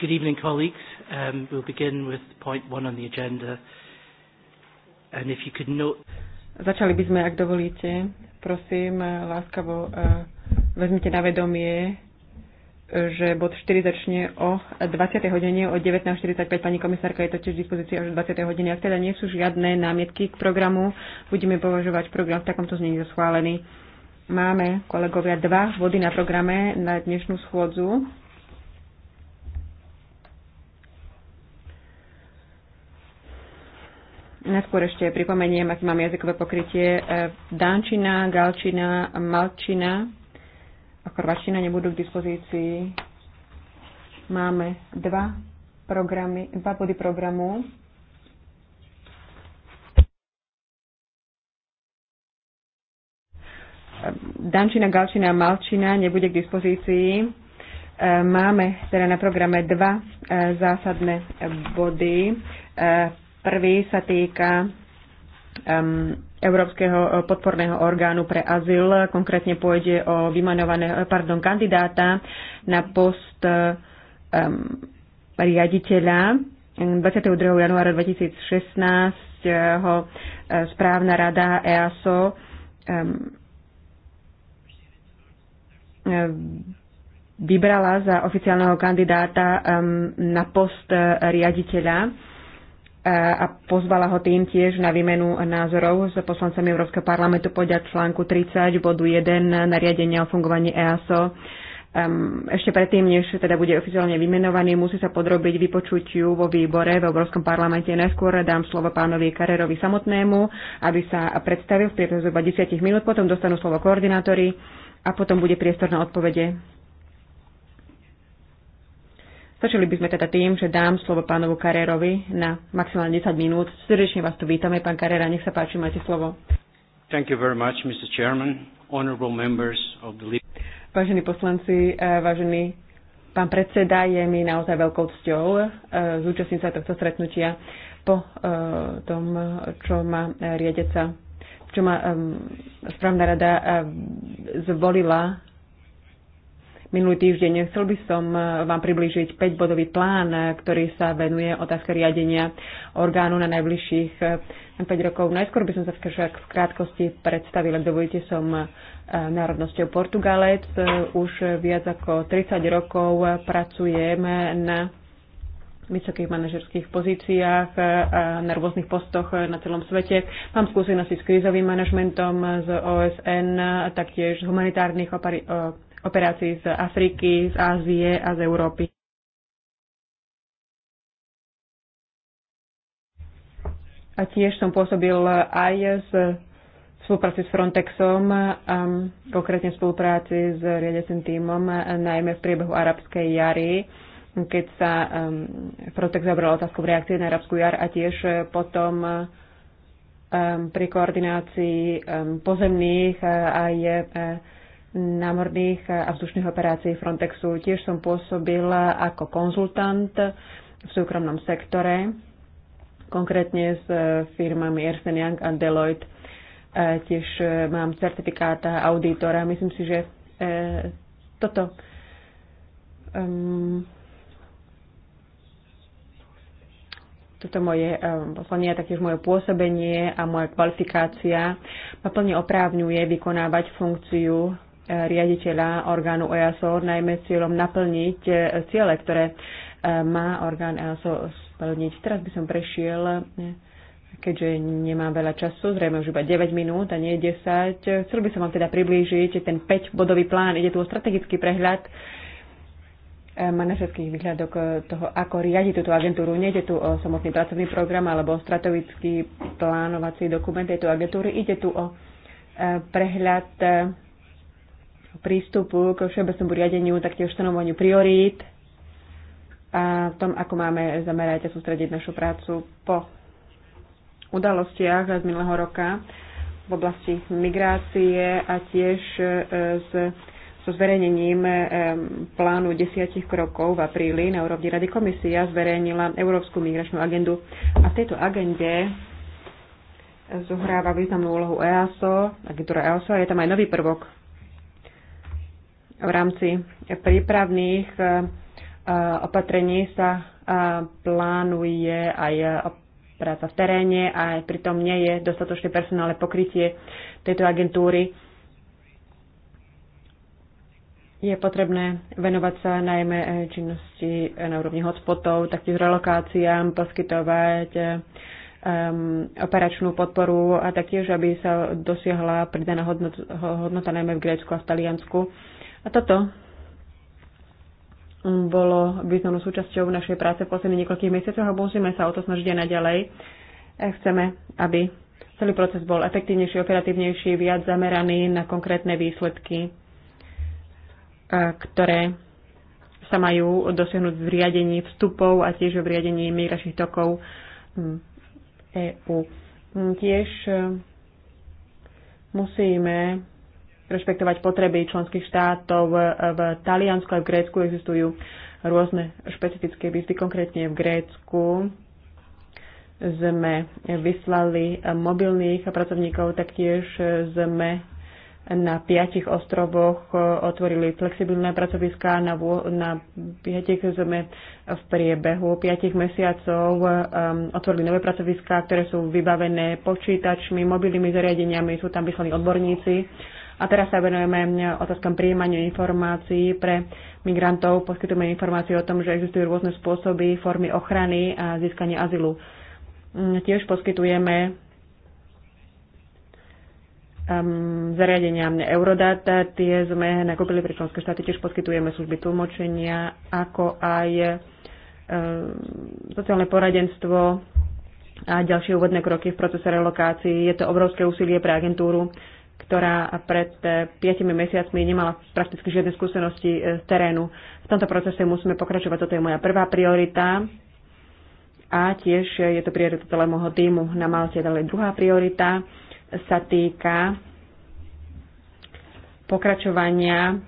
Good evening, colleagues. Um, we'll begin with point one on the agenda. And if you could note... Začali by sme, ak dovolíte. Prosím, eh, láskavo uh, vezmite na vedomie, eh, že bod 4 začne o 20. hodine, o 19.45. Pani komisárka je totiž v dispozícii až o 20. hodine. Ak teda nie sú žiadne námietky k programu, budeme považovať program v takomto znení za schválený. Máme, kolegovia, dva body na programe na dnešnú schôdzu Najskôr ešte pripomeniem, aké mám jazykové pokrytie. E, dánčina, galčina, malčina a chorvačina nebudú k dispozícii. Máme dva, programy, dva body programu. E, Dančina, Galčina a Malčina nebude k dispozícii. E, máme teda na programe dva zásadné body. Prvý sa týka um, Európskeho eh, podporného orgánu pre azyl. Konkrétne pôjde o vymanovaného eh, pardon, kandidáta na post eh, um, riaditeľa. 22. januára 2016 ho správna rada EASO um, vybrala za oficiálneho kandidáta um, na post riaditeľa a pozvala ho tým tiež na výmenu názorov s poslancami Európskeho parlamentu podľa článku 30 bodu 1 nariadenia o fungovaní EASO. Ehm, ešte predtým, než teda bude oficiálne vymenovaný, musí sa podrobiť vypočutiu vo výbore v Európskom parlamente. Najskôr dám slovo pánovi Karerovi samotnému, aby sa predstavil v priebehu zhruba 10 minút, potom dostanú slovo koordinátori a potom bude priestor na odpovede. Začali by sme teda tým, že dám slovo pánovu Karérovi na maximálne 10 minút. Srdečne vás tu vítame, pán Karéra, nech sa páči, máte slovo. Thank you very much, Mr. Chairman, honorable members of the Vážení poslanci, eh, vážený pán predseda, je mi naozaj veľkou cťou eh, zúčastniť sa tohto stretnutia po eh, tom, čo má riadeca, čo ma správna rada zvolila minulý týždeň. Chcel by som e, vám priblížiť 5-bodový plán, e, ktorý sa venuje otázke riadenia orgánu na najbližších 5 e, rokov. Najskôr by som sa však v krátkosti predstavil, dovolíte, som národnosťou Portugalec. Už viac ako 30 rokov pracujem na vysokých manažerských pozíciách, na rôznych postoch na celom svete. Mám skúsenosti s krízovým manažmentom, z OSN, taktiež z humanitárnych operácií z Afriky, z Ázie a z Európy. A tiež som pôsobil aj s spolupráci s Frontexom, um, konkrétne spolupráci s riadiacim tímom, najmä v priebehu arabskej jary, keď sa um, Frontex zabral otázku v reakcie na arabskú jar a tiež potom um, pri koordinácii um, pozemných aj uh, námorných a vzdušných operácií Frontexu. Tiež som pôsobil ako konzultant v súkromnom sektore, konkrétne s e, firmami Ernst Young a Deloitte. E, tiež e, mám certifikáta auditora. Myslím si, že toto um, toto moje poslanie, taktiež moje pôsobenie a moja kvalifikácia ma plne oprávňuje vykonávať funkciu riaditeľa orgánu EASO, najmä cieľom naplniť eh, ciele, ktoré eh, má orgán EASO splniť. Teraz by som prešiel, eh, keďže nemám veľa času, zrejme už iba 9 minút a nie 10. Chcel by som vám teda priblížiť ten 5-bodový plán. Ide tu o strategický prehľad manažerských výhľadok toho, ako riadi túto agentúru. Nejde tu o samotný pracovný program alebo o strategický plánovací dokument tejto agentúry. Ide tu o prehľad prístupu k všeobecnému riadeniu, taktiež stanovovaniu priorít a v tom, ako máme zamerať a sústrediť našu prácu po udalostiach z minulého roka v oblasti migrácie a tiež e, s, so zverejnením e, plánu desiatich krokov v apríli na úrovni Rady komisia zverejnila Európsku migračnú agendu a v tejto agende zohráva významnú úlohu EASO, agentúra EASO a je tam aj nový prvok v rámci prípravných e, e, opatrení sa e, plánuje aj práca v teréne a pritom nie je dostatočné personálne pokrytie tejto agentúry. Je potrebné venovať sa najmä činnosti na úrovni hotspotov, taktiež relokáciám, poskytovať operačnú podporu a taktiež, aby sa dosiahla pridaná hodnota, hodnota najmä v Grécku a v Taliansku a toto bolo významnou súčasťou našej práce v posledných niekoľkých mesiacoch a musíme sa o to snažiť aj naďalej. Chceme, aby celý proces bol efektívnejší, operatívnejší, viac zameraný na konkrétne výsledky, ktoré sa majú dosiahnuť v riadení vstupov a tiež v riadení migračných tokov EÚ. Tiež e, musíme rešpektovať potreby členských štátov. V Taliansku a v Grécku existujú rôzne špecifické výzvy. Konkrétne v Grécku sme vyslali mobilných pracovníkov, taktiež sme na piatich ostrovoch otvorili flexibilné pracoviská, na, na piatich sme v priebehu piatich mesiacov um, otvorili nové pracoviská, ktoré sú vybavené počítačmi, mobilnými zariadeniami, sú tam vyslaní odborníci a teraz sa venujeme otázkam príjmania informácií pre migrantov. Poskytujeme informácie o tom, že existujú rôzne spôsoby, formy ochrany a získania azylu. Mm, tiež poskytujeme um, zariadenia Eurodata, tie sme nakúpili pre členské štáty, tiež poskytujeme služby tlmočenia, ako aj um, sociálne poradenstvo a ďalšie úvodné kroky v procese relokácií. Je to obrovské úsilie pre agentúru ktorá pred 5 e, mesiacmi nemala prakticky žiadne skúsenosti e, z terénu. V tomto procese musíme pokračovať, toto je moja prvá priorita a tiež je to priorita moho týmu na Malte. Ďalej druhá priorita sa týka pokračovania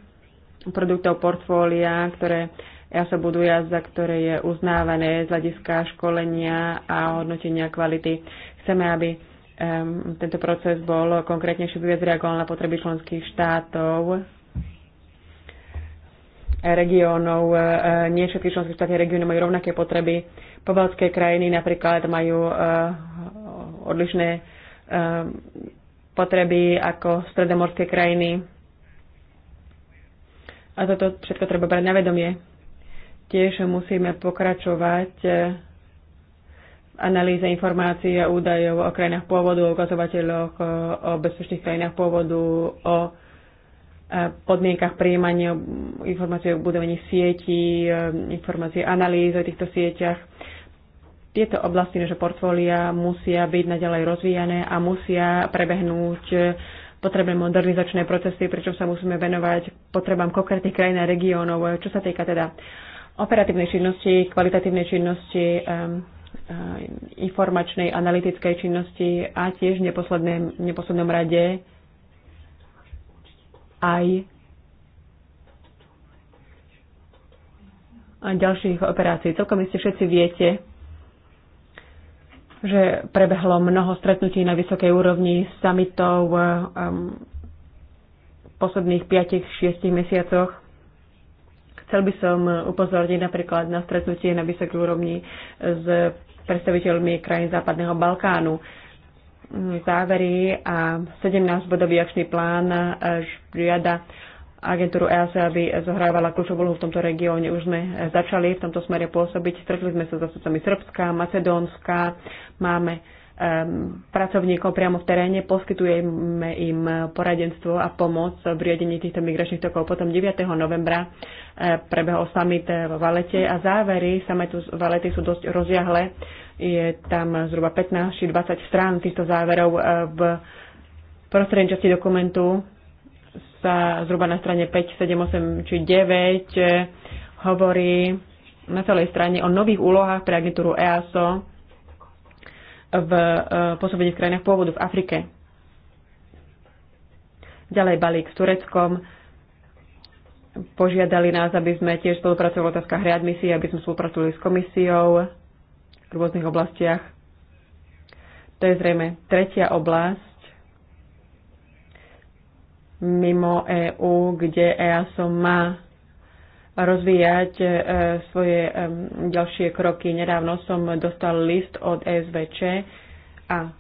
produktov portfólia, ktoré ja sa budú a za ktoré je uznávané z hľadiska školenia a hodnotenia kvality. Chceme, aby um, tento proces bol konkrétnejšie viac reagoval na potreby členských štátov regiónov. E, e, nie všetky členské štáty regióny majú rovnaké potreby. Pobalské krajiny napríklad majú e, odlišné potreby ako stredomorské krajiny. A toto všetko treba brať na vedomie. Tiež musíme pokračovať analýze informácií a údajov o krajinách pôvodu, o ukazovateľoch, o bezpečných krajinách pôvodu, o e, podmienkach príjmania informácií o budovaní sietí, e, informácií analýz o týchto sieťach. Tieto oblasti naše portfólia musia byť naďalej rozvíjane a musia prebehnúť e, potrebné modernizačné procesy, pričom sa musíme venovať potrebám konkrétnych krajín a regiónov, čo sa týka teda operatívnej činnosti, kvalitatívnej činnosti, um, Eh, informačnej analytickej činnosti a tiež v neposlednom, neposlednom rade aj ďalších operácií. Celkom iste všetci viete, že prebehlo mnoho stretnutí na vysokej úrovni summitov um, eh, v posledných 5-6 mesiacoch. Chcel by som upozorniť napríklad na stretnutie na vysokej úrovni s predstaviteľmi krajín Západného Balkánu. Závery a 17-bodový akčný plán eh, žiada agentúru EASA, aby zohrávala kľúčovú úlohu v tomto regióne. Už sme eh, začali v tomto smere pôsobiť. Stretli sme sa s zastupcami Srbska, Macedónska, máme pracovníkov priamo v teréne, poskytujeme im poradenstvo a pomoc v riadení týchto migračných tokov. Potom 9. novembra eh, prebehol summit eh, v Valete a závery summitu tu Valety sú dosť rozjahle. Je tam zhruba 15 či 20 strán týchto záverov. Eh, v prostrednej časti dokumentu sa zhruba na strane 5, 7, 8 či 9 hovorí na celej strane o nových úlohách pre agentúru EASO, v e, pôsobení v krajinách pôvodu v Afrike. Ďalej balík s Tureckom. Požiadali nás, aby sme tiež spolupracovali v otázkach readmisie, aby sme spolupracovali s komisiou v rôznych oblastiach. To je zrejme tretia oblasť mimo EÚ, kde EASO má rozvíjať e, svoje e, ďalšie kroky. Nedávno som dostal list od SVČ a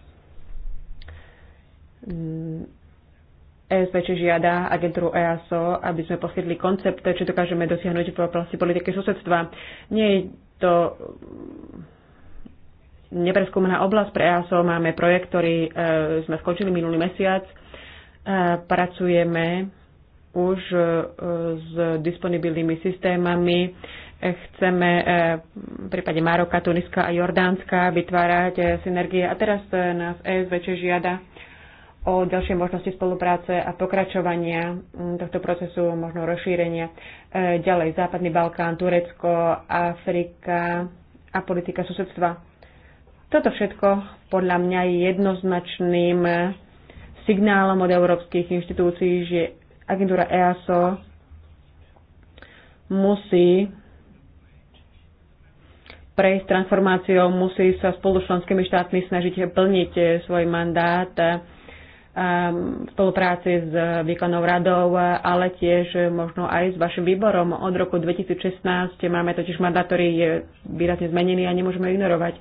mm, SVČ žiada agentúru EASO, aby sme poskytli koncept, čo dokážeme dosiahnuť v oblasti politiky susedstva. Nie je to nepreskúmaná oblasť pre EASO. Máme projekt, ktorý e, sme skončili minulý mesiac. Pracujeme už e, s disponibilnými systémami. E, chceme e, v prípade Maroka, Tuniska a Jordánska vytvárať synergie. A teraz nás ESV žiada o ďalšie možnosti spolupráce a pokračovania tohto procesu, možno rozšírenia. Ďalej Západný Balkán, Turecko, Afrika a politika susedstva. Toto všetko podľa mňa je jednoznačným signálom od európskych inštitúcií, že Agentúra EASO musí prejsť transformáciou, musí sa spolu s členskými štátmi snažiť plniť eh, svoj mandát eh, v spolupráci s eh, výkonnou radou, ale tiež možno aj s vašim výborom. Od roku 2016 máme totiž mandát, ktorý je výrazne zmenený a nemôžeme ignorovať.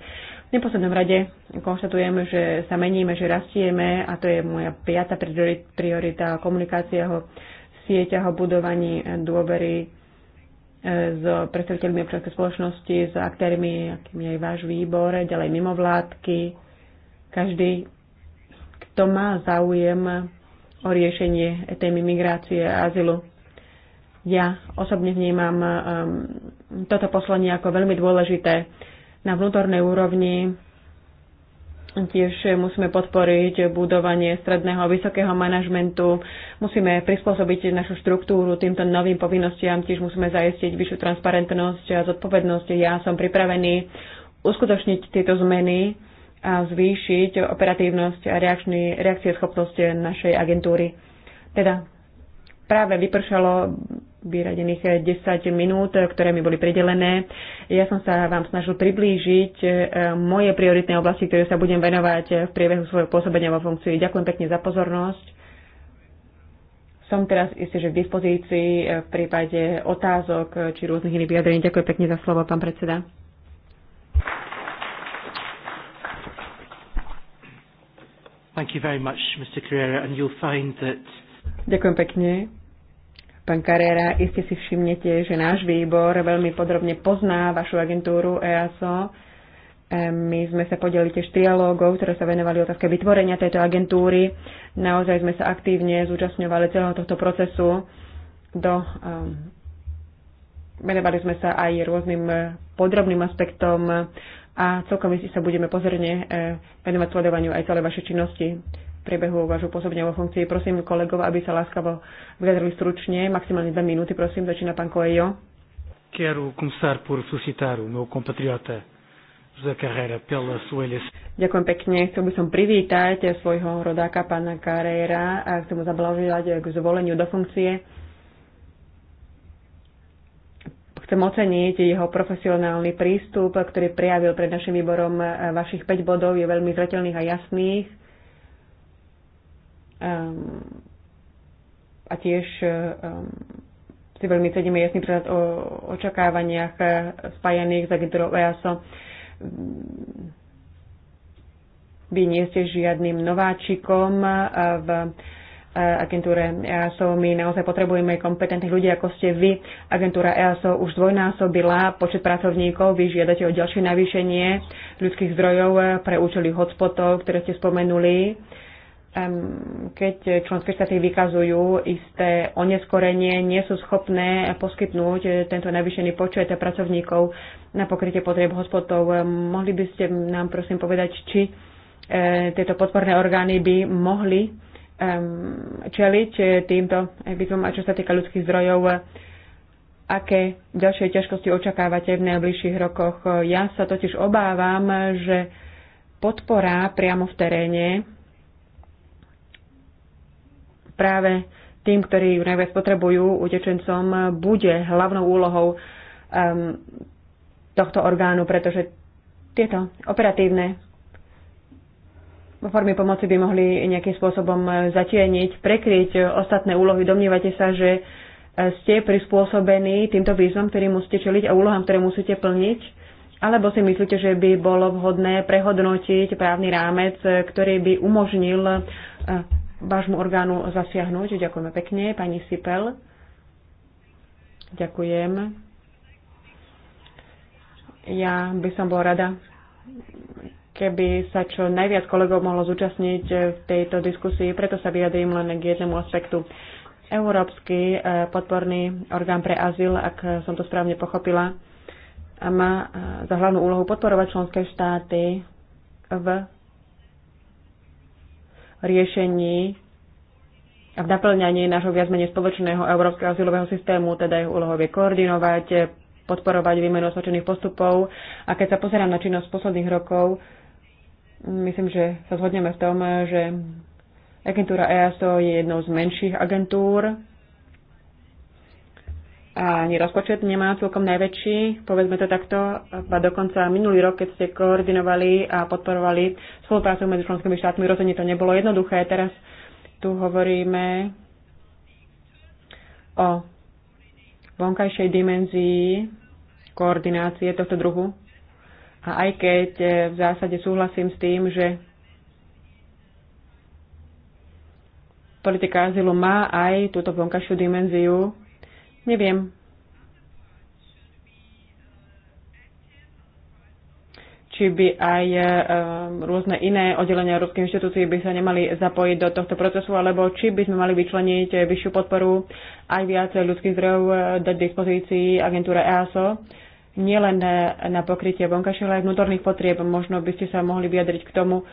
V neposlednom rade konštatujem, že sa meníme, že rastieme a to je moja piata priorita komunikácia o sieťach, o budovaní dôvery e, s predstaviteľmi občianskej spoločnosti, s aktérmi, akým je váš výbor, ďalej mimovládky. Každý, kto má záujem o riešenie témy migrácie a azylu. Ja osobne vnímam um, toto poslanie ako veľmi dôležité na vnútornej úrovni. Tiež musíme podporiť budovanie stredného a vysokého manažmentu. Musíme prispôsobiť našu štruktúru týmto novým povinnostiam. Tiež musíme zajistiť vyššiu transparentnosť a zodpovednosť. Ja som pripravený uskutočniť tieto zmeny a zvýšiť operatívnosť a reakčný, reakcie schopnosti našej agentúry. Teda práve vypršalo vyradených 10 eh, minút, eh, ktoré mi boli pridelené. Ja som sa vám snažil priblížiť eh, moje prioritné oblasti, ktoré sa budem venovať v priebehu svojho pôsobenia vo funkcii. Ďakujem pekne za pozornosť. Som teraz isté, že v dispozícii v prípade otázok či rôznych iných vyjadrení. Ďakujem pekne za slovo, pán predseda. Thank you very much, Mr. Carrera, and you'll find that Ďakujem pekne. Pán Carrera, iste si všimnete, že náš výbor veľmi podrobne pozná vašu agentúru EASO. E, my sme sa podeli tiež trialógov, ktoré sa venovali otázke vytvorenia tejto agentúry. Naozaj sme sa aktívne zúčastňovali celého tohto procesu. Do, um, venovali sme sa aj rôznym podrobným aspektom a celkom si sa budeme pozorne e, venovať sledovaniu aj celej vašej činnosti priebehu vášho pôsobenia vo funkcii. Prosím kolegov, aby sa láskavo vyjadrili stručne, maximálne dve minúty, prosím, začína pán Coelho. Quero começar por o meu compatriota José Carreira pela sua eleição. Ďakujem pekne. Chcel by som privítať svojho rodáka pána Carreira a chcem mu zablahoželať k zvoleniu do funkcie. Chcem oceniť jeho profesionálny prístup, ktorý prijavil pred našim výborom vašich 5 bodov, je veľmi zretelných a jasných Um, a tiež um, si veľmi cedíme jasný prehľad o očakávaniach eh, spájaných s agentúrou EASO. Ehm, vy nie ste žiadnym nováčikom eh, v eh, agentúre EASO. My naozaj potrebujeme kompetentných ľudí, ako ste vy. Agentúra EASO už dvojnásobila počet pracovníkov. Vy žiadate o ďalšie navýšenie ľudských zdrojov pre účely hotspotov, ktoré ste spomenuli keď členské štáty vykazujú isté oneskorenie, nie sú schopné poskytnúť tento navýšený počet pracovníkov na pokrytie potrieb hospodov. Mohli by ste nám prosím povedať, či e, tieto podporné orgány by mohli čeliť týmto výzvom a čo sa týka ľudských zdrojov, aké ďalšie ťažkosti očakávate v najbližších rokoch. Ja sa totiž obávam, že podpora priamo v teréne práve tým, ktorí ju najviac potrebujú, utečencom, bude hlavnou úlohou um, tohto orgánu, pretože tieto operatívne formy pomoci by mohli nejakým spôsobom zatieniť, prekryť ostatné úlohy. Domnívate sa, že eh, ste prispôsobení týmto výzvom, ktorý musíte čeliť a úlohám, ktoré musíte plniť? Alebo si myslíte, že by bolo vhodné prehodnotiť právny rámec, eh, ktorý by umožnil eh, vášmu orgánu zasiahnuť. Ďakujeme pekne. Pani Sipel. Ďakujem. Ja by som bola rada, keby sa čo najviac kolegov mohlo zúčastniť v tejto diskusii, preto sa vyjadrím len k jednému aspektu. Európsky e, podporný orgán pre azyl, ak som to správne pochopila, má e, za hlavnú úlohu podporovať členské štáty v riešení a v naplňaní nášho viac menej spoločného európskeho asilového systému, teda jeho úlohou je koordinovať, podporovať výmenu osvedčených postupov. A keď sa pozerám na činnosť posledných rokov, myslím, že sa zhodneme v tom, že agentúra EASO je jednou z menších agentúr a ani rozpočet nemá celkom najväčší, povedzme to takto, a dokonca minulý rok, keď ste koordinovali a podporovali spoluprácu medzi členskými štátmi, rozhodne to nebolo jednoduché. Teraz tu hovoríme o vonkajšej dimenzii koordinácie tohto druhu. A aj keď e, v zásade súhlasím s tým, že politika azylu má aj túto vonkajšiu dimenziu, Neviem. či by aj e, rôzne iné oddelenia európskej inštitúcií by sa nemali zapojiť do tohto procesu, alebo či by sme mali vyčleniť vyššiu podporu aj viac ľudských zdrojov e, do dispozícii agentúre EASO, nielen e, na pokrytie vonkajších, ale aj vnútorných potrieb. Možno by ste sa mohli vyjadriť k tomu,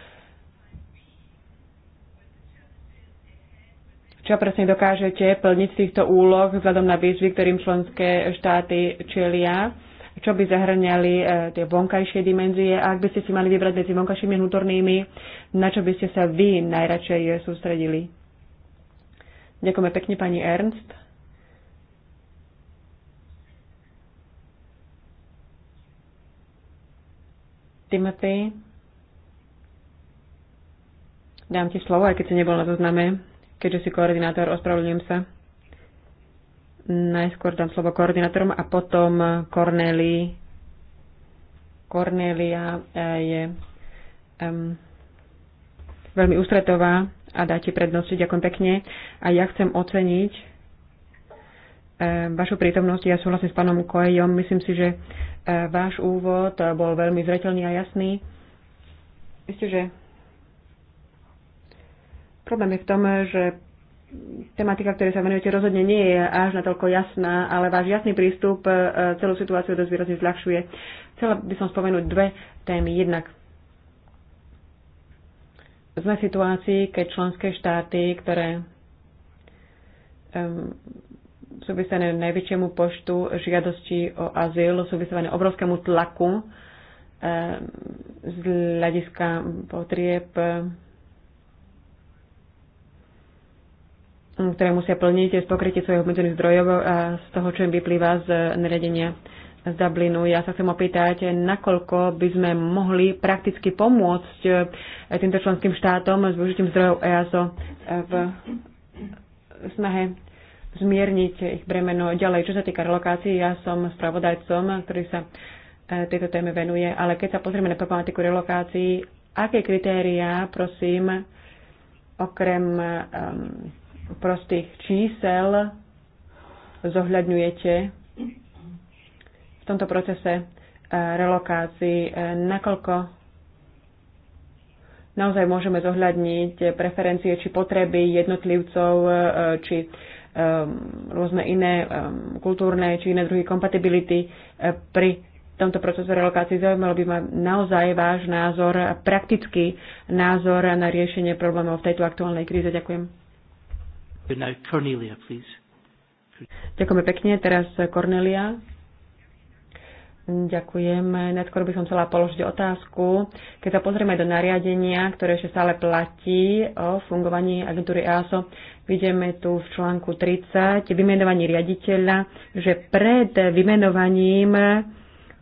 čo presne dokážete plniť z týchto úloh vzhľadom na výzvy, ktorým členské štáty čelia, čo by zahrňali e, tie vonkajšie dimenzie. A ak by ste si mali vybrať medzi vonkajšími vnútornými, na čo by ste sa vy najradšej sústredili? Ďakujeme pekne, pani Ernst. Timothy. Dám ti slovo, aj keď si nebol na zozname keďže si koordinátor, ospravedlňujem sa. Najskôr dám slovo koordinátorom a potom Corneli. Cornelia eh, je um, veľmi ústretová a dáte prednosti. Ďakujem pekne. A ja chcem oceniť eh, vašu prítomnosť. Ja súhlasím s pánom Koejom. Myslím si, že eh, váš úvod bol veľmi zretelný a jasný. Myslím, že Problém je v tom, že tematika, ktorej sa venujete, rozhodne nie je až natoľko jasná, ale váš jasný prístup e, celú situáciu dosť výrazne zľahšuje. Chcela by som spomenúť dve témy. Jednak sme v situácii, keď členské štáty, ktoré um, sú vystavené najväčšiemu poštu žiadosti o azyl, sú vystavené obrovskému tlaku um, z hľadiska potrieb um, ktoré musia plniť z pokrytie svojich obmedzených zdrojov a z toho, čo im vyplýva z nariadenia z Dublinu. Ja sa chcem opýtať, nakoľko by sme mohli prakticky pomôcť eh, týmto členským štátom s využitím zdrojov EASO eh, v snahe zmierniť ich bremeno ďalej. Čo sa týka relokácií, ja som spravodajcom, ktorý sa eh, tejto téme venuje, ale keď sa pozrieme na problematiku relokácií, aké kritériá, prosím, okrem um, prostých čísel zohľadňujete v tomto procese eh, relokácií, eh, nakoľko naozaj môžeme zohľadniť preferencie či potreby jednotlivcov, eh, či rôzne iné kultúrne či iné druhy kompatibility pri tomto procese relokácií. Zaujímalo by ma naozaj váš názor, praktický názor na riešenie problémov v tejto aktuálnej kríze. Ďakujem. Now Cornelia, please. Ďakujeme pekne. Teraz Cornelia. Ďakujem. Najskôr by som chcela položiť otázku. Keď sa pozrieme do nariadenia, ktoré ešte stále platí o fungovaní agentúry EASO, vidíme tu v článku 30 vymenovanie riaditeľa, že pred vymenovaním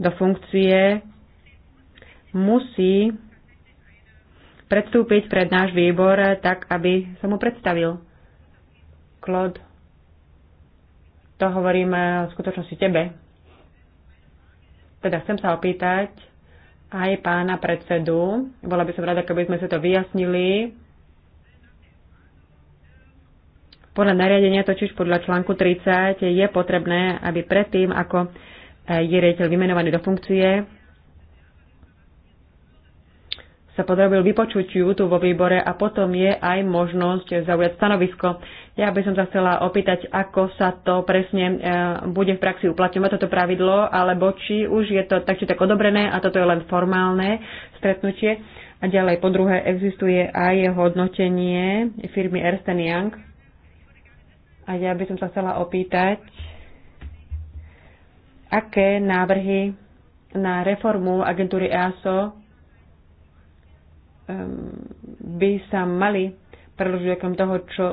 do funkcie musí predstúpiť pred náš výbor tak, aby sa mu predstavil. Claude, to hovoríme v skutočnosti tebe. Teda chcem sa opýtať aj pána predsedu. Bola by som rada, keby sme sa to vyjasnili. Podľa nariadenia, totiž podľa článku 30, je potrebné, aby predtým, ako je riaditeľ vymenovaný do funkcie, sa podrobil ju tu vo výbore a potom je aj možnosť zaujať stanovisko. Ja by som sa chcela opýtať, ako sa to presne e, bude v praxi uplatňovať, toto pravidlo, alebo či už je to tak či tak odobrené a toto je len formálne stretnutie. A ďalej, po druhé, existuje aj hodnotenie firmy Ernst Young. A ja by som sa chcela opýtať, aké návrhy na reformu agentúry EASO by sa mali preložiť okrem toho, čo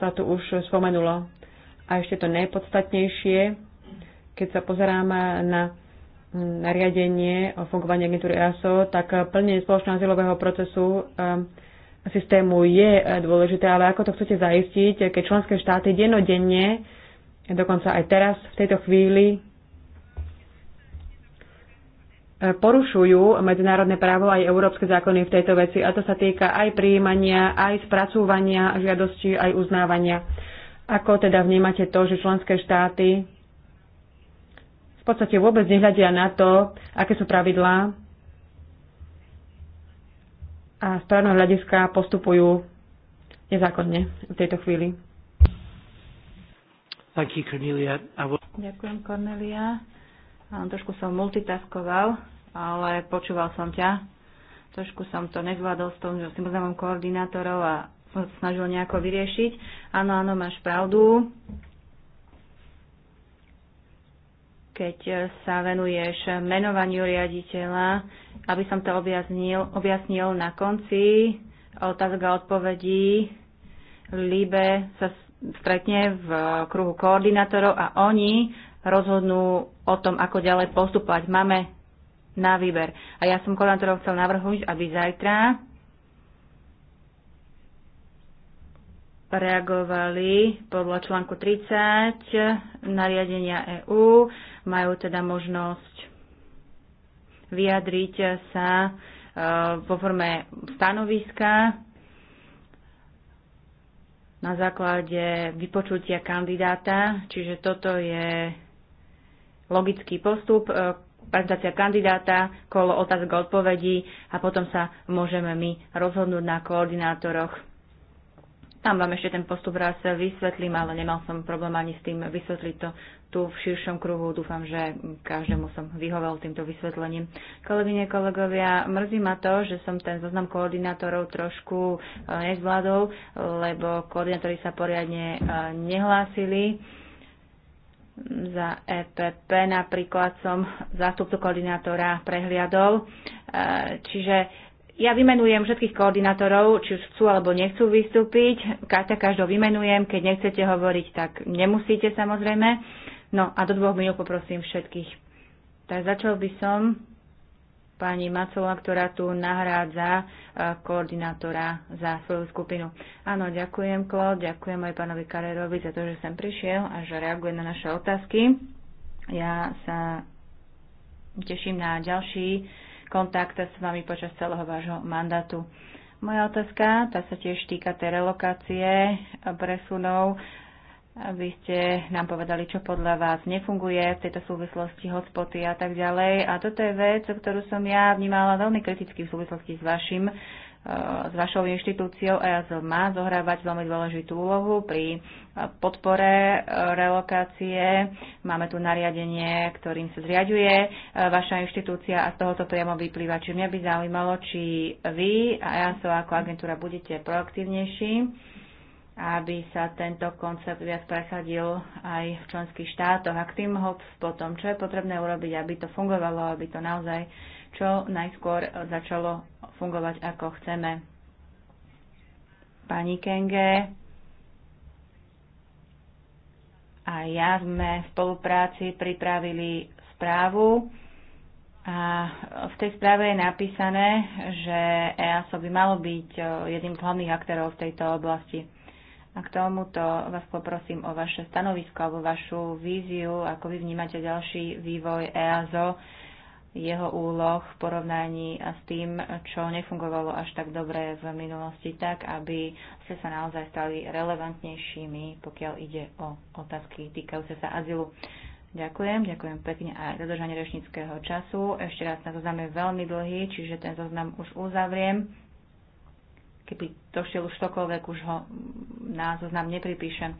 sa tu už spomenulo. A ešte to najpodstatnejšie, keď sa pozeráme na nariadenie o fungovaní agentúry EASO, tak plnenie spoločného azylového procesu systému je dôležité, ale ako to chcete zaistiť, keď členské štáty dennodenne, dokonca aj teraz, v tejto chvíli, porušujú medzinárodné právo aj európske zákony v tejto veci. A to sa týka aj príjmania, aj spracúvania žiadosti, aj uznávania. Ako teda vnímate to, že členské štáty v podstate vôbec nehľadia na to, aké sú pravidlá a z právneho hľadiska postupujú nezákonne v tejto chvíli. Thank you, Cornelia. Ďakujem, Cornelia. Trošku som multitaskoval ale počúval som ťa. Trošku som to nezvládol s tom, že si zoznamom koordinátorov a som to snažil nejako vyriešiť. Áno, áno, máš pravdu. Keď sa venuješ menovaniu riaditeľa, aby som to objasnil, objasnil na konci otázok a odpovedí, Libe sa stretne v kruhu koordinátorov a oni rozhodnú o tom, ako ďalej postupovať. Máme na výber. A ja som koordinátorov chcel navrhnúť, aby zajtra reagovali podľa článku 30 nariadenia EÚ, majú teda možnosť vyjadriť sa eh, vo forme stanoviska na základe vypočutia kandidáta, čiže toto je logický postup. Eh, prezentácia kandidáta, kolo otázok a odpovedí a potom sa môžeme my rozhodnúť na koordinátoroch. Tam vám ešte ten postup raz vysvetlím, ale nemal som problém ani s tým vysvetliť to tu v širšom kruhu. Dúfam, že každému som vyhovel týmto vysvetlením. Kolegyne, kolegovia, mrzí ma to, že som ten zoznam koordinátorov trošku eh, nezvládol, lebo koordinátori sa poriadne eh, nehlásili za EPP napríklad som zástupcu koordinátora prehliadol. E, čiže ja vymenujem všetkých koordinátorov, či už chcú alebo nechcú vystúpiť. Kaťa každého vymenujem, keď nechcete hovoriť, tak nemusíte samozrejme. No a do dvoch minút poprosím všetkých. Tak začal by som pani Macová, ktorá tu nahrádza e, koordinátora za svoju skupinu. Áno, ďakujem, Klaud, ďakujem aj pánovi Karerovi za to, že sem prišiel a že reaguje na naše otázky. Ja sa teším na ďalší kontakt s vami počas celého vášho mandátu. Moja otázka, tá sa tiež týka tej relokácie presunov aby ste nám povedali, čo podľa vás nefunguje v tejto súvislosti, hotspoty a tak ďalej. A toto je vec, ktorú som ja vnímala veľmi kriticky v súvislosti s vašim eh, s vašou inštitúciou EASL má zohrávať veľmi dôležitú úlohu pri eh, podpore eh, relokácie. Máme tu nariadenie, ktorým sa zriaďuje vaša inštitúcia a z tohoto priamo vyplýva. Čiže mňa by zaujímalo, či vy a EASO ako agentúra budete proaktívnejší aby sa tento koncept viac presadil aj v členských štátoch. A k tým hops potom, čo je potrebné urobiť, aby to fungovalo, aby to naozaj čo najskôr začalo fungovať ako chceme. Pani Kenge a ja sme v spolupráci pripravili správu. A v tej správe je napísané, že EASO by malo byť eh, jedným z hlavných aktérov v tejto oblasti. A k tomuto vás poprosím o vaše stanovisko alebo vašu víziu, ako vy vnímate ďalší vývoj EASO, jeho úloh v porovnaní a s tým, čo nefungovalo až tak dobre v minulosti, tak aby ste sa naozaj stali relevantnejšími, pokiaľ ide o otázky týkajúce sa azylu. Ďakujem, ďakujem pekne aj za dodržanie rečníckého času. Ešte raz na zoznam je veľmi dlhý, čiže ten zoznam už uzavriem. Keby došiel už tokoľvek už ho na zoznam nepripíšem.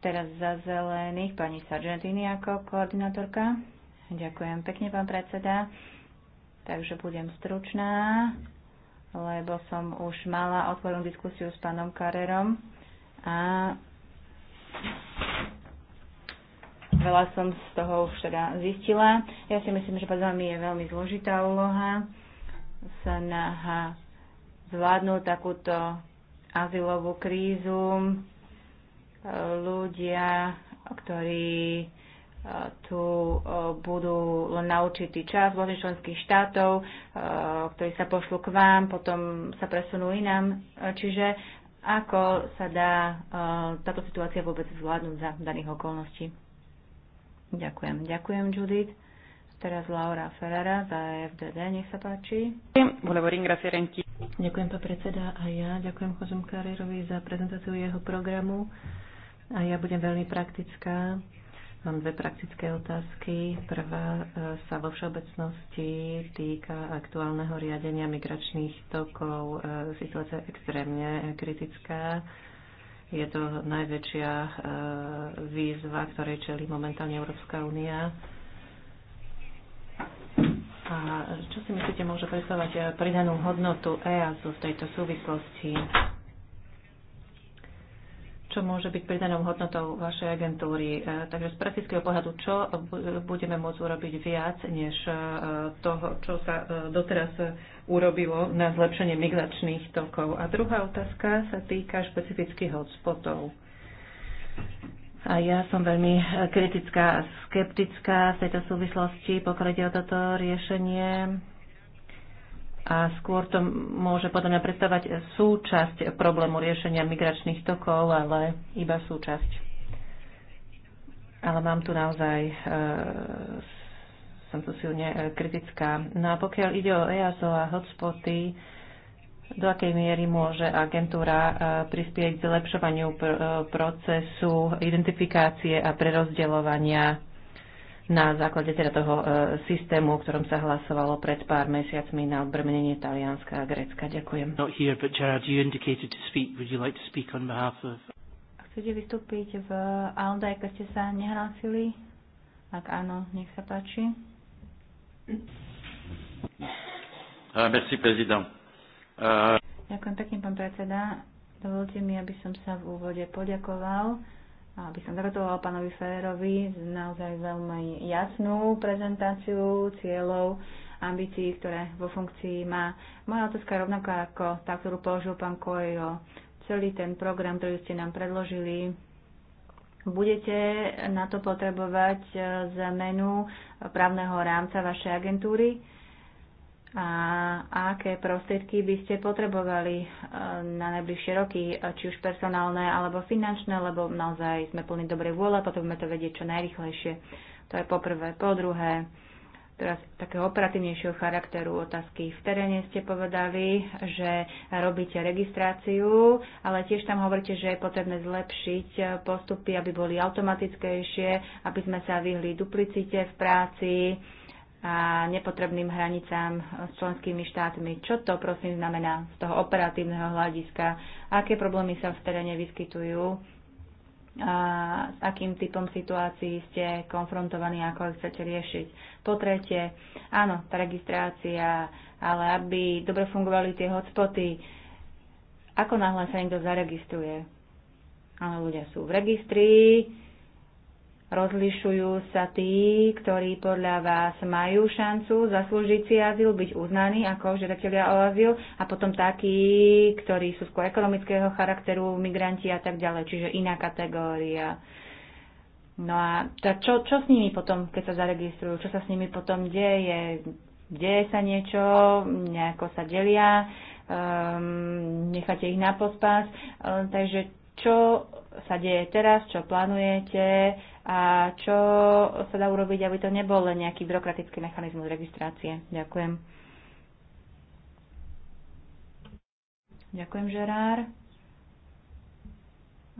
Teraz za zelených pani Sargentini ako koordinátorka. Ďakujem pekne, pán predseda. Takže budem stručná, lebo som už mala otvorenú diskusiu s pánom Karerom a veľa som z toho už teda zistila. Ja si myslím, že pod vami je veľmi zložitá úloha, snaha zvládnuť takúto azylovú krízu. Ľudia, ktorí e, tu e, budú len na určitý čas v členských štátov, e, ktorí sa pošlu k vám, potom sa presunú inám. Čiže ako sa dá táto situácia vôbec zvládnuť za daných okolností? Ďakujem. Ďakujem, Judith. Teraz Laura Ferrara za e FDD, nech sa páči. Ďakujem, pán predseda, a ja ďakujem Chozum Karerovi za prezentáciu jeho programu. A ja budem veľmi praktická. Mám dve praktické otázky. Prvá e, sa vo všeobecnosti týka aktuálneho riadenia migračných tokov. E, situácia je extrémne kritická. Je to najväčšia výzva, ktorej čelí momentálne Európska únia a čo si myslíte, môže predstavovať eh, pridanú hodnotu EASu v tejto súvislosti? čo môže byť pridanou hodnotou vašej agentúry. Eh, takže z praktického pohľadu, čo budeme môcť urobiť viac, než eh, toho, čo sa doteraz urobilo na zlepšenie migračných tokov. A druhá otázka sa týka špecifických hotspotov. A ja som veľmi eh, kritická a skeptická v tejto súvislosti, pokiaľ ide o toto riešenie. A skôr to môže podľa mňa predstavať súčasť problému riešenia migračných tokov, ale iba súčasť. Ale mám tu naozaj, e, som tu silne eh, kritická. No a pokiaľ ide o EASO a hotspoty, do akej miery môže agentúra e, prispieť k zlepšovaniu pr- e, procesu identifikácie a prerozdeľovania na základe teda toho e, systému, o ktorom sa hlasovalo pred pár mesiacmi na odbrmenenie Talianska a Grécka. Ďakujem. Chcete vystúpiť v Alda, keď ste sa nehlásili? Ak áno, nech sa páči. Uh, merci, prezident. Ďakujem pekne, pán predseda. Dovolte mi, aby som sa v úvode poďakoval a aby som gratuloval pánovi Ferrerovi naozaj veľmi jasnú prezentáciu cieľov, ambícií, ktoré vo funkcii má. Moja otázka rovnako ako tá, ktorú položil pán Kojo. Celý ten program, ktorý ste nám predložili, budete na to potrebovať eh, zmenu právneho rámca vašej agentúry a aké prostriedky by ste potrebovali e, na najbližšie roky, e, či už personálne alebo finančné, lebo naozaj sme plní dobrej vôle, potrebujeme to vedieť čo najrychlejšie. To je poprvé. Po druhé, teraz takého operatívnejšieho charakteru otázky. V teréne ste povedali, že robíte registráciu, ale tiež tam hovoríte, že je potrebné zlepšiť e, postupy, aby boli automatickejšie, aby sme sa vyhli duplicite v práci, a nepotrebným hranicám s členskými štátmi. Čo to prosím znamená z toho operatívneho hľadiska? Aké problémy sa v teréne vyskytujú? A s akým typom situácií ste konfrontovaní, ako ich chcete riešiť? Po tretie, áno, tá registrácia, ale aby dobre fungovali tie hotspoty, ako náhle sa niekto zaregistruje? Áno, ľudia sú v registri, Rozlišujú sa tí, ktorí podľa vás majú šancu zaslúžiť si azyl, byť uznaní ako žiadatelia o azyl a potom takí, ktorí sú skôr ekonomického charakteru, migranti a tak ďalej, čiže iná kategória. No a tá, čo, čo s nimi potom, keď sa zaregistrujú, čo sa s nimi potom deje, deje sa niečo, nejako sa delia, um, necháte ich na pospas, um, takže čo sa deje teraz, čo plánujete, a čo sa dá urobiť, aby to nebol len nejaký byrokratický mechanizmus registrácie. Ďakujem. Ďakujem, Žerár.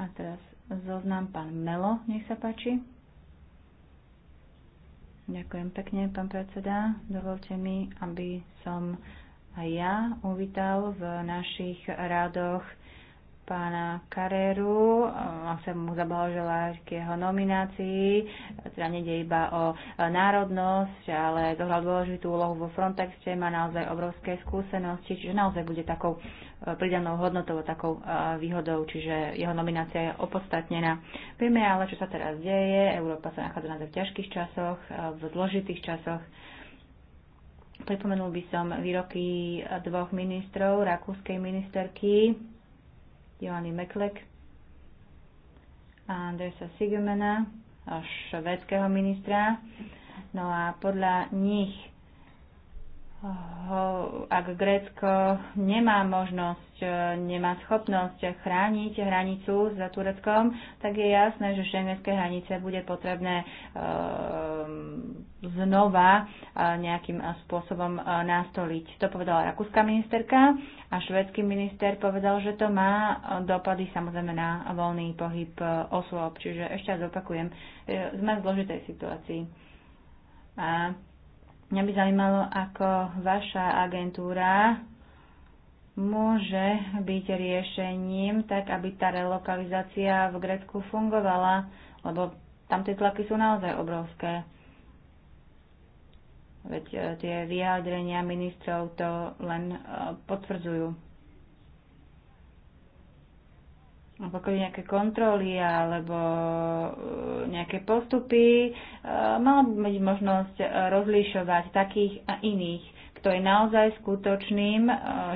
A teraz zoznám pán Melo, nech sa páči. Ďakujem pekne, pán predseda. Dovolte mi, aby som aj ja uvítal v našich rádoch pána Karéru a chcem mu zablahoželať k jeho nominácii. Teda nejde iba o národnosť, ale zohral dôležitú úlohu vo Frontexte, má naozaj obrovské skúsenosti, čiže naozaj bude takou e, pridanou hodnotou, takou e, výhodou, čiže jeho nominácia je opodstatnená. Vieme ale, čo sa teraz deje. Európa sa nachádza na v ťažkých časoch, e, v zložitých časoch. Pripomenul by som výroky dvoch ministrov, rakúskej ministerky Johanny Meklek a Andresa Sigemena, švedského ministra. No a podľa nich ak Grécko nemá možnosť, e, nemá schopnosť chrániť hranicu s Tureckom, tak je jasné, že šengenské hranice bude potrebné e, znova e, nejakým spôsobom nastoliť. To povedala rakúska ministerka a švedský minister povedal, že to má dopady samozrejme na voľný pohyb osôb. Čiže ešte raz opakujem, sme v zložitej situácii. A Mňa by zaujímalo, ako vaša agentúra môže byť riešením tak, aby tá relokalizácia v Grécku fungovala, lebo tam tie tlaky sú naozaj obrovské. Veď e, tie vyjadrenia ministrov to len e, potvrdzujú. ako nejaké kontroly alebo e, nejaké postupy, e, mala by mať možnosť e, rozlišovať takých a iných, kto je naozaj skutočným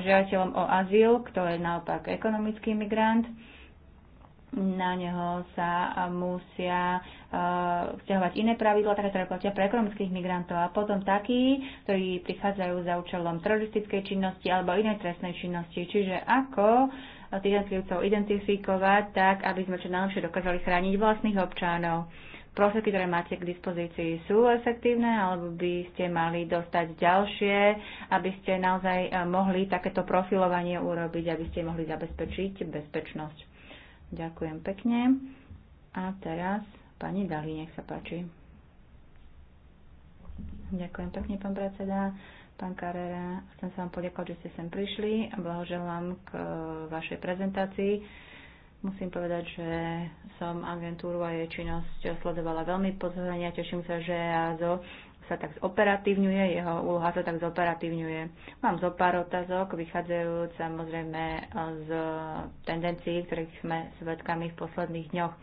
žiadateľom o azyl, kto je naopak ekonomický migrant. Na neho sa musia vzťahovať iné pravidla, také, ktoré platia pre ekonomických migrantov a potom takí, ktorí prichádzajú za účelom teroristickej činnosti alebo inej trestnej činnosti. Čiže ako uh, tých jednotlivcov identifikovať tak, aby sme čo najlepšie dokázali chrániť vlastných občanov. Prostriedky, ktoré máte k dispozícii, sú efektívne, alebo by ste mali dostať ďalšie, aby ste naozaj eh, mohli takéto profilovanie urobiť, aby ste mohli zabezpečiť bezpečnosť. Ďakujem pekne. A teraz pani Dali, nech sa páči. Ďakujem pekne, pán predseda. Pán Karera, chcem sa vám poďakovať, že ste sem prišli a blahoželám k e, vašej prezentácii. Musím povedať, že som agentúru a jej činnosť sledovala veľmi pozorne a teším sa, že AZO sa tak zoperatívňuje, jeho úloha sa tak zoperatívňuje. Mám zo pár otázok, vychádzajúc samozrejme z tendencií, ktorých sme svedkami v posledných dňoch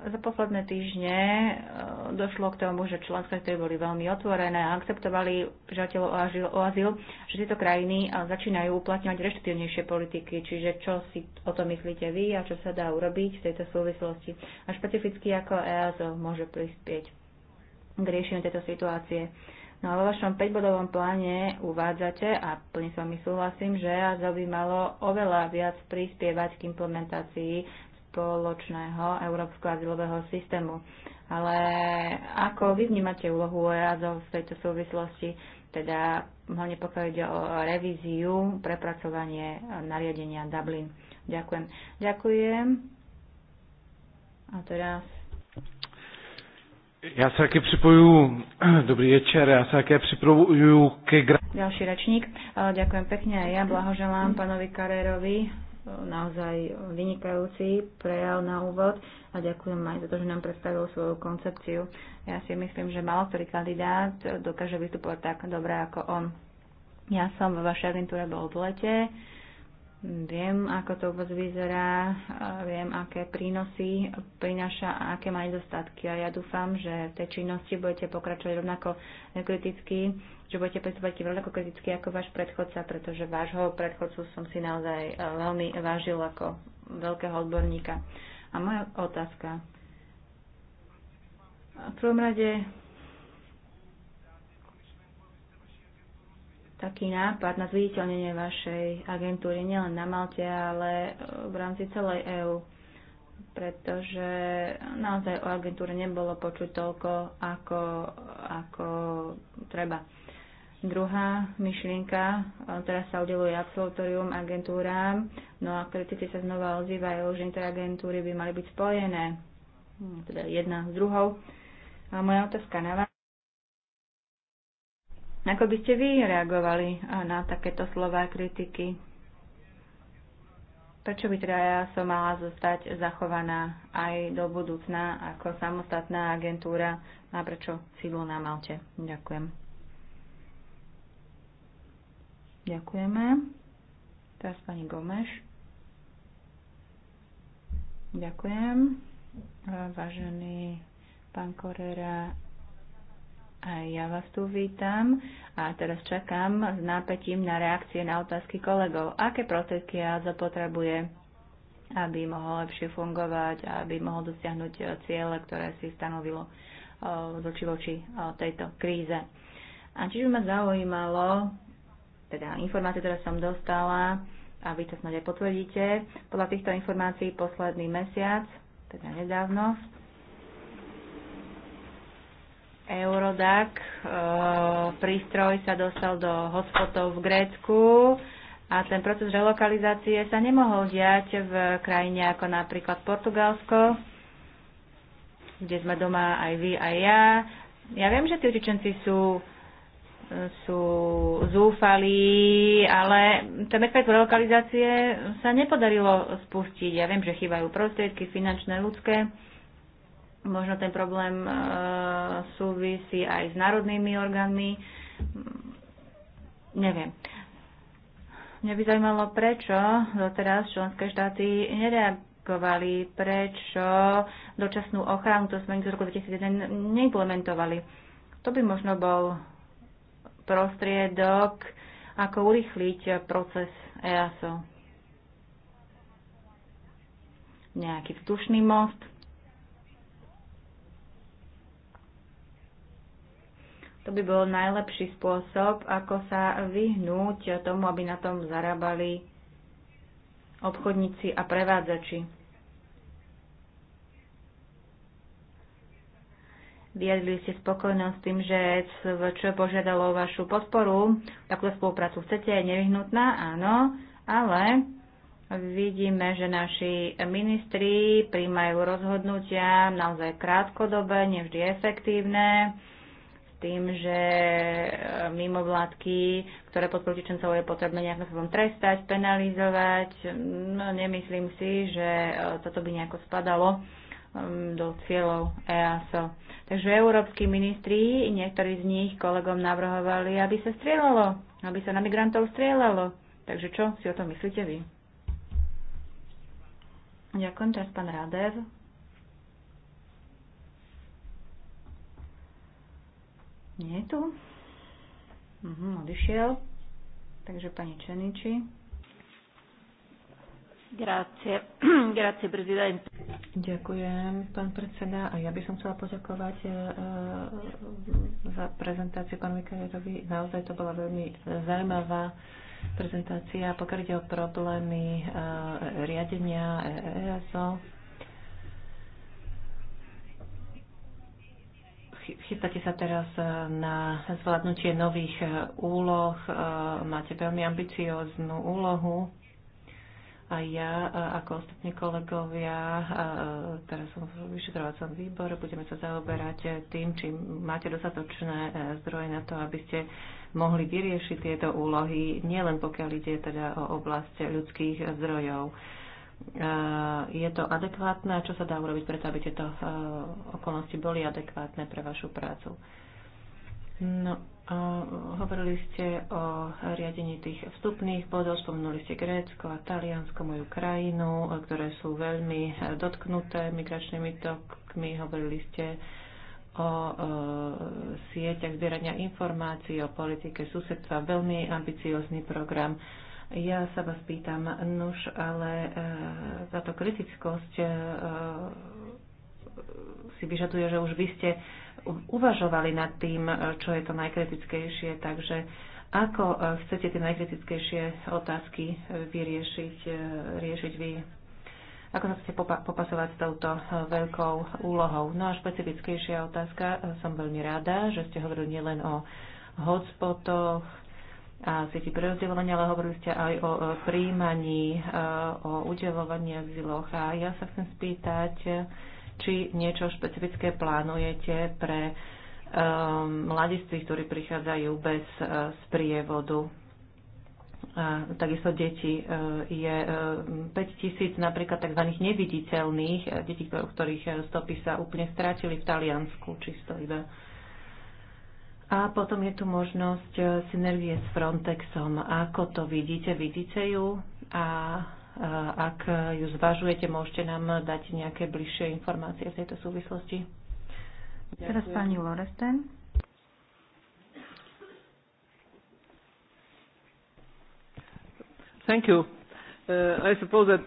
za posledné týždne eh, došlo k tomu, že členské ktoré boli veľmi otvorené a akceptovali žiateľov o azyl, že tieto krajiny eh, začínajú uplatňovať reštriktívnejšie politiky. Čiže čo si o to myslíte vy a čo sa dá urobiť v tejto súvislosti? A špecificky ako EASO môže prispieť k riešeniu tejto situácie. No a vo vašom 5-bodovom pláne uvádzate, a plne s vami súhlasím, že EASO by malo oveľa viac prispievať k implementácii spoločného európskeho azylového systému. Ale ako vy vnímate úlohu EASO v tejto súvislosti, teda hlavne pokiaľ ide o revíziu, prepracovanie nariadenia Dublin? Ďakujem. Ďakujem. A teraz já se také připoju, dobrý večer, já se také připoju ke... Ďalší rečník, e, ďakujem pekne a ja blahoželám hm. pánovi Karérovi naozaj vynikajúci prejav na úvod a ďakujem aj za to, že nám predstavil svoju koncepciu. Ja si myslím, že malo ktorý kandidát dokáže vystupovať tak dobre ako on. Ja som vo vašej agentúre bol v lete, viem, ako to vôbec vyzerá, viem, aké prínosy prináša a aké má nedostatky a ja dúfam, že v tej činnosti budete pokračovať rovnako kriticky že budete pristúpať k rovnako kriticky ako váš predchodca, pretože vášho predchodcu som si naozaj eh, veľmi vážil ako veľkého odborníka. A moja otázka. V prvom rade taký nápad na zviditeľnenie vašej agentúry nielen na Malte, ale eh, v rámci celej EÚ pretože naozaj o agentúre nebolo počuť toľko, ako, ako treba. Druhá myšlienka, teraz sa udeluje absolutorium agentúram, no a kritici sa znova ozývajú, že interagentúry by mali byť spojené, hm, teda jedna s druhou. A moja otázka na vás. Ako by ste vy reagovali na takéto slova kritiky? Prečo by teda ja som mala zostať zachovaná aj do budúcna ako samostatná agentúra a prečo sídlo na Malte? Ďakujem. Ďakujeme. Teraz pani Gomeš. Ďakujem. Vážený pán Korera, aj ja vás tu vítam a teraz čakám s nápetím na reakcie na otázky kolegov. Aké prostriedky ja zapotrebuje, aby mohol lepšie fungovať, aby mohol dosiahnuť ciele, ktoré si stanovilo eh, z voči eh, tejto kríze. A čiže ma zaujímalo, teda informácie, ktoré som dostala, a vy to snad aj potvrdíte, podľa týchto informácií posledný mesiac, teda nedávno, Eurodac, e, prístroj sa dostal do hospodov v Grécku a ten proces relokalizácie sa nemohol diať v krajine ako napríklad Portugalsko, kde sme doma aj vy, aj ja. Ja viem, že tí utečenci sú sú zúfalí, ale ten efekt relokalizácie sa nepodarilo spustiť. Ja viem, že chýbajú prostriedky finančné, ľudské. Možno ten problém e, súvisí aj s národnými orgánmi. Neviem. Mňa by zaujímalo, prečo doteraz členské štáty nereagovali, prečo dočasnú ochranu, to sme z roku 2001, neimplementovali. To by možno bol prostriedok, ako urychliť proces EASO. Nejaký vzdušný most. To by bol najlepší spôsob, ako sa vyhnúť tomu, aby na tom zarábali obchodníci a prevádzači. Vyjadrili ste spokojnosť s tým, že čo požiadalo vašu podporu. Takúto spoluprácu chcete, je nevyhnutná, áno, ale vidíme, že naši ministri príjmajú rozhodnutia naozaj krátkodobé, nevždy efektívne, s tým, že e, mimovládky, ktoré podporu Čečencov, je potrebné nejakým spôsobom trestať, penalizovať. No, nemyslím si, že e, toto by nejako spadalo Um, do cieľov EASO. Takže európsky ministri, niektorí z nich kolegom navrhovali, aby sa strieľalo, aby sa na migrantov strieľalo. Takže čo si o tom myslíte vy? Ďakujem teraz pán Radev. Nie je tu? Mhm, odišiel. Takže pani Čeniči. Grazie. Grazie, prezident. Ďakujem, pán predseda. A ja by som chcela poďakovať e, e, za prezentáciu pánu Mikajerovi. Naozaj to bola veľmi e, zaujímavá prezentácia, pokiaľ ide o problémy riadenia EASO. chystáte sa teraz na zvládnutie nových úloh, máte veľmi ambicióznu úlohu a ja ako ostatní kolegovia, teraz som v vyšetrovacom výbore, budeme sa zaoberať tým, či máte dostatočné e, zdroje na to, aby ste mohli vyriešiť tieto úlohy, nielen pokiaľ ide teda o oblasť ľudských zdrojov. E, je to adekvátne? Čo sa dá urobiť preto, aby tieto e, okolnosti boli adekvátne pre vašu prácu? No, E, hovorili ste o riadení tých vstupných bodov, spomenuli ste Grécko a Taliansko, moju krajinu, e, ktoré sú veľmi e, dotknuté migračnými tokmi. Hovorili ste o sieťach zbierania informácií, o politike susedstva, veľmi ambiciózny program. Ja sa vás pýtam, nuž, ale táto kritickosť si vyžaduje, že už vy ste uvažovali nad tým, e, čo je to najkritickejšie. Takže ako e, chcete tie najkritickejšie otázky e, vyriešiť, riešiť vy? Ako sa chcete popasovať s touto veľkou úlohou? No a špecifickejšia otázka, som veľmi rada, že ste hovorili nielen o hotspotoch a sieti prerozdeľovania, ale hovorili ste aj o príjmaní, o udelovaní ziloch. A ja sa chcem spýtať, či niečo špecifické plánujete pre um, mladiství, ktorí prichádzajú bez uh, sprievodu a takisto deti. Uh, je 5 uh, tisíc napríklad tzv. neviditeľných detí, ktorých stopy sa úplne strátili v Taliansku, čisto iba. A potom je tu možnosť synergie s Frontexom. Ako to vidíte? Vidíte ju? A ak ju zvažujete, môžete nám dať nejaké bližšie informácie v tejto súvislosti. Ďakujem. Teraz pani Loresten. Thank you. Uh, I suppose that...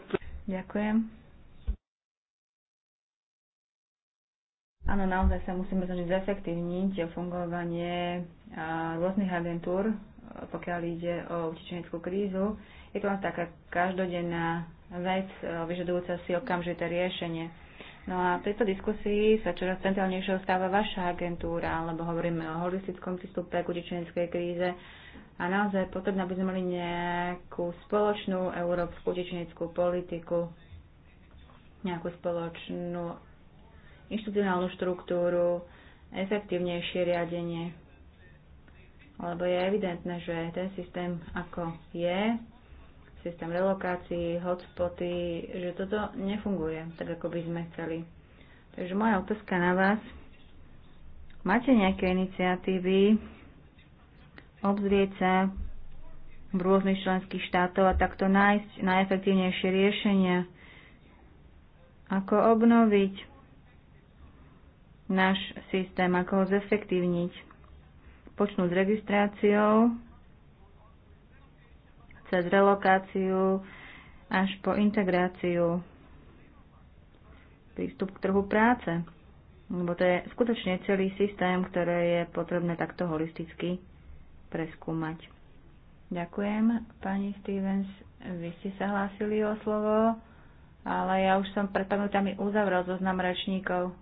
Ďakujem. Áno, naozaj sa musíme snažiť zefektívniť fungovanie rôznych agentúr, pokiaľ ide o utečeneckú krízu. Je to len taká každodenná vec, e, vyžadujúca si okamžité riešenie. No a v tejto diskusii sa čoraz centrálnejšou stáva vaša agentúra, alebo hovoríme o holistickom prístupe k utečeneckej kríze a naozaj potrebné, aby sme mali nejakú spoločnú európsku utečeneckú politiku, nejakú spoločnú inštitucionálnu štruktúru, efektívnejšie riadenie. Lebo je evidentné, že ten systém, ako je, systém relokácií, hotspoty, že toto nefunguje tak, ako by sme chceli. Takže moja otázka na vás. Máte nejaké iniciatívy obzrieť sa v rôznych členských štátov a takto nájsť najefektívnejšie riešenia? Ako obnoviť náš systém, ako ho zefektívniť? počnúť s registráciou, cez relokáciu až po integráciu prístup k trhu práce. Lebo to je skutočne celý systém, ktoré je potrebné takto holisticky preskúmať. Ďakujem, pani Stevens. Vy ste sa hlásili o slovo, ale ja už som pred pamätami uzavrel zoznam rečníkov.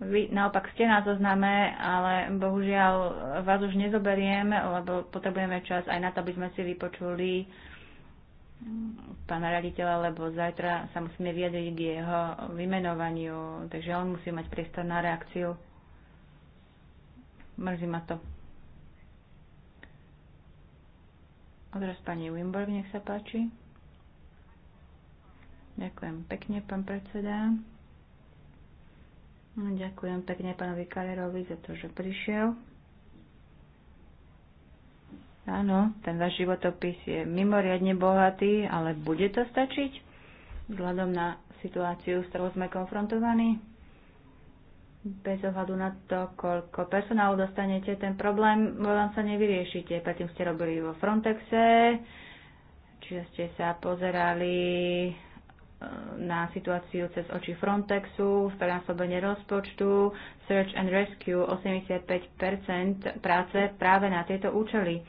Vy naopak ste na zozname, ale bohužiaľ vás už nezoberiem, lebo potrebujeme čas aj na to, aby sme si vypočuli pána raditeľa, lebo zajtra sa musíme vyjadriť k jeho vymenovaniu, takže on musí mať priestor na reakciu. Mrzí ma to. Odraz pani Wimborg, nech sa páči. Ďakujem pekne, pán predseda. No, ďakujem pekne pánovi Kalerovi za to, že prišiel. Áno, ten váš životopis je mimoriadne bohatý, ale bude to stačiť vzhľadom na situáciu, s ktorou sme konfrontovaní? Bez ohľadu na to, koľko personálu dostanete, ten problém vám sa nevyriešite. Predtým ste robili vo Frontexe, čiže ste sa pozerali na situáciu cez oči Frontexu, prenásobenie rozpočtu, search and rescue 85% práce práve na tieto účely.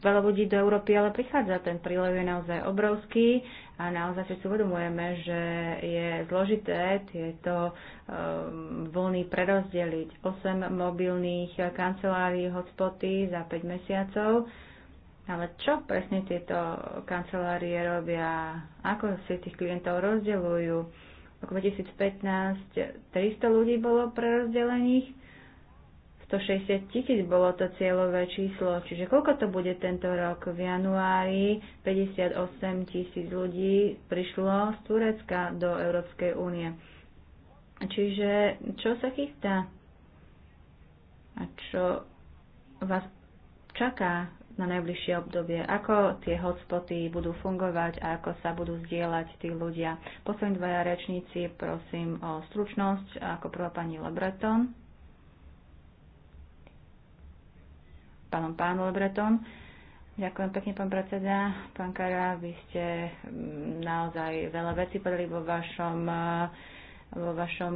Veľa ľudí do Európy ale prichádza, ten prílev je naozaj obrovský a naozaj si uvedomujeme, že je zložité tieto ehm, voľny prerozdeliť. 8 mobilných kancelárií hotspoty za 5 mesiacov ale čo presne tieto kancelárie robia? Ako si tých klientov rozdeľujú? V roku 2015 300 ľudí bolo prerozdelených, 160 tisíc bolo to cieľové číslo, čiže koľko to bude tento rok? V januári 58 tisíc ľudí prišlo z Turecka do Európskej únie. Čiže čo sa chystá? A čo vás čaká na najbližšie obdobie, ako tie hotspoty budú fungovať a ako sa budú zdieľať tí ľudia. Poslední dvaja rečníci, prosím o stručnosť, ako prvá pani Lebreton. Pánom pán Lebreton. Ďakujem pekne, pán predseda. Pán Kara, vy ste mm, naozaj veľa vecí podali vo vašom, eh, vo vašom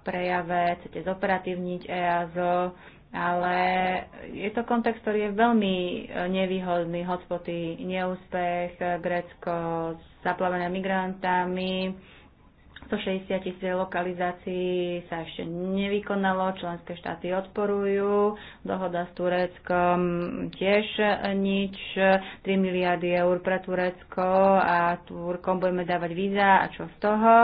prejave, chcete zoperatívniť EASO, ale je to kontext, ktorý je veľmi eh, nevýhodný. Hotspoty, neúspech, Grécko zaplavené migrantami, 160 lokalizácií sa ešte nevykonalo, členské štáty odporujú, dohoda s Tureckom tiež nič, 3 miliardy eur pre Turecko a Turkom budeme dávať víza a čo z toho?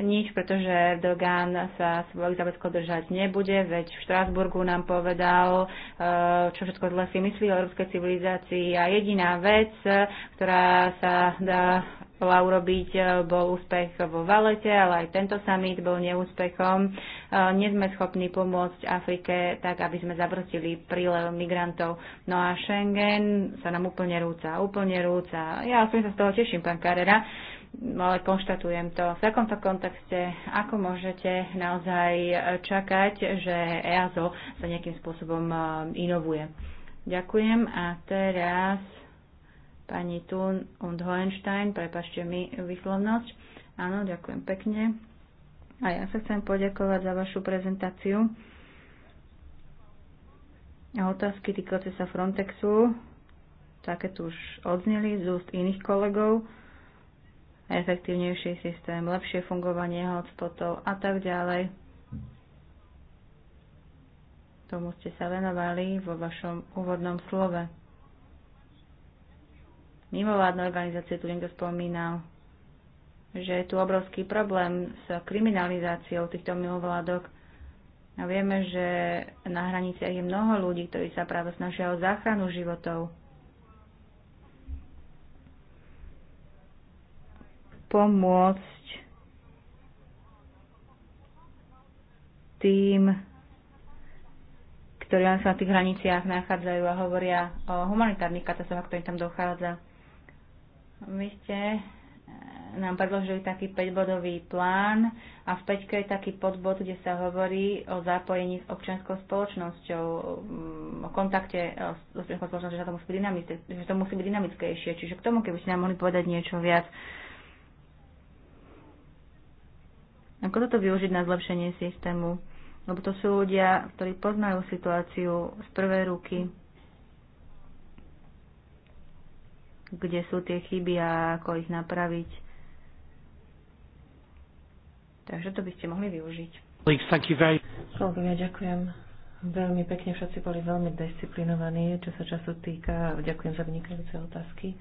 Nič, pretože Erdogan sa svojich záväzkov držať nebude, veď v Štrásburgu nám povedal, eh, čo všetko zle si myslí o európskej civilizácii a jediná vec, ktorá sa dá bola urobiť, e, bol úspech vo Valete, ale aj tento summit bol neúspechom. E, nie sme schopní pomôcť Afrike tak, aby sme zabrstili prílev migrantov. No a Schengen sa nám úplne rúca, úplne rúca. Ja aspoň sa z toho teším, pán Karera, ale konštatujem to. V takomto kontexte, ako môžete naozaj čakať, že EASO sa nejakým spôsobom e, inovuje? Ďakujem a teraz pani Thun und Hohenstein, prepašte mi výslovnosť. Áno, ďakujem pekne. A ja sa chcem poďakovať za vašu prezentáciu a otázky týkajúce sa Frontexu, také tu už odzneli z úst iných kolegov, efektívnejší systém, lepšie fungovanie hotspotov a tak ďalej. Tomu ste sa venovali vo vašom úvodnom slove mimovládne organizácie, tu niekto spomínal, že je tu obrovský problém s kriminalizáciou týchto mimovládok. A vieme, že na hraniciach je mnoho ľudí, ktorí sa práve snažia o záchranu životov. Pomôcť tým, ktorí sa na tých hraniciach nachádzajú a hovoria o humanitárnych katastrofách, ktorým tam dochádza. Vy ste e, nám predložili taký 5-bodový plán a v 5 je taký podbod, kde sa hovorí o zapojení s občianskou spoločnosťou, o kontakte e, s občianskou spoločnosťou, že to musí byť, dynamické, že to musí byť dynamickejšie. Čiže k tomu, keby ste nám mohli povedať niečo viac. Ako toto využiť na zlepšenie systému? Lebo to sú ľudia, ktorí poznajú situáciu z prvej ruky. kde sú tie chyby a ako ich napraviť. Takže to by ste mohli využiť. Kolegovia, ďakujem veľmi pekne. Všetci boli veľmi disciplinovaní, čo sa času týka. Ďakujem za vynikajúce otázky.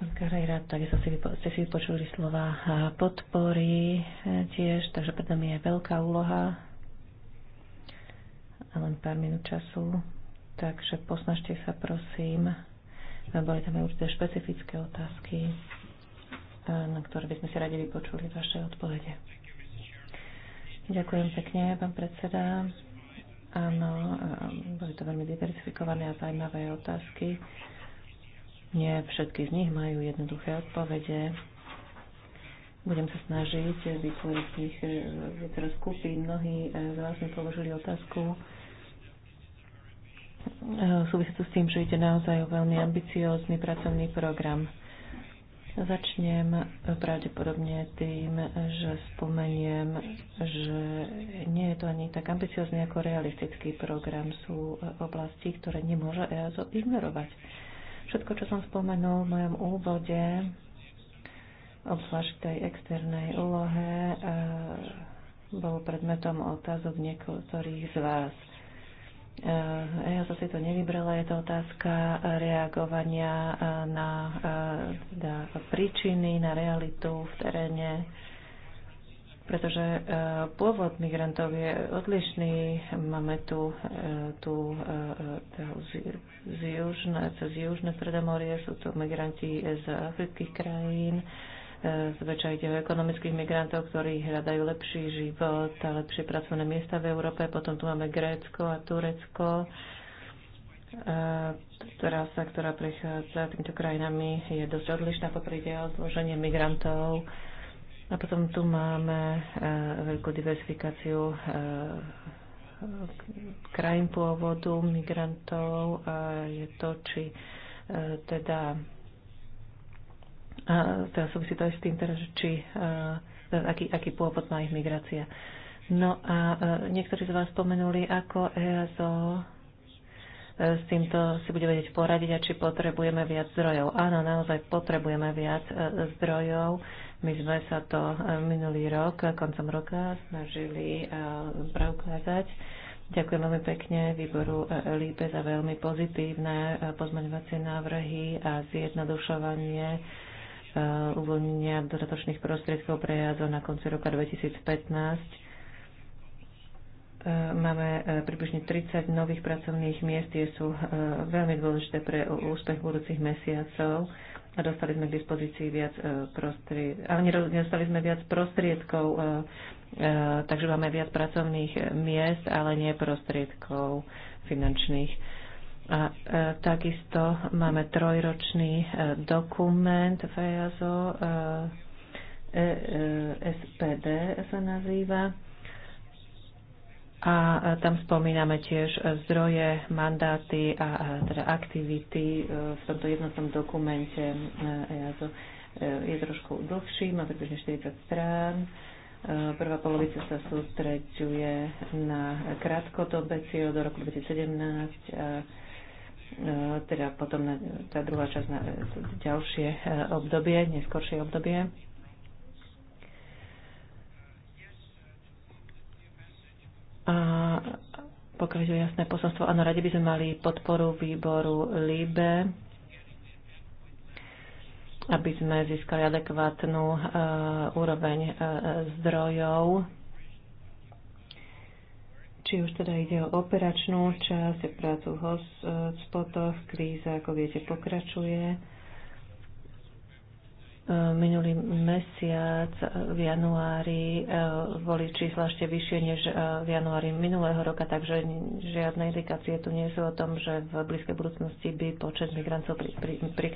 Pán Karajra, takže si, ste si vypočuli slova podpory eh, tiež, takže pred nami je veľká úloha a len pár minút času. Takže posnažte sa prosím boli tam aj určité špecifické otázky, e, na ktoré by sme si radi vypočuli vaše odpovede. Ďakujem pekne, pán predseda. Áno, e, boli to veľmi diversifikované a zaujímavé otázky. Nie všetky z nich majú jednoduché odpovede. Budem sa snažiť vytvoriť ich e, viacero skupín. Mnohí z vás mi položili otázku, Eh, súvisí to s tým, že ide naozaj o veľmi ambiciózny pracovný program. Začnem pravdepodobne tým, že spomeniem, že nie je to ani tak ambiciózny ako realistický program. Sú eh, oblasti, ktoré nemôže EASO ignorovať. Všetko, čo som spomenul v mojom úvode, obzvlášť tej externej úlohe, eh, bol predmetom otázok niektorých z vás. Ja eh, som si to nevybrala, je to otázka eh, reagovania eh, na teda príčiny, na realitu v teréne, pretože pôvod migrantov je odlišný. Máme tu, tu z cez južné Stredomorie, sú tu migranti z afrických krajín, Zväčša ide o ekonomických migrantov, ktorí hľadajú lepší život a lepšie pracovné miesta v Európe. Potom tu máme Grécko a Turecko. Trasa, ktorá prechádza týmito krajinami, je dosť odlišná, poprvé o zloženie migrantov. A potom tu máme veľkú diversifikáciu krajín pôvodu migrantov. Je to, či teda teda súvisí to aj s tým, teda, či, aký, aký pôvod má ich migrácia. No a niektorí z vás spomenuli, ako EASO e, s týmto si bude vedieť poradiť a či potrebujeme viac zdrojov. Áno, naozaj potrebujeme viac e, zdrojov. My sme sa to e, minulý rok, koncom roka, snažili preukázať. Ďakujem veľmi pekne výboru Líbe za veľmi pozitívne pozmeňovacie návrhy a zjednodušovanie uvoľnenia dodatočných prostriedkov pre jazo na konci roka 2015 e, máme e, približne 30 nových pracovných miest, tie sú e, veľmi dôležité pre úspech budúcich mesiacov a dostali sme k dispozícii viac prostriedkov, ale nedostali sme viac prostriedkov, takže máme viac pracovných miest, ale nie prostriedkov finančných. A e, takisto máme trojročný e, dokument e, e SPD sa nazýva. A tam spomíname tiež zdroje, mandáty a teda aktivity v tomto jednotnom dokumente Je trošku dlhší, má približne 40 strán. Prvá polovica sa sústreďuje na krátkodobé cieľ do roku 2017 E, teda potom na, tá druhá časť na e, ďalšie e, obdobie, neskôršie obdobie. A pokiaľ je jasné posolstvo, áno, radi by sme mali podporu výboru LIBE, aby sme získali adekvátnu uh, úroveň uh, zdrojov či už teda ide o operačnú časť, prácu v hotspotoch, kríza, ako viete, pokračuje. Minulý mesiac v januári e, boli čísla ešte vyššie než e, v januári minulého roka, takže žiadne indikácie tu nie sú o tom, že v blízkej budúcnosti by počet migrantov, pri, pri, pri,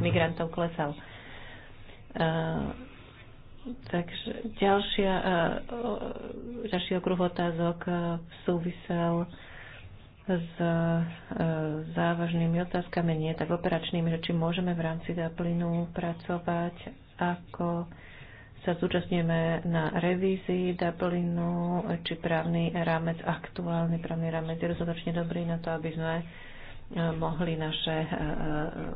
migrantov klesal e, Takže ďalšia, eh, ďalší okruh otázok eh, súvisel s eh, závažnými otázkami, nie tak operačnými, že či môžeme v rámci Dublinu pracovať, ako sa zúčastňujeme na revízii Dublinu, či právny rámec, aktuálny právny rámec je rozhodočne dobrý na to, aby sme mohli naše e, e,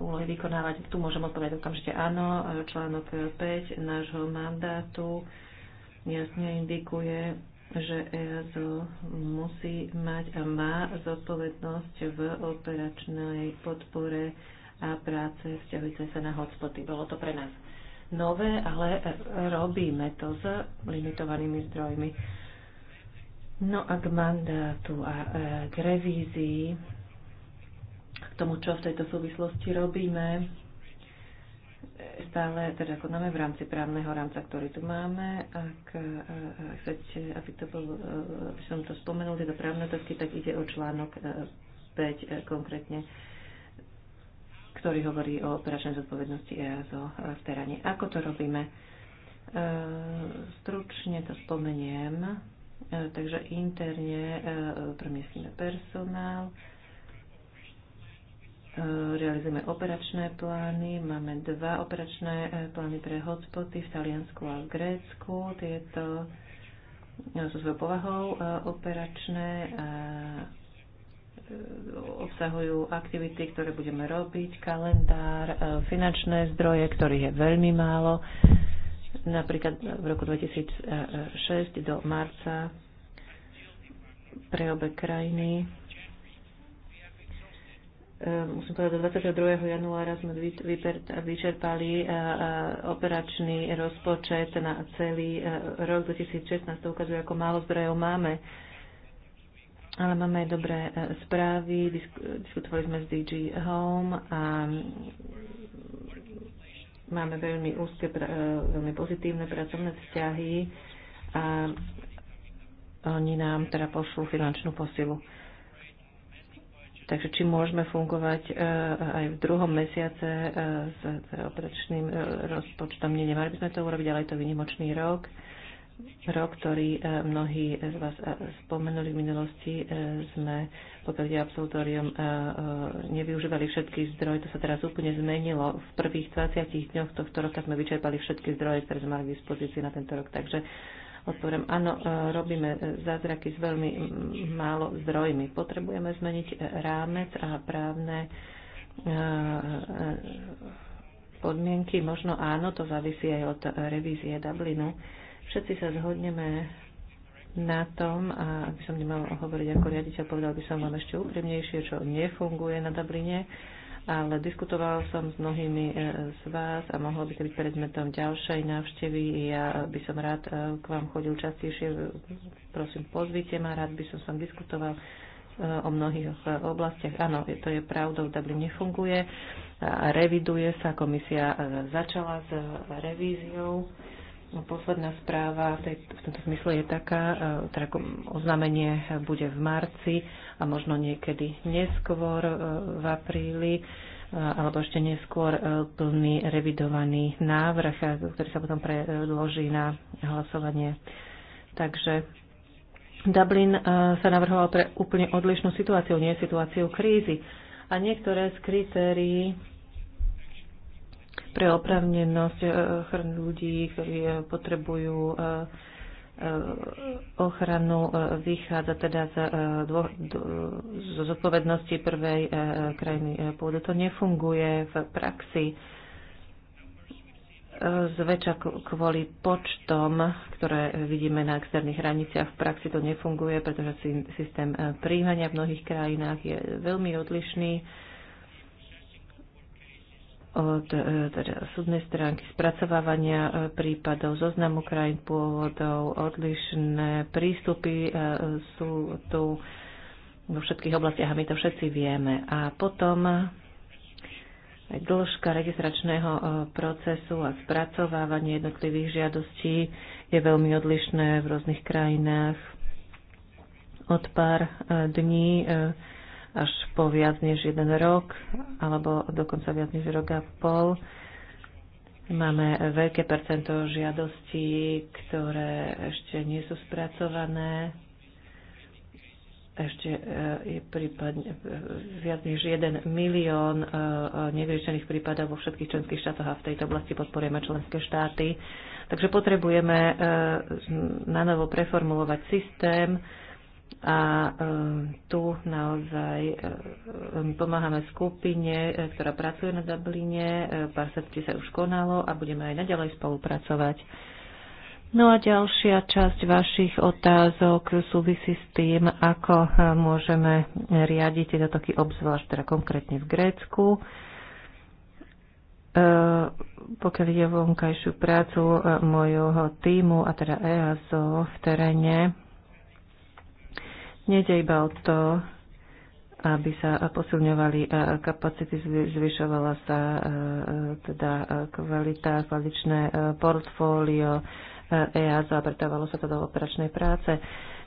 úlohy vykonávať. Tu môžem odpovedať okamžite áno. Článok 5 nášho mandátu jasne indikuje, že EASO musí mať a má zodpovednosť v operačnej podpore a práce vzťahujúce sa na hotspoty. Bolo to pre nás nové, ale robíme to s limitovanými zdrojmi. No a k mandátu a e, k revízii tomu, čo v tejto súvislosti robíme. Stále teda konáme v rámci právneho rámca, ktorý tu máme. Ak e, e, chcete, aby, to bol, e, aby som to spomenul, tieto právne otázky, tak ide o článok 5 konkrétne ktorý hovorí o operačnej zodpovednosti EASO v teráne. Ako to robíme? Stručne to spomeniem. Takže interne premiestníme personál, E, realizujeme operačné plány. Máme dva operačné e, plány pre hotspoty v Taliansku a v Grécku. Tieto e, so svojou povahou operačné obsahujú aktivity, ktoré budeme robiť, kalendár, finančné zdroje, ktorých je veľmi málo. Napríklad v roku 2006 do marca pre obe krajiny Ehm, musím povedať, do 22. januára sme vyčerpali eh, eh, operačný rozpočet na celý eh, rok 2016. To ukazuje, ako málo zdrojov máme. Ale máme aj dobré správy. Diskutovali sme s DG Home a máme veľmi úzke, veľmi pozitívne pracovné vzťahy a oni nám teda pošlú finančnú posilu. Takže či môžeme fungovať e, aj v druhom mesiace e, s operačným e, rozpočtom, nie, nemali by sme to urobiť, ale je to vynimočný rok. Rok, ktorý mnohí z vás spomenuli v minulosti, sme po prvde absolutórium nevyužívali všetky zdroje, to sa teraz úplne zmenilo. V prvých 20 dňoch tohto roka sme vyčerpali všetky zdroje, ktoré sme mali k dispozícii na tento rok, takže Odpoviem, áno, e, robíme e, zázraky s veľmi málo zdrojmi. Potrebujeme zmeniť e, rámec a právne podmienky. Možno áno, to závisí aj od revízie Dublinu. Všetci sa zhodneme na tom, a aby som nemal hovoriť ako riaditeľ, povedal by som vám ešte úprimnejšie, čo nefunguje na Dubline ale diskutoval som s mnohými e, z vás a mohlo by to byť predmetom ďalšej návštevy. Ja by som rád e, k vám chodil častejšie, prosím, pozvite ma, rád by som sa diskutoval e, o mnohých oblastiach. Áno, to je pravdou, Dublin nefunguje, reviduje sa, komisia začala s revíziou No, posledná správa v, tej, v tomto smysle je taká, e, teda oznámenie bude v marci a možno niekedy neskôr e, v apríli e, alebo ešte neskôr plný revidovaný návrh, ktorý sa potom predloží na hlasovanie. Takže Dublin sa navrhoval pre úplne odlišnú situáciu, nie situáciu krízy. A niektoré z kritérií pre oprávnenosť e, ochrany ľudí, ktorí e, potrebujú e, ochranu vychádza teda z, dvo, z zodpovednosti prvej krajiny pôdu. To nefunguje v praxi zväčša kvôli počtom, ktoré vidíme na externých hraniciach. V praxi to nefunguje, pretože systém príjmania v mnohých krajinách je veľmi odlišný od e, teda súdnej stránky spracovávania e, prípadov, zoznamu krajín pôvodov, odlišné prístupy e, sú tu vo všetkých oblastiach a my to všetci vieme. A potom dĺžka registračného procesu a spracovávanie jednotlivých žiadostí je veľmi odlišné v rôznych krajinách. Od pár dní až po viac než jeden rok, alebo dokonca viac než rok a pol. Máme veľké percento žiadostí, ktoré ešte nie sú spracované. Ešte e, je prípadne viac než jeden milión e, nevyriešených prípadov vo všetkých členských štátoch a v tejto oblasti podporujeme členské štáty. Takže potrebujeme e, na novo preformulovať systém, a eh, tu naozaj eh, pomáhame skupine, eh, ktorá pracuje na Dubline. Pár stretnutí sa už konalo a budeme aj naďalej spolupracovať. No a ďalšia časť vašich otázok súvisí s tým, ako môžeme riadiť tieto taký obzvlášť teda konkrétne v Grécku. Pokiaľ ide o vonkajšiu prácu mojho týmu a teda EASO v teréne, Nede iba o to, aby sa posilňovali e, kapacity, zvyšovala sa e, e, teda kvalita, kvaličné portfólio EA, a pretávalo sa to do operačnej práce.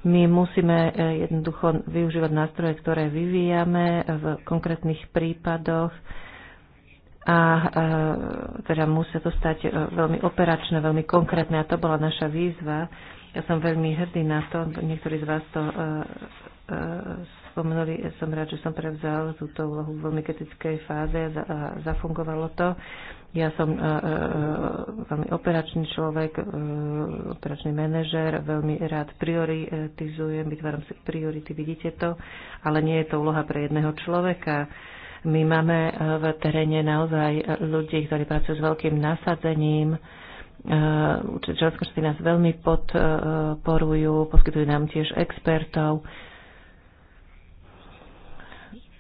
My musíme jednoducho využívať nástroje, ktoré vyvíjame v konkrétnych prípadoch a teda musia to stať veľmi operačné, veľmi konkrétne a to bola naša výzva ja som veľmi hrdý na to, niektorí z vás to uh, uh, spomenuli, ja som rád, že som prevzal túto úlohu v veľmi kritickej fáze a, e, zafungovalo to. Ja som veľmi operačný človek, operačný manažer, veľmi rád prioritizujem, vytváram si priority, vidíte to, ale nie je to úloha pre jedného človeka. My máme v teréne naozaj ľudí, ktorí pracujú s veľkým nasadením. Eh, členské štáty nás veľmi podporujú, poskytujú nám tiež expertov.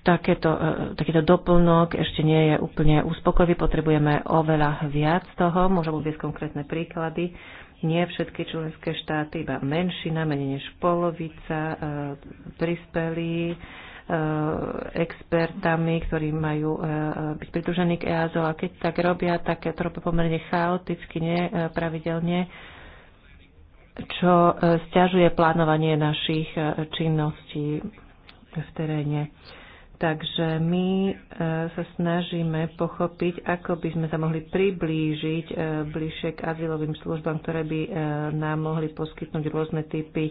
Takéto, eh, takýto doplnok ešte nie je úplne uspokojivý, potrebujeme oveľa viac toho, môžem uvieť konkrétne príklady. Nie všetky členské štáty, iba menšina, menej než polovica, eh, prispeli Eh, expertami, ktorí majú eh, byť pridružení k EASO a keď tak robia, tak to robia pomerne chaoticky, nepravidelne, eh, čo stiažuje plánovanie našich činností v teréne. Takže my sa snažíme pochopiť, ako by sme sa mohli priblížiť bližšie k azylovým službám, ktoré by nám mohli poskytnúť rôzne typy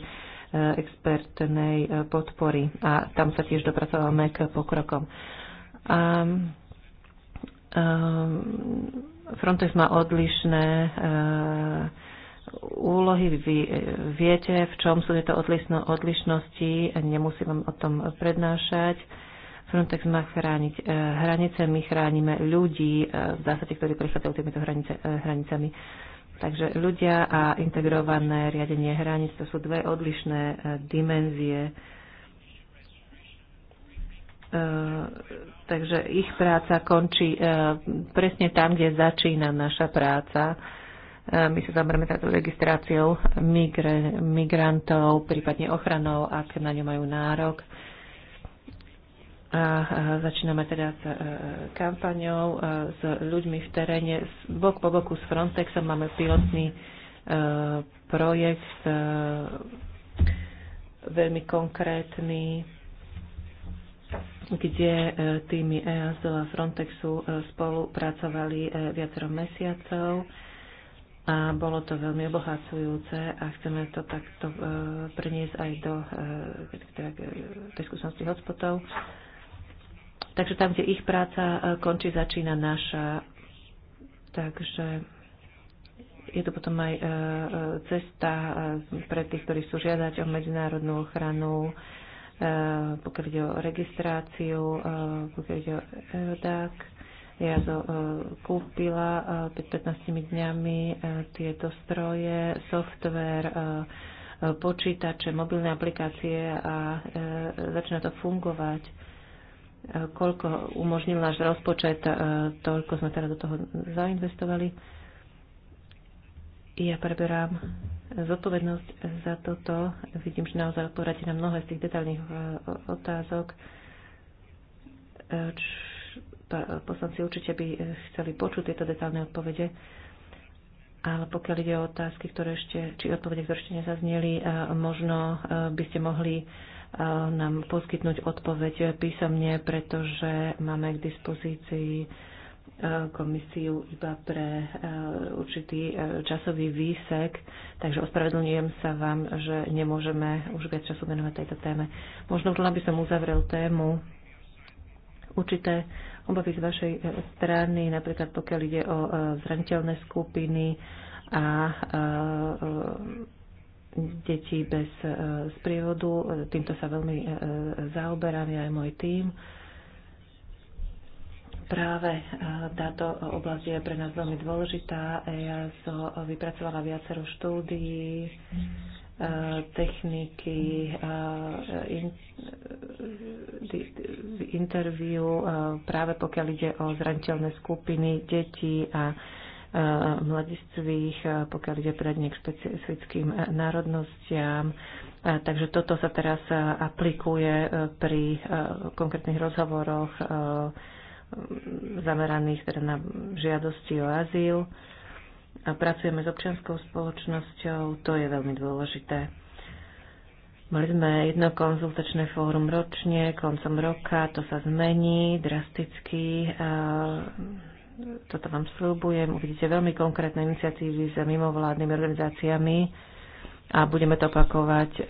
expertnej e, podpory a tam sa tiež dopracovávame k pokrokom. A, e, Frontex má odlišné e, úlohy, vy viete, v čom sú tieto odlišno, odlišnosti, nemusím vám o tom prednášať. Frontex má chrániť hranice, my chránime ľudí, v zásade, ktorí prechádzajú týmito hranice, hranicami. Takže ľudia a integrované riadenie hraníc to sú dve odlišné e, dimenzie. E, takže ich práca končí e, presne tam, kde začína naša práca. My sa zamerame táto registráciou migre, migrantov, prípadne ochranou, ak na ňu majú nárok a začíname teda s e, kampaňou e, s ľuďmi v teréne. Bok po boku s Frontexom máme pilotný e, projekt, veľmi konkrétny, kde týmy EASO a Frontexu spolupracovali viacero mesiacov a bolo to veľmi obohacujúce a chceme to takto preniesť aj do teda, tej skúsenosti hotspotov. Takže tam, kde ich práca e, končí, začína naša. Takže je to potom aj e, e, cesta pre tých, ktorí sú žiadať o medzinárodnú ochranu, pokiaľ ide o registráciu, pokiaľ ide o EUDAC. Ja to kúpila pred 15 dňami tieto stroje, software, počítače, mobilné aplikácie a začína to fungovať koľko umožnil náš rozpočet, e, toľko sme teraz do toho zainvestovali. Ja preberám zodpovednosť za toto. Vidím, že naozaj odpovedáte na mnohé z tých detailných e, otázok. E, poslanci určite by chceli počuť tieto detailné odpovede. Ale pokiaľ ide o otázky, ktoré ešte, či odpovede, ktoré ešte nezazneli, možno by ste mohli nám poskytnúť odpoveď písomne, pretože máme k dispozícii e, komisiu iba pre e, určitý e, časový výsek, takže ospravedlňujem sa vám, že nemôžeme už viac času venovať tejto téme. Možno len by som uzavrel tému určité obavy z vašej strany, napríklad pokiaľ ide o zraniteľné skupiny a detí bez sprievodu. E, Týmto sa veľmi e, e, zaoberám aj môj tím. Práve táto oblasť je pre nás veľmi dôležitá. Ja som vypracovala viacero štúdií, techniky, interviu, práve pokiaľ ide o zraniteľné skupiny detí a mladistvých, eh, pokiaľ ide predne k špecifickým eh, národnostiam. Eh, takže toto sa teraz aplikuje pri konkrétnych rozhovoroch zameraných teda na žiadosti o azyl. Pracujeme s občianskou spoločnosťou, to je veľmi dôležité. Mali sme jedno konzultačné fórum ročne, koncom roka, to sa zmení drasticky toto vám slúbujem, uvidíte veľmi konkrétne iniciatívy s mimovládnymi organizáciami a budeme to opakovať e,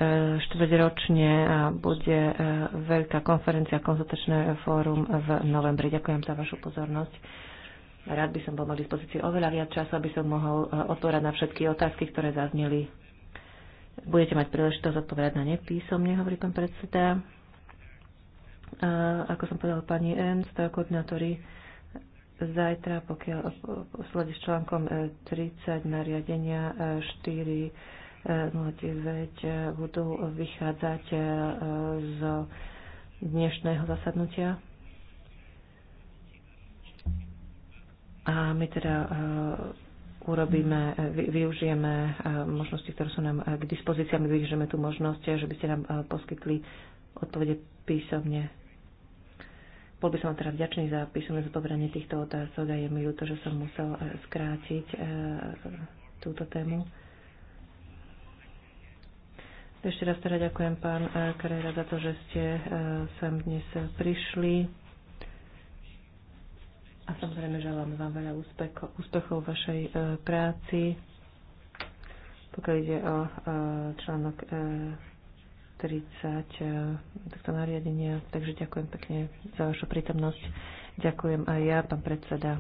štvrťročne a bude e, veľká konferencia, konzultačné fórum v novembri. Ďakujem za vašu pozornosť. Rád by som bol mal dispozícii oveľa viac času, aby som mohol e, odpovedať na všetky otázky, ktoré zazneli. Budete mať príležitosť odpovedať na ne písomne, hovorí pán predseda. A ako som povedal pani Ernst, koordinátori zajtra, pokiaľ posledí s článkom 30 e, nariadenia 09 e, e, budú vychádzať z dnešného zasadnutia. A my teda urobíme, využijeme možnosti, ktoré sú nám k dispozícii. My využijeme tú možnosť, že by ste nám poskytli odpovede písomne. Bol by som teraz vďačný za písomné zodpovedanie týchto otázok a je mi ľúto, že som musel eh, skrátiť eh, túto tému. Ešte raz teda ďakujem pán Karera eh, za to, že ste sem dnes prišli. A samozrejme želám vám veľa úspechov, úspechov v vašej práci. Pokiaľ ide o článok 30 e, takto nariadenia. Takže ďakujem pekne za vašu prítomnosť. Ďakujem aj ja, pán predseda.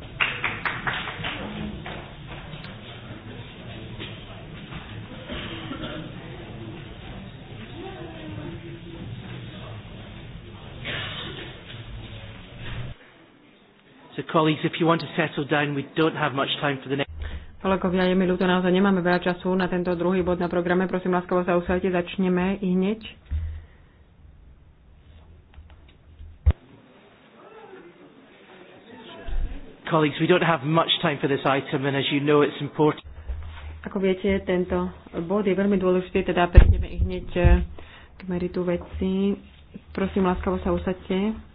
So colleagues, if you want to settle down, we don't have much time for the next Kolegovia, je mi ľúto, naozaj nemáme veľa času na tento druhý bod na programe. Prosím, láskavo sa usadite, začneme i hneď. Colleagues, we don't have much time for this item and as you know it's important. Ako viete, tento bod je veľmi dôležitý, teda prejdeme i hneď k meritu veci. Prosím, láskavo sa usadte.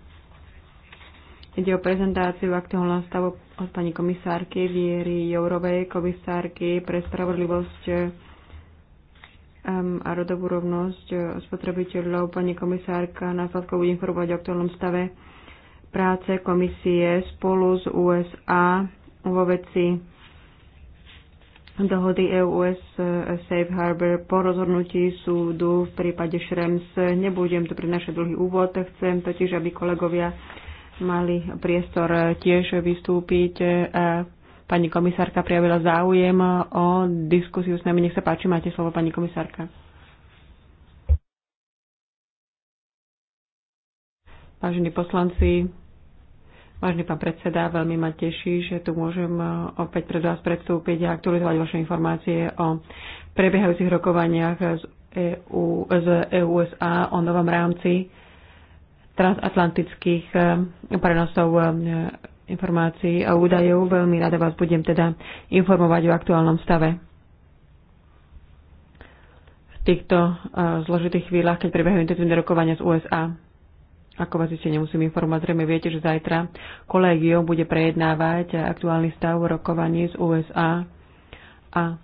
Ide o prezentáciu aktuálneho stavu od pani komisárky Viery Jourovej, komisárky pre spravodlivosť um, a rodovú rovnosť uh, spotrebiteľov. Pani komisárka následko bude informovať o aktuálnom stave práce komisie spolu s USA vo veci dohody EUS, uh, Safe Harbor po rozhodnutí súdu v prípade Šrems. Nebudem tu prinašať dlhý úvod, chcem totiž, aby kolegovia mali priestor tiež vystúpiť. E, pani komisárka prijavila záujem o diskusiu s nami. Nech sa páči, máte slovo, pani komisárka. Vážení poslanci, vážený pán predseda, veľmi ma teší, že tu môžem opäť pred vás predstúpiť a aktualizovať vaše informácie o prebiehajúcich rokovaniach z EU, z EUSA o novom rámci transatlantických eh, prenosov eh, informácií a údajov. Veľmi rada vás budem teda informovať o aktuálnom stave. V týchto eh, zložitých chvíľach, keď prebiehajú intenzívne rokovania z USA, ako vás ešte nemusím informovať, zrejme viete, že zajtra kolégium bude prejednávať aktuálny stav rokovaní z USA a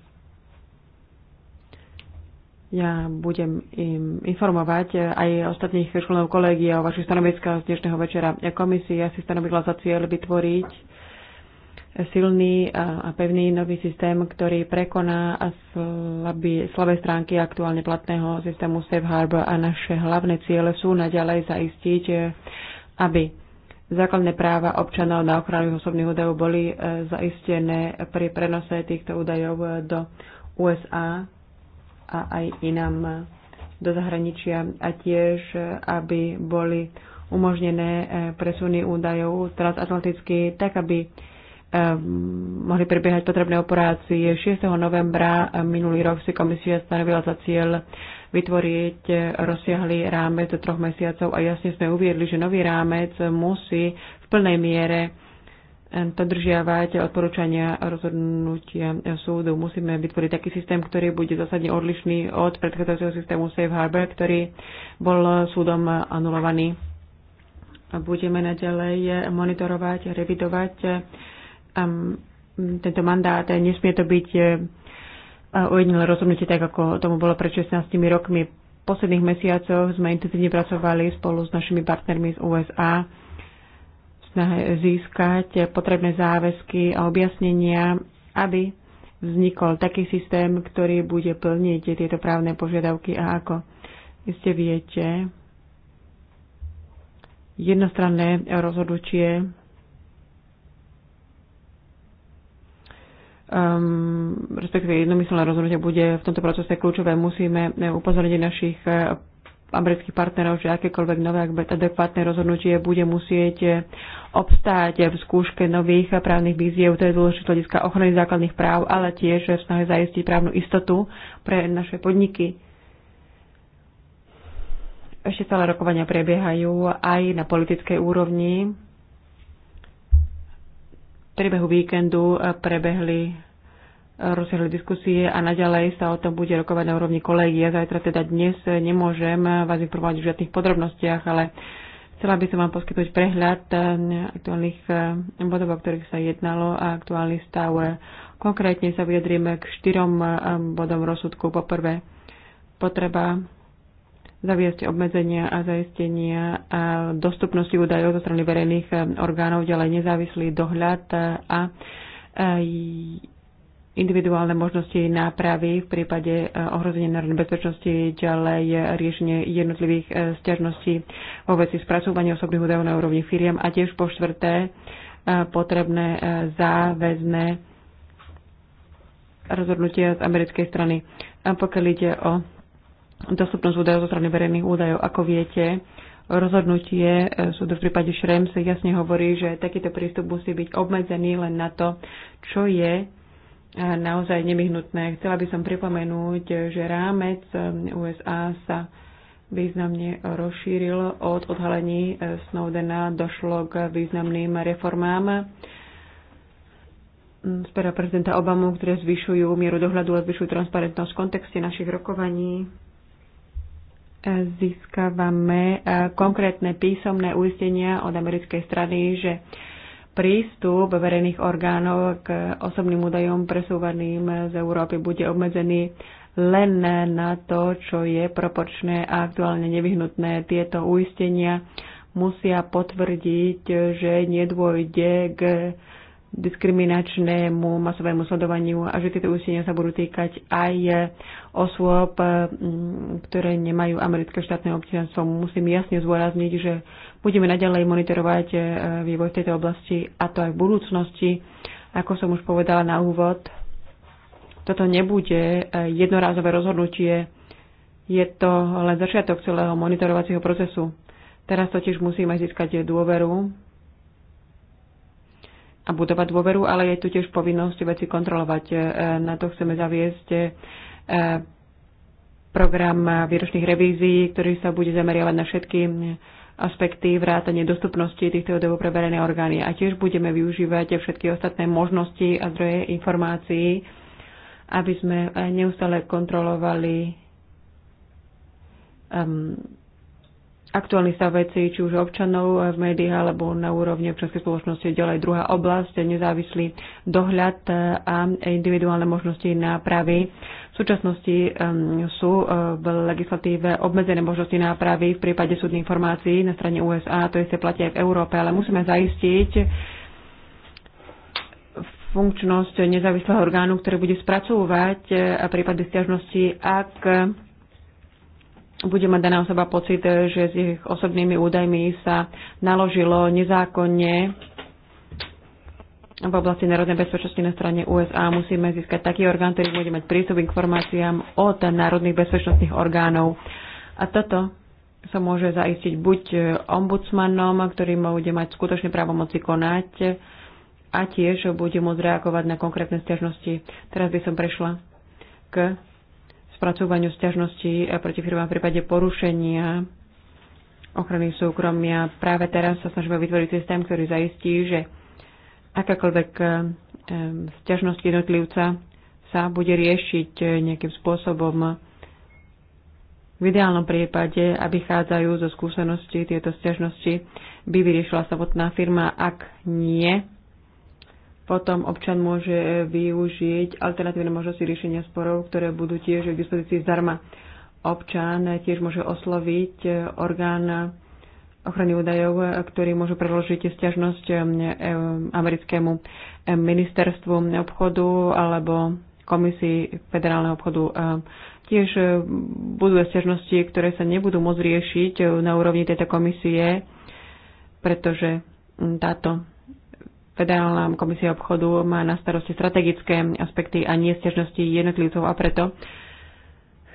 ja budem im informovať aj ostatných členov kolegia o vašich stanoviskách z dnešného večera. Komisia si stanovila za cieľ vytvoriť silný a pevný nový systém, ktorý prekoná slabý, slabé stránky aktuálne platného systému Safe Harbor a naše hlavné ciele sú naďalej zaistiť, aby základné práva občanov na ochranu osobných údajov boli e, zaistené pri prenose týchto údajov do USA a aj inám do zahraničia a tiež, aby boli umožnené eh, presuny údajov transatlanticky, tak aby eh, mohli prebiehať potrebné operácie. 6. novembra eh, minulý rok si komisia stanovila za cieľ vytvoriť rozsiahly rámec do troch mesiacov a jasne sme uviedli, že nový rámec musí v plnej miere dodržiavať odporúčania rozhodnutia súdu. Musíme vytvoriť taký systém, ktorý bude zásadne odlišný od predchádzajúceho systému Safe Harbor, ktorý bol súdom anulovaný. Budeme naďalej monitorovať, revidovať um, tento mandát. Nesmie to byť ujedinilé uh, rozhodnutie, tak ako tomu bolo pred 16 rokmi. V posledných mesiacoch sme intenzívne pracovali spolu s našimi partnermi z USA snahe získať potrebné záväzky a objasnenia, aby vznikol taký systém, ktorý bude plniť tieto právne požiadavky a ako ste viete, jednostranné rozhodnutie um, respektíve jednomyselné rozhodnutie bude v tomto procese kľúčové. Musíme upozorniť našich amerických partnerov, že akékoľvek nové adekvátne rozhodnutie bude musieť eh, obstáť v skúške nových právnych víziev, to je dôležité hľadiska ochrany základných práv, ale tiež v snahe zaistiť právnu istotu pre naše podniky. Ešte stále rokovania prebiehajú aj na politickej úrovni. V priebehu víkendu eh, prebehli rozsiahle diskusie a naďalej sa o tom bude rokovať na úrovni kolegia. Zajtra teda dnes nemôžem vás informovať o žiadnych podrobnostiach, ale chcela by som vám poskytnúť prehľad aktuálnych bodov, o ktorých sa jednalo a aktuálny stav. Konkrétne sa vyjadríme k štyrom bodom rozsudku. Poprvé, potreba zaviesť obmedzenia a zaistenia a dostupnosti údajov zo strany verejných orgánov, ďalej nezávislý dohľad a individuálne možnosti nápravy v prípade e, ohrozenia národnej bezpečnosti, ďalej riešenie jednotlivých e, stiažností vo veci spracovania osobných údajov na úrovni firiem a tiež po štvrté e, potrebné záväzné rozhodnutie z americkej strany. A pokiaľ ide o dostupnosť údajov zo strany verejných údajov, ako viete, rozhodnutie súdu v prípade Šrems jasne hovorí, že takýto prístup musí byť obmedzený len na to, čo je naozaj nevyhnutné. Chcela by som pripomenúť, že rámec USA um, sa významne rozšíril od odhalení uh, Snowdena, došlo k významným reformám mm, z pera prezidenta Obamu, ktoré zvyšujú mieru dohľadu a zvyšujú transparentnosť v kontexte našich rokovaní. E, získavame e, konkrétne písomné uistenia od americkej strany, že prístup verejných orgánov k osobným údajom presúvaným z Európy bude obmedzený len na to, čo je proporčné a aktuálne nevyhnutné. Tieto uistenia musia potvrdiť, že nedôjde k diskriminačnému masovému sledovaniu a že tieto uistenia sa budú týkať aj osôb, mm, ktoré nemajú americké štátne občianstvo. Musím jasne zdôrazniť, že Budeme naďalej monitorovať e, vývoj v tejto oblasti a to aj v budúcnosti. Ako som už povedala na úvod, toto nebude e, jednorázové rozhodnutie, je to len začiatok celého monitorovacieho procesu. Teraz totiž musíme získať dôveru a budovať dôveru, ale je tu tiež povinnosť veci kontrolovať. E, na to chceme zaviesť program výročných revízií, ktorý sa bude zameriavať na všetky aspekty vrátane dostupnosti týchto údajov pre verejné orgány. A tiež budeme využívať všetky ostatné možnosti a zdroje informácií, aby sme eh, neustále kontrolovali um, aktuálny stav veci, či už občanov eh, v médiách alebo na úrovni občanskej spoločnosti. Ďalej druhá oblasť, nezávislý dohľad eh, a individuálne možnosti nápravy v súčasnosti sú eh, v legislatíve obmedzené možnosti nápravy v prípade súdnych informácií na strane USA, to isté platia aj v Európe, ale musíme zaistiť funkčnosť nezávislého orgánu, ktorý bude spracúvať eh, prípady stiažnosti, ak bude mať daná osoba pocit, že s ich osobnými údajmi sa naložilo nezákonne v oblasti národnej bezpečnosti na strane USA musíme získať taký orgán, ktorý bude mať prístup k informáciám od národných bezpečnostných orgánov. A toto sa môže zaistiť buď e, ombudsmanom, ktorý bude mať skutočne právomoci konať a tiež bude môcť reagovať na konkrétne stiažnosti. Teraz by som prešla k spracovaniu stiažností e, proti firmám v prípade porušenia ochrany súkromia. Práve teraz sa snažíme vytvoriť systém, ktorý zaistí, že akákoľvek eh, eh, sťažnosť jednotlivca sa bude riešiť eh, nejakým spôsobom. V ideálnom prípade, a vychádzajú zo skúseností tieto sťažnosti, by vyriešila samotná firma. Ak nie, potom občan môže využiť alternatívne možnosti riešenia sporov, ktoré budú tiež k dispozícii zdarma. Občan tiež môže osloviť orgán ochrany údajov, ktorí môžu preložiť stiažnosť um, e, americkému e, ministerstvu obchodu alebo komisii federálneho obchodu. E, tiež budú stiažnosti, ktoré sa nebudú môcť riešiť na úrovni tejto komisie, pretože táto federálna komisia obchodu má na starosti strategické aspekty a nie stiažnosti jednotlivcov a preto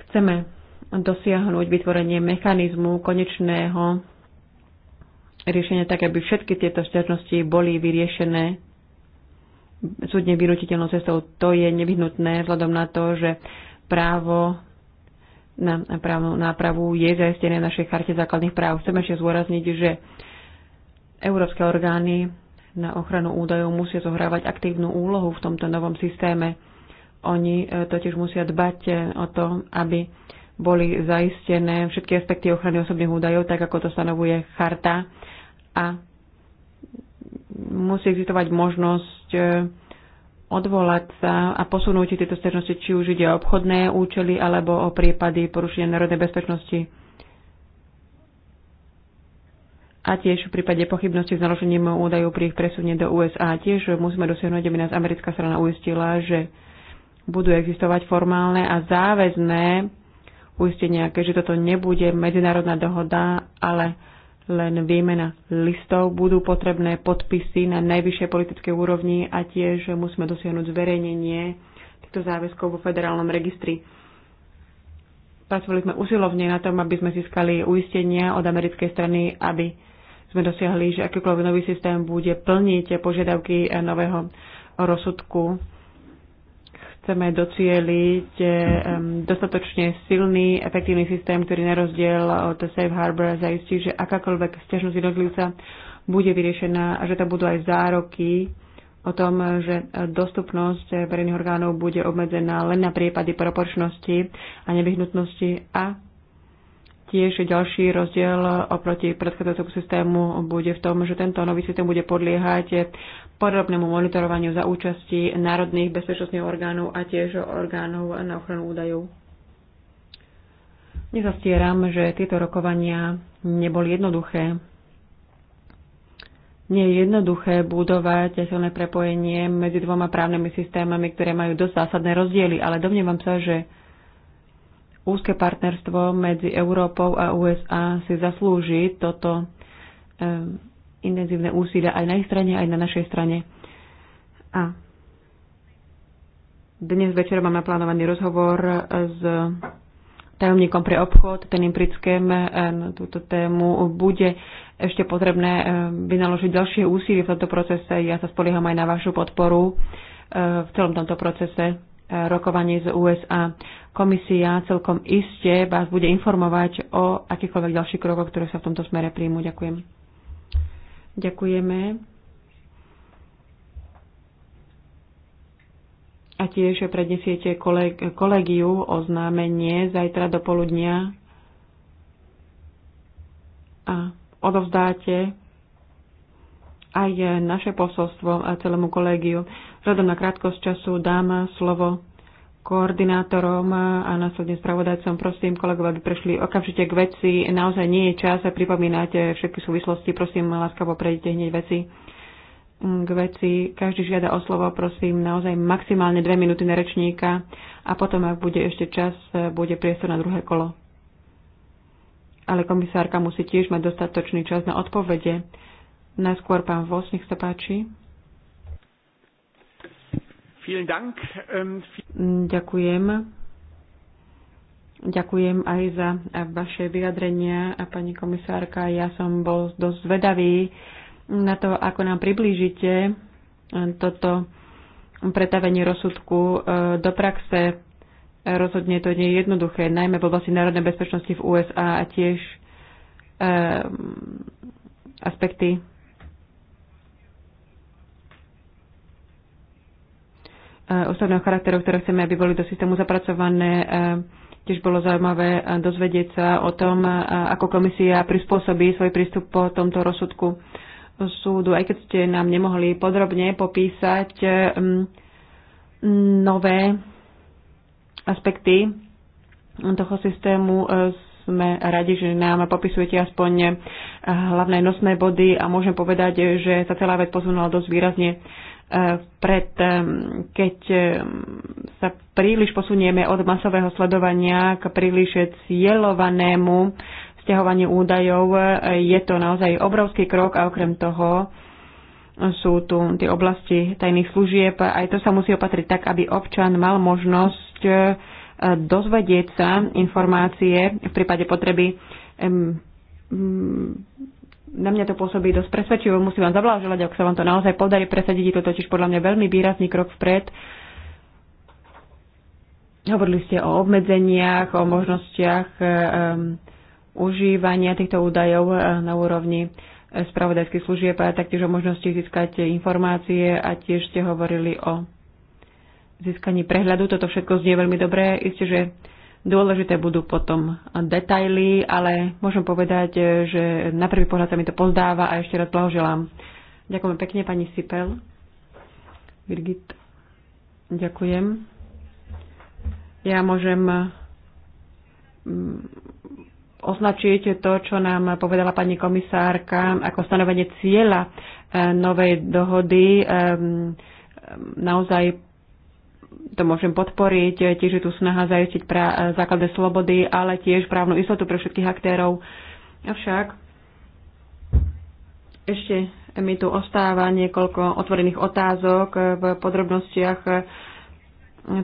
chceme dosiahnuť vytvorenie mechanizmu konečného riešenia tak, aby všetky tieto sťažnosti boli vyriešené súdne vynutiteľnou cestou. To je nevyhnutné vzhľadom na to, že právo na právnu nápravu je zajistené v našej charte základných práv. Chcem ešte zúrazniť, že európske orgány na ochranu údajov musia zohrávať aktívnu úlohu v tomto novom systéme. Oni e, totiž musia dbať e, o to, aby boli zaistené všetky aspekty ochrany osobných údajov, tak ako to stanovuje charta a musí existovať možnosť e, odvolať sa a posunúť tieto stiažnosti, či už ide o obchodné účely alebo o prípady porušenia národnej bezpečnosti. A tiež v prípade pochybnosti s naložením údajov pri ich presunie do USA tiež musíme dosiahnuť, aby nás americká strana uistila, že budú existovať formálne a záväzné uistenia, keďže toto nebude medzinárodná dohoda, ale len výmena listov, budú potrebné podpisy na najvyššej politickej úrovni a tiež musíme dosiahnuť zverejnenie týchto záväzkov vo federálnom registri. Pracovali sme usilovne na tom, aby sme získali uistenia od americkej strany, aby sme dosiahli, že akýkoľvek nový systém bude plniť požiadavky nového rozsudku Chceme docieliť dostatočne silný, efektívny systém, ktorý na rozdiel od Safe Harbor zaistí, že akákoľvek stiažnosť jednotlivca bude vyriešená a že tam budú aj zároky o tom, že dostupnosť verejných orgánov bude obmedzená len na prípady proporčnosti a nevyhnutnosti a Tiež ďalší rozdiel oproti predchádzajúcemu systému bude v tom, že tento nový systém bude podliehať podrobnému monitorovaniu za účasti národných bezpečnostných orgánov a tiež orgánov na ochranu údajov. Nezastieram, že tieto rokovania neboli jednoduché. Nie je jednoduché budovať silné prepojenie medzi dvoma právnymi systémami, ktoré majú dosť zásadné rozdiely, ale domnievam sa, že úzke partnerstvo medzi Európou a USA si zaslúži toto um, intenzívne úsilie aj na ich strane, aj na našej strane. A dnes večer máme plánovaný rozhovor s tajomníkom pre obchod, Penim Prickém, e, na túto tému. Bude ešte potrebné e, vynaložiť ďalšie úsilie v tomto procese. Ja sa spolieham aj na vašu podporu v celom tomto procese rokovaní z USA. Komisia celkom iste vás bude informovať o akýchkoľvek ďalších krokoch, ktoré sa v tomto smere príjmu. Ďakujem. Ďakujeme. A tiež prednesiete koleg- kolegiu oznámenie zajtra do poludnia a odovzdáte aj naše posolstvo a celému kolegiu. Vzhľadom na krátkosť času dám slovo koordinátorom a následne spravodajcom. Prosím, kolegov, aby prešli okamžite k veci. Naozaj nie je čas a pripomínate všetky súvislosti. Prosím, láskavo prejdite hneď veci k veci. Každý žiada o slovo, prosím, naozaj maximálne dve minúty na rečníka a potom, ak bude ešte čas, bude priestor na druhé kolo. Ale komisárka musí tiež mať dostatočný čas na odpovede. Najskôr pán Vos, nech sa páči. Ähm, mm, ďakujem. Ďakujem aj za vaše vyjadrenia, pani komisárka. Ja som bol dosť zvedavý na to, ako nám priblížite e, toto pretavenie rozsudku e, do praxe. Rozhodne to nie je jednoduché, najmä v oblasti národnej bezpečnosti v USA a tiež e, aspekty Eh, osobného charakteru, ktoré chceme, aby boli do systému zapracované. Eh, tiež bolo zaujímavé eh, dozvedieť sa o tom, ako komisia prispôsobí svoj prístup po tomto rozsudku súdu, aj keď ste nám nemohli podrobne popísať nové aspekty toho systému. Sme radi, že nám popisujete aspoň hlavné nosné body a môžem povedať, že sa celá vec posunula dosť výrazne pred, keď sa príliš posunieme od masového sledovania k príliš cieľovanému stiahovaniu údajov, je to naozaj obrovský krok a okrem toho sú tu tie oblasti tajných služieb. Aj to sa musí opatriť tak, aby občan mal možnosť e, dozvedieť sa informácie v prípade potreby na mňa to pôsobí dosť presvedčivo. Musím vám zablážovať, ak sa vám to naozaj podarí presadiť. Je to totiž podľa mňa veľmi výrazný krok vpred. Hovorili ste o obmedzeniach, o možnostiach um, užívania týchto údajov eh, na úrovni eh, spravodajských služieb a taktiež o možnosti získať informácie a tiež ste hovorili o získaní prehľadu. Toto všetko znie veľmi dobré. Isté, že Dôležité budú potom detaily, ale môžem povedať, že na prvý pohľad sa mi to pozdáva a ešte raz blahoželám. Ďakujem pekne, pani Sipel. Birgit, ďakujem. Ja môžem mm, označiť to, čo nám povedala pani komisárka ako stanovenie cieľa eh, novej dohody naozaj to môžem podporiť. Tiež je tu snaha zajistiť pra- základné slobody, ale tiež právnu istotu pre všetkých aktérov. Avšak ešte mi tu ostáva niekoľko otvorených otázok v podrobnostiach.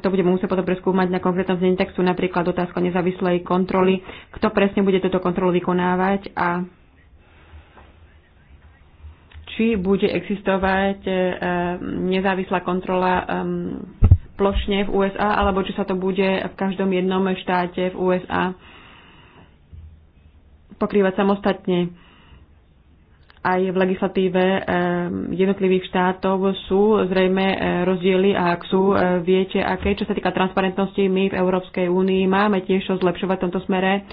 To budeme musieť potom preskúmať na konkrétnom znení textu, napríklad otázka nezávislej kontroly. Kto presne bude túto kontrolu vykonávať a či bude existovať eh, nezávislá kontrola ehm, plošne v USA, alebo či sa to bude v každom jednom štáte v USA pokrývať samostatne. Aj v legislatíve ehm, jednotlivých štátov sú zrejme eh, rozdiely a ak sú, eh, viete, aké. Čo sa týka transparentnosti, my v Európskej únii máme tiež čo zlepšovať v tomto smere.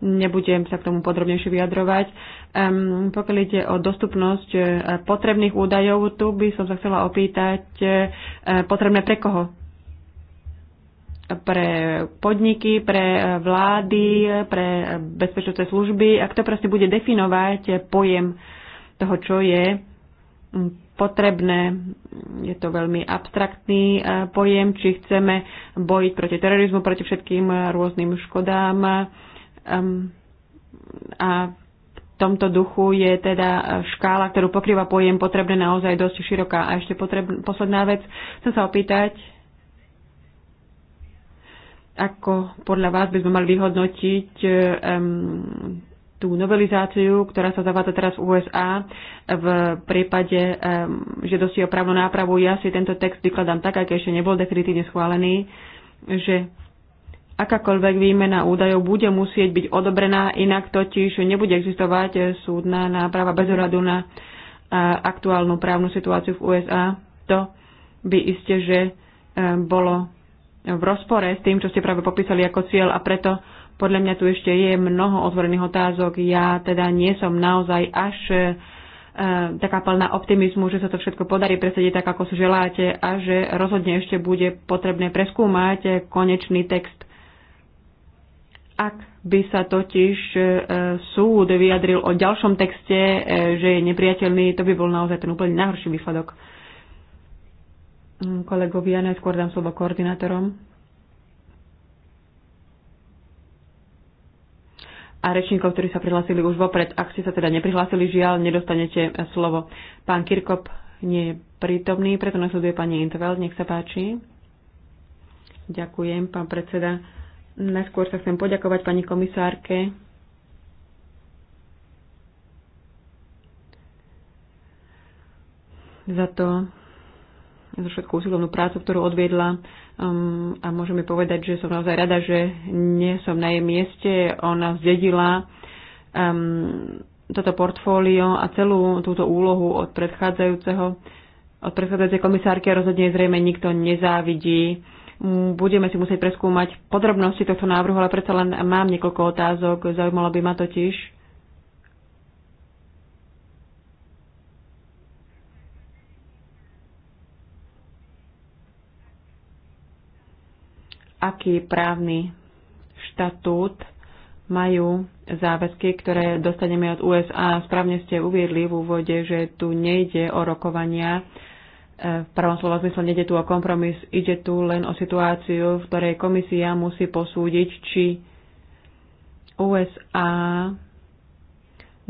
Nebudem sa k tomu podrobnejšie vyjadrovať. Ehm, pokiaľ ide o dostupnosť eh, potrebných údajov, tu by som sa chcela opýtať, potrebné pre koho? pre podniky, pre vlády, pre bezpečnostné služby a kto proste bude definovať pojem toho, čo je potrebné. Je to veľmi abstraktný e, pojem, či chceme bojiť proti terorizmu, proti všetkým rôznym škodám. A v tomto duchu je teda škála, ktorú pokrýva pojem potrebné naozaj dosť široká. A ešte potreb, posledná vec, chcem sa opýtať, ako podľa vás by sme mali vyhodnotiť um, tú novelizáciu, ktorá sa zavádza teraz v USA v prípade um, žiadosti o právnu nápravu. Ja si tento text vykladám tak, aký ešte nebol definitívne schválený, že akákoľvek výmena údajov bude musieť byť odobrená, inak totiž nebude existovať eh, súdna náprava bez ohľadu na eh, aktuálnu právnu situáciu v USA. To by iste, že bolo v rozpore s tým, čo ste práve popísali ako cieľ a preto podľa mňa tu ešte je mnoho otvorených otázok. Ja teda nie som naozaj až e, taká plná optimizmu, že sa to všetko podarí presediť tak, ako si želáte a že rozhodne ešte bude potrebné preskúmať konečný text. Ak by sa totiž e, súd vyjadril o ďalšom texte, e, že je nepriateľný, to by bol naozaj ten úplne najhorší výsledok. Mm, Kolegovi ja najskôr dám slovo koordinátorom. A rečníkov, ktorí sa prihlásili už vopred. Ak ste sa teda neprihlásili, žiaľ, nedostanete slovo. Pán Kirkop nie je prítomný, preto nasleduje pani Intveld. Nech sa páči. Ďakujem, pán predseda. Najskôr sa chcem poďakovať pani komisárke za to, za všetkú usilovnú prácu, ktorú odviedla um, a môžeme povedať, že som naozaj rada, že nie som na jej mieste. Ona zdedila um, toto portfólio a celú túto úlohu od predchádzajúceho od predchádzajúcej komisárky a rozhodne zrejme nikto nezávidí. Budeme si musieť preskúmať podrobnosti tohto návrhu, ale predsa len mám niekoľko otázok. Zaujímalo by ma totiž, aký právny štatút majú záväzky, ktoré dostaneme od USA. Správne ste uviedli v úvode, že tu nejde o rokovania. E, v prvom slova zmysle nejde tu o kompromis, ide tu len o situáciu, v ktorej komisia musí posúdiť, či USA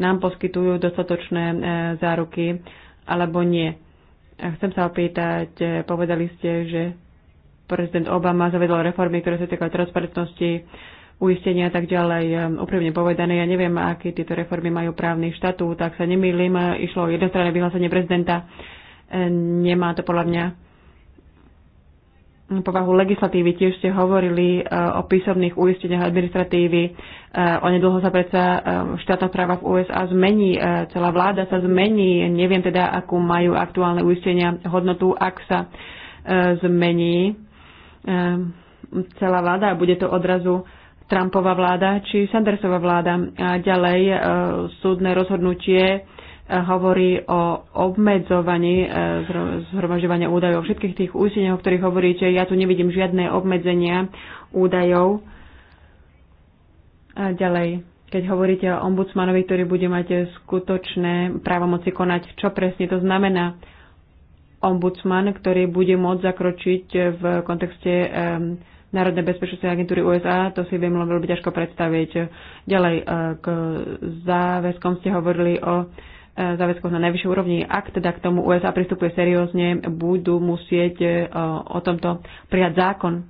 nám poskytujú dostatočné e, záruky alebo nie. Chcem sa opýtať, e, povedali ste, že prezident Obama zavedol reformy, ktoré sa týkajú transparentnosti, uistenia a tak ďalej. Um, úprimne povedané, ja neviem, aké tieto reformy majú právny štatút, tak sa nemýlim, išlo o jednostranné vyhlásenie prezidenta. Nemá to podľa mňa povahu legislatívy. Tiež ste hovorili uh, o písomných uisteniach administratívy. Uh, nedlho sa predsa uh, štátna práva v USA zmení, celá vláda sa zmení. Neviem teda, akú majú aktuálne uistenia hodnotu, ak sa zmení Ehm, celá vláda a bude to odrazu Trumpová vláda či Sandersová vláda. A ďalej e, súdne rozhodnutie e, hovorí o obmedzovaní e, zhromažďovania údajov. Všetkých tých úsilí, o ktorých hovoríte, ja tu nevidím žiadne obmedzenia údajov. A ďalej, keď hovoríte o ombudsmanovi, ktorý bude mať skutočné právomoci konať, čo presne to znamená? ombudsman, ktorý bude môcť zakročiť v kontexte Národnej bezpečnostnej agentúry USA, to si viem len veľmi ťažko predstaviť. Ďalej, e, k záväzkom ste hovorili o e, záväzkoch na najvyššej úrovni. Ak teda k tomu USA pristupuje seriózne, budú musieť e, o tomto prijať zákon.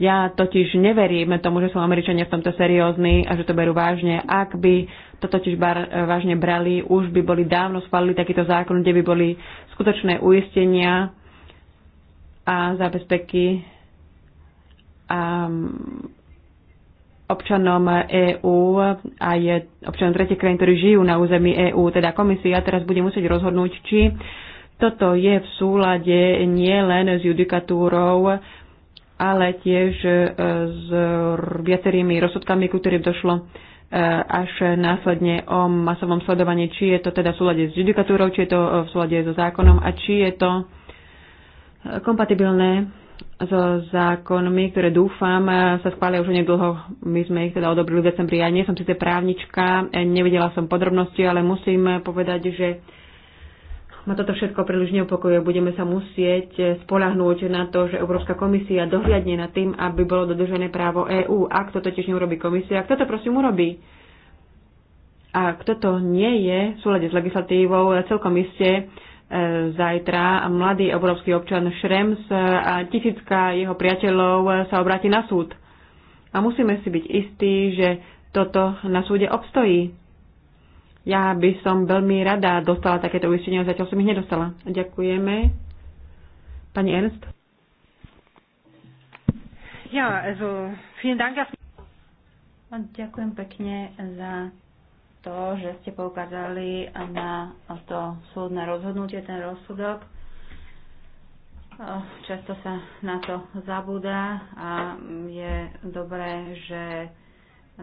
Ja totiž neverím tomu, že sú Američania v tomto seriózni a že to berú vážne. Ak by to totiž bar, e, vážne brali, už by boli dávno schválili takýto zákon, kde by boli skutočné uistenia a zabezpeky a um, občanom EÚ a je občanom tretie krajín, ktorí žijú na území EÚ, teda komisia teraz bude musieť rozhodnúť, či toto je v súlade nielen s judikatúrou ale tiež e, s viacerými rozsudkami, ku ktorým došlo e, až následne o masovom sledovaní, či je to teda v súlade s judikatúrou, či je to e, v súlade so zákonom a či je to kompatibilné so zákonmi, ktoré dúfam sa schvália už nedlho. My sme ich teda odobrili v decembri. Ja nie som síce právnička, nevidela som podrobnosti, ale musím povedať, že ma toto všetko príliš neupokojuje. Budeme sa musieť eh, spolahnúť na to, že Európska komisia dohliadne na tým, aby bolo dodržené právo EÚ. Ak to totiž neurobí komisia, kto to prosím urobí? A kto to nie je v súlade s legislatívou, eh, celkom iste eh, zajtra mladý európsky občan Šrems a tisícka jeho priateľov sa obráti na súd. A musíme si byť istí, že toto na súde obstojí. Ja by som veľmi rada dostala takéto uistenie, zatiaľ som ich nedostala. Ďakujeme. Pani Ernst? Ja, also, vielen Dank. Ďakujem pekne za to, že ste poukázali na to súdne rozhodnutie, ten rozsudok. Často sa na to zabúda a je dobré, že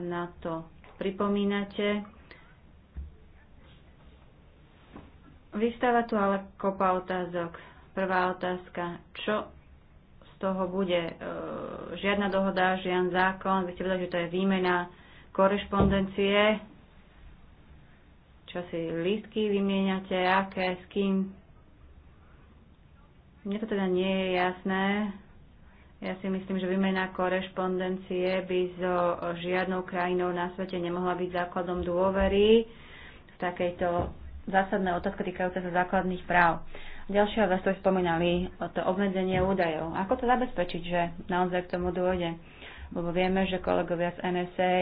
na to pripomínate. Vystáva tu ale kopa otázok. Prvá otázka, čo z toho bude? E, žiadna dohoda, žiaden zákon, vy ste povedali, že to je výmena korešpondencie, čo si lístky vymieňate, aké, s kým. Mne to teda nie je jasné. Ja si myslím, že výmena korešpondencie by so žiadnou krajinou na svete nemohla byť základom dôvery v takejto zásadné otázka týkajúca sa základných práv. Ďalšia vec, ktorú spomínali, to obmedzenie údajov. Ako to zabezpečiť, že naozaj k tomu dôjde? Lebo vieme, že kolegovia z NSA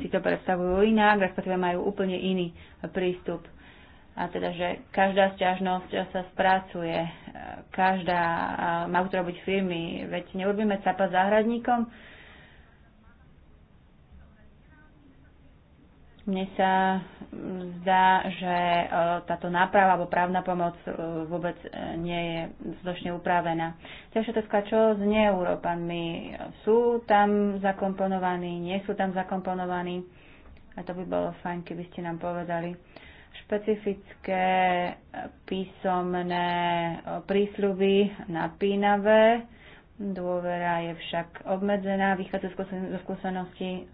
si to predstavujú inak, respektíve majú úplne iný prístup. A teda, že každá stiažnosť sa spracuje, každá, majú to robiť firmy, veď neurobíme capa záhradníkom, Mne sa mm, zdá, že e, táto náprava alebo právna pomoc e, vôbec e, nie je dostatočne upravená. Ďalšia otázka, čo s neeurópanmi? Sú tam zakomponovaní, nie sú tam zakomponovaní? A to by bolo fajn, keby ste nám povedali špecifické písomné prísľuby napínavé. Dôvera je však obmedzená, vychádza zo skúseností,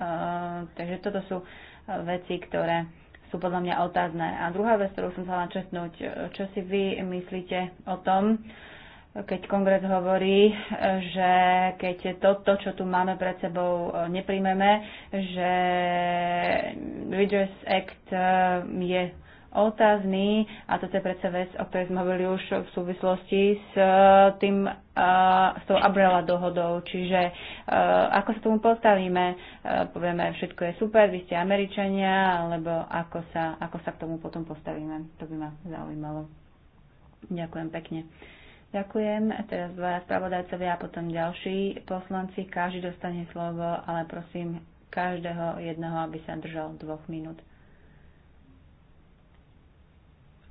takže toto sú veci, ktoré sú podľa mňa otázne. A druhá vec, ktorú som chcela načetnúť, čo si vy myslíte o tom, keď kongres hovorí, že keď toto, čo tu máme pred sebou, nepríjmeme, že Redress Act eh, je otázny a toto je predsa vec, o ktorej sme hovorili už v súvislosti s eh, tým eh, s tou Abrela dohodou, čiže eh, ako sa tomu postavíme, povieme, všetko je super, vy ste Američania, alebo ako sa, ako sa k tomu potom postavíme, to by ma zaujímalo. Ďakujem pekne. Ďakujem. Teraz dvaja spravodajcovia a potom ďalší poslanci. Každý dostane slovo, ale prosím každého jedného, aby sa držal dvoch minút.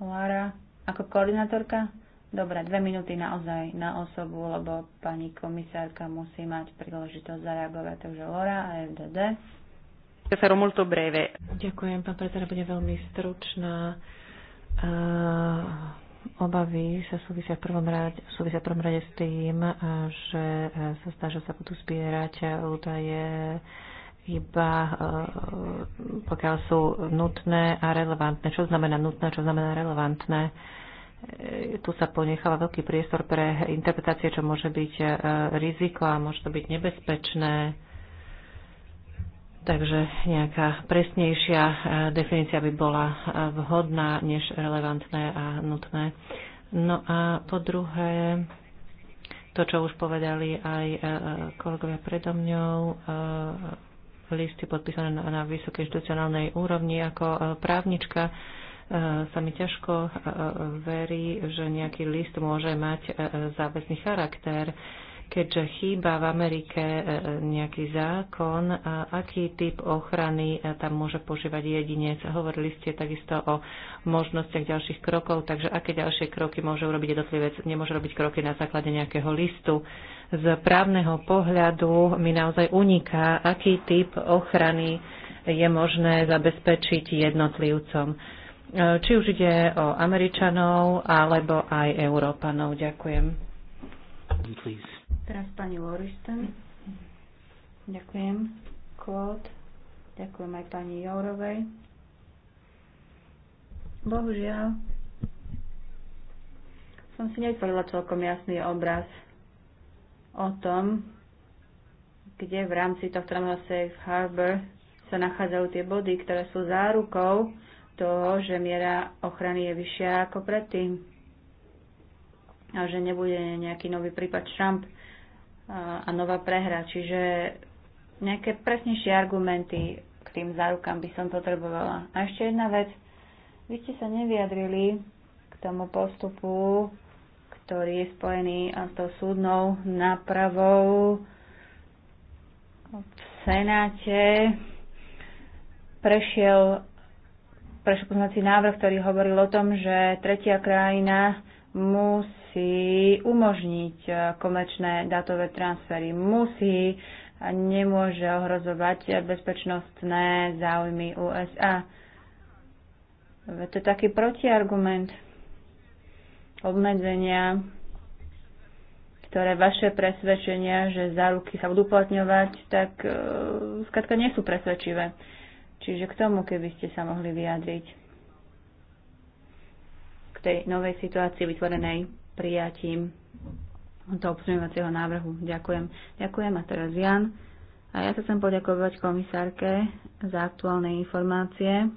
Lara, ako koordinátorka? Dobre, dve minúty naozaj na osobu, lebo pani komisárka musí mať príležitosť zareagovať, takže Lora a FDD. Ďakujem, pán predseda, bude veľmi stručná. Uh obavy sa súvisia v prvom rade, súvisia v prvom rade s tým, že sa zdá, že sa budú zbierať údaje iba eh, pokiaľ sú nutné a relevantné. Čo znamená nutné, čo znamená relevantné? Eh, tu sa ponecháva veľký priestor pre interpretácie, čo môže byť eh, riziko a môže to byť nebezpečné. Takže nejaká presnejšia definícia by bola vhodná než relevantné a nutné. No a po druhé, to, čo už povedali aj kolegovia predo mňou, listy podpísané na, na vysokej inštitucionálnej úrovni. Ako e, právnička e, sa mi ťažko e, verí, že nejaký list môže mať záväzný charakter keďže chýba v Amerike e, e, nejaký zákon, aký typ ochrany e, tam môže požívať jedinec. Hovorili ste takisto o možnostiach ďalších krokov, takže aké ďalšie kroky môže urobiť jednotlivec? Nemôže robiť kroky na základe nejakého listu. Z právneho pohľadu mi naozaj uniká, aký typ ochrany je možné zabezpečiť jednotlivcom. Či už ide o Američanov alebo aj Európanov. Ďakujem. Please. Teraz pani Loristen. Ďakujem. Claude. Ďakujem aj pani Jourovej. Bohužiaľ, som si netvorila celkom jasný obraz o tom, kde v rámci tohto nového Safe Harbor sa nachádzajú tie body, ktoré sú zárukou toho, že miera ochrany je vyššia ako predtým a že nebude nejaký nový prípad Trump a nová prehra. Čiže nejaké presnejšie argumenty k tým zárukám by som potrebovala. A ešte jedna vec. Vy ste sa nevyjadrili k tomu postupu, ktorý je spojený s tou súdnou nápravou v Senáte. Prešiel prešiel poznací návrh, ktorý hovoril o tom, že tretia krajina musí umožniť eh, komerčné dátové transfery, musí a nemôže ohrozovať bezpečnostné záujmy USA. To je taký protiargument obmedzenia, ktoré vaše presvedčenia, že záruky sa budú platňovať, tak uh, eh, skladka nie sú presvedčivé. Čiže k tomu, keby ste sa mohli vyjadriť tej novej situácii vytvorenej prijatím toho obsmeňovacieho návrhu. Ďakujem. Ďakujem a teraz Jan. A ja sa chcem poďakovať komisárke za aktuálne informácie.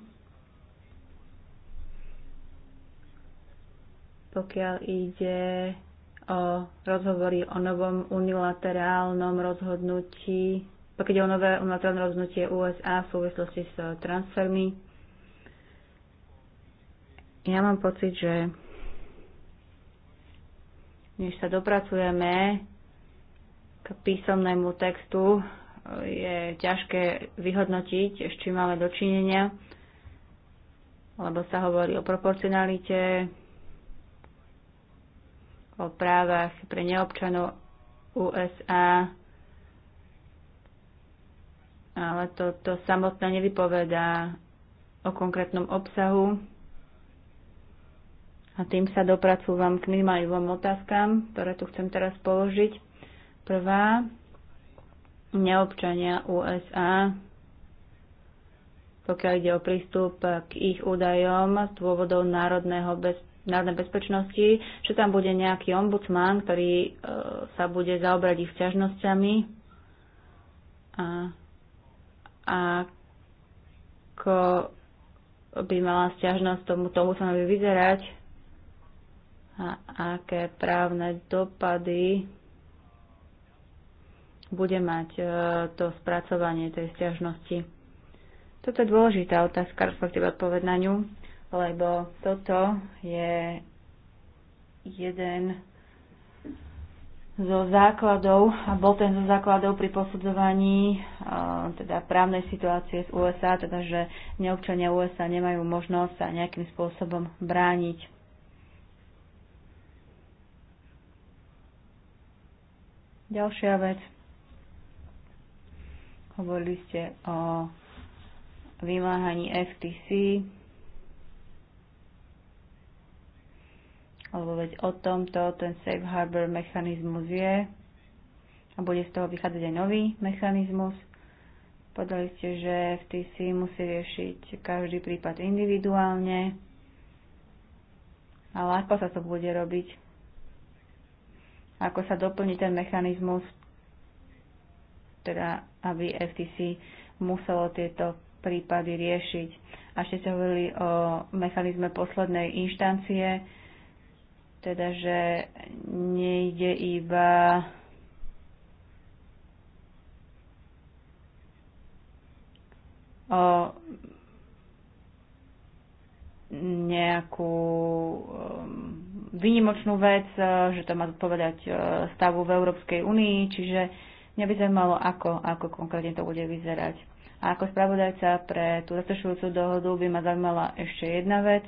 Pokiaľ ide o rozhovory o novom unilaterálnom rozhodnutí, pokiaľ ide o nové unilaterálne rozhodnutie USA v súvislosti s transfermi, ja mám pocit, že než sa dopracujeme k písomnému textu, je ťažké vyhodnotiť, s čím máme dočinenia, lebo sa hovorí o proporcionalite, o právach pre neobčanov USA, ale to, to samotné nevypovedá o konkrétnom obsahu. A tým sa dopracúvam k mým aj dvom otázkam, ktoré tu chcem teraz položiť. Prvá, neobčania USA, pokiaľ ide o prístup k ich údajom z dôvodov národného bez, národnej bezpečnosti, že tam bude nejaký ombudsman, ktorý e, sa bude zaobrať ich sťažnosťami a, a ako by mala sťažnosť tomu, tomu sa vyzerať, a aké právne dopady bude mať e, to spracovanie tej stiažnosti. Toto je dôležitá otázka, respektíve odpoved na ňu, lebo toto je jeden zo základov, a bol ten zo základov pri posudzovaní e, teda právnej situácie z USA, teda že neobčania USA nemajú možnosť sa nejakým spôsobom brániť Ďalšia vec. Hovorili ste o vymáhaní FTC alebo veď o tomto ten safe harbor mechanizmus je a bude z toho vychádzať aj nový mechanizmus. Podali ste, že FTC musí riešiť každý prípad individuálne, ale ako sa to bude robiť? ako sa doplní ten mechanizmus, teda aby FTC muselo tieto prípady riešiť. A ešte ste hovorili o mechanizme poslednej inštancie, teda že nejde iba o nejakú um, výnimočnú vec, e, že to má zodpovedať e, stavu v Európskej únii, čiže mňa by zaujímalo, ako, ako konkrétne to bude vyzerať. A ako spravodajca pre tú zastrešujúcu dohodu by ma zaujímala ešte jedna vec.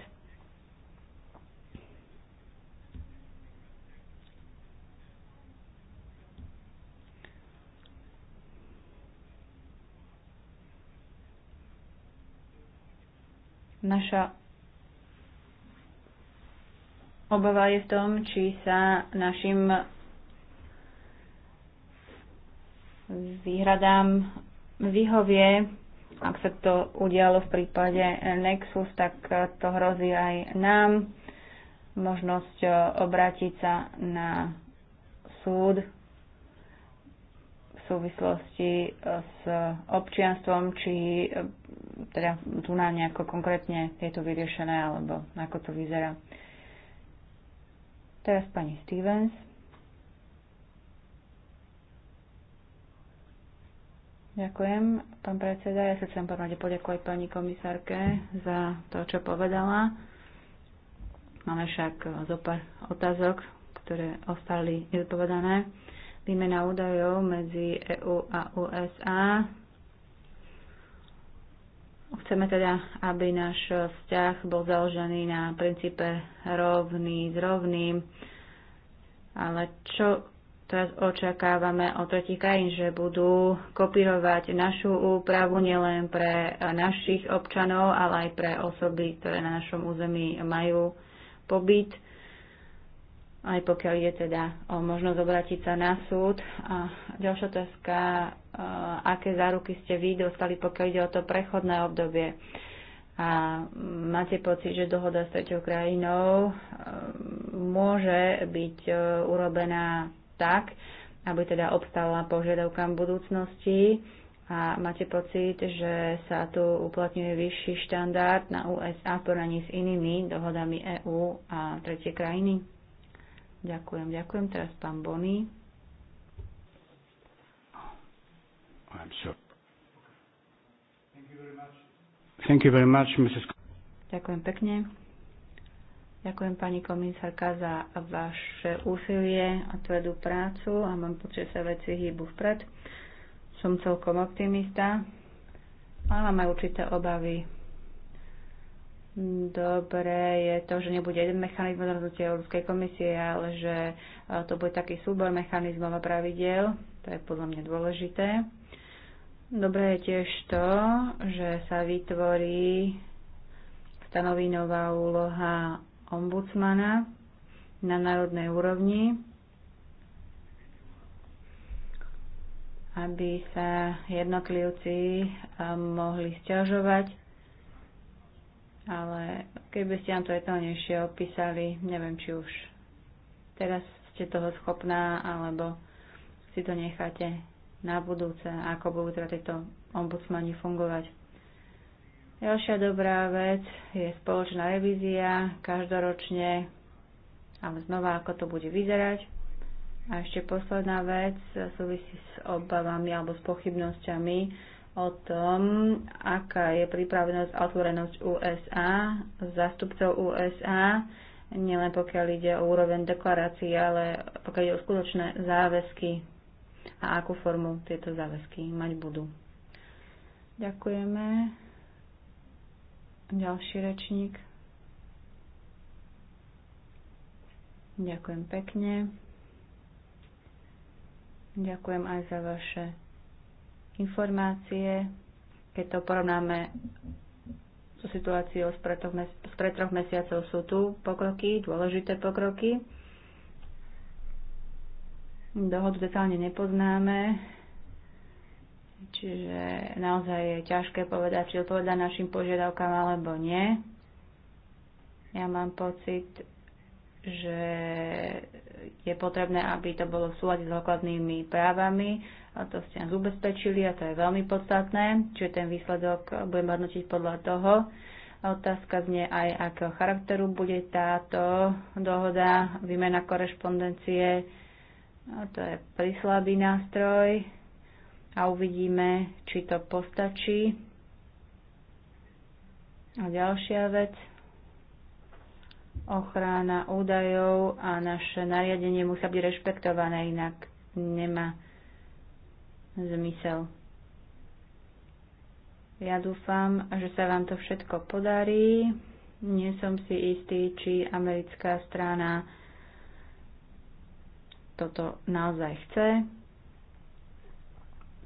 Naša Obava je v tom, či sa našim výhradám vyhovie. Ak sa to udialo v prípade Nexus, tak to hrozí aj nám. Možnosť eh, obrátiť sa na súd v súvislosti eh, s občianstvom, či eh, teda tu na nejako konkrétne je to vyriešené, alebo ako to vyzerá. Teraz pani Stevens. Ďakujem, pán predseda. Ja sa chcem porade poďakovať pani komisárke za to, čo povedala. Máme však zo pár otázok, ktoré ostali nezpovedané. Výmena údajov medzi EU a USA Chceme teda, aby náš vzťah bol založený na princípe rovný s rovným, ale čo teraz očakávame od tretich krajín, že budú kopírovať našu úpravu nielen pre našich občanov, ale aj pre osoby, ktoré na našom území majú pobyt aj pokiaľ je teda o možnosť obrátiť sa na súd. A ďalšia otázka, eh, aké záruky ste vy dostali, pokiaľ ide o to prechodné obdobie a máte pocit, že dohoda s treťou krajinou eh, môže byť eh, urobená tak, aby teda obstala požiadavkám budúcnosti a máte pocit, že sa tu uplatňuje vyšší štandard na USA v porovnaní s inými dohodami EÚ a tretie krajiny? Ďakujem, ďakujem. Teraz pán Bony. Thank you very much, Mrs. Ďakujem pekne. Ďakujem pani komisárka za vaše úsilie a tvrdú prácu a mám pocit, že sa veci hýbu vpred. Som celkom optimista, ale mám aj určité obavy Dobre je to, že nebude jeden mechanizmus rozhodnutia Európskej komisie, ale že e, to bude taký súbor mechanizmov a pravidel. To je podľa mňa dôležité. Dobre je tiež to, že sa vytvorí stanoví nová úloha ombudsmana na národnej úrovni, aby sa jednotlivci e, mohli stiažovať ale keby ste nám to detaľnejšie opísali, neviem, či už teraz ste toho schopná, alebo si to necháte na budúce, ako budú teda tieto ombudsmani fungovať. Ďalšia dobrá vec je spoločná revízia každoročne, ale znova ako to bude vyzerať. A ešte posledná vec súvisí s obavami alebo s pochybnosťami, o tom, aká je pripravenosť a otvorenosť USA, zástupcov USA, nielen pokiaľ ide o úroveň deklarácií, ale pokiaľ ide o skutočné záväzky a akú formu tieto záväzky mať budú. Ďakujeme. Ďalší rečník. Ďakujem pekne. Ďakujem aj za vaše informácie, keď to porovnáme so situáciou spred troch mesiacov, sú tu pokroky, dôležité pokroky. Dohodu detálne nepoznáme, čiže naozaj je ťažké povedať, či odpoveda našim požiadavkám alebo nie. Ja mám pocit, že je potrebné, aby to bolo v súlade s základnými právami, a to ste nás ubezpečili a to je veľmi podstatné, čiže ten výsledok budeme hodnotiť podľa toho. Otázka znie aj, akého charakteru bude táto dohoda, výmena korešpondencie. No, to je príslabý nástroj a uvidíme, či to postačí. A ďalšia vec, ochrana údajov a naše nariadenie musia byť rešpektované, inak nemá zmysel. Ja dúfam, že sa vám to všetko podarí. Nie som si istý, či americká strana toto naozaj chce.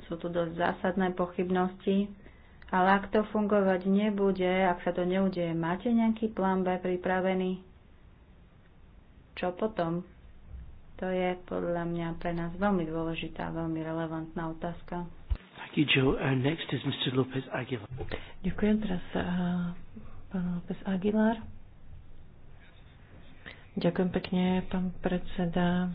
Sú tu dosť zásadné pochybnosti. Ale ak to fungovať nebude, ak sa to neudeje, máte nejaký plán B pripravený? Čo potom? To je podľa mňa pre nás veľmi dôležitá, veľmi relevantná otázka. Thank you, Joe. And next is Mr. Lopez Aguilar. Ďakujem teraz uh, pán López Aguilar. Ďakujem pekne, pán predseda.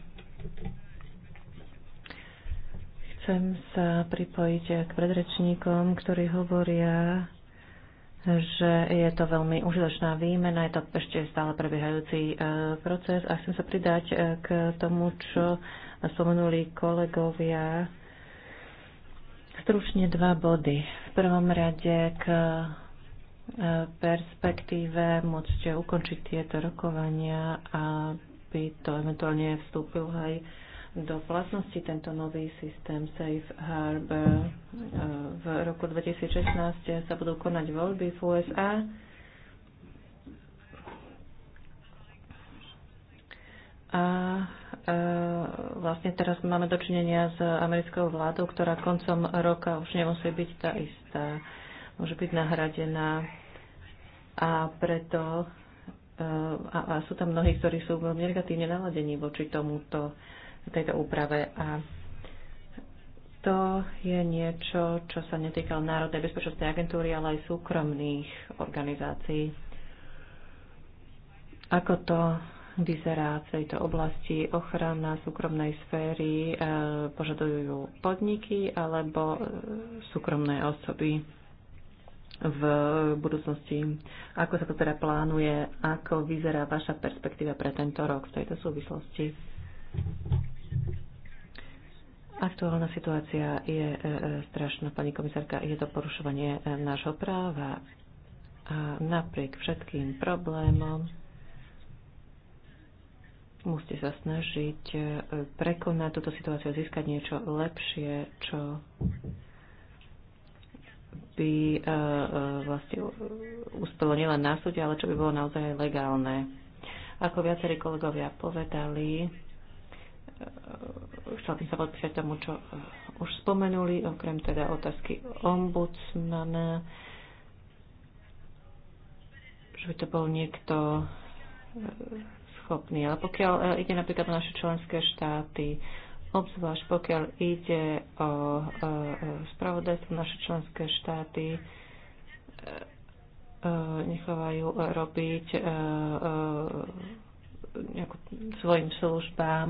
Chcem sa pripojiť k predrečníkom, ktorí hovoria že je to veľmi užitočná výmena, je to ešte stále prebiehajúci e, proces a chcem sa pridať e, k tomu, čo spomenuli kolegovia. Stručne dva body. V prvom rade k e, perspektíve môžete ukončiť tieto rokovania, a by to eventuálne vstúpil aj do platnosti tento nový systém Safe Harbor. V roku 2016 sa budú konať voľby v USA. A e, vlastne teraz máme dočinenia s americkou vládou, ktorá koncom roka už nemusí byť tá istá, môže byť nahradená. A preto e, a, a sú tam mnohí, ktorí sú veľmi negatívne naladení voči tomuto tejto úprave. A to je niečo, čo sa netýka Národnej bezpečnostnej agentúry, ale aj súkromných organizácií. Ako to vyzerá v tejto oblasti ochrana súkromnej sféry? E, požadujú podniky alebo e, súkromné osoby v budúcnosti? Ako sa to teda plánuje? Ako vyzerá vaša perspektíva pre tento rok v tejto súvislosti? Aktuálna situácia je e, e, strašná, pani komisárka. Je to porušovanie e, nášho práva. A napriek všetkým problémom musíte sa snažiť prekonať túto situáciu a získať niečo lepšie, čo by vlastne uspelo nielen na súde, ale čo by bolo naozaj legálne. Ako viacerí kolegovia povedali, Eh, Chcel by sa podpísať tomu, čo eh, už spomenuli, okrem teda otázky ombudsmana, že by to bol niekto eh, schopný. Ale pokiaľ ide napríklad o naše členské štáty, obzvlášť pokiaľ ide o spravodajstvo naše členské štáty, nechávajú robiť nejakú, svojim službám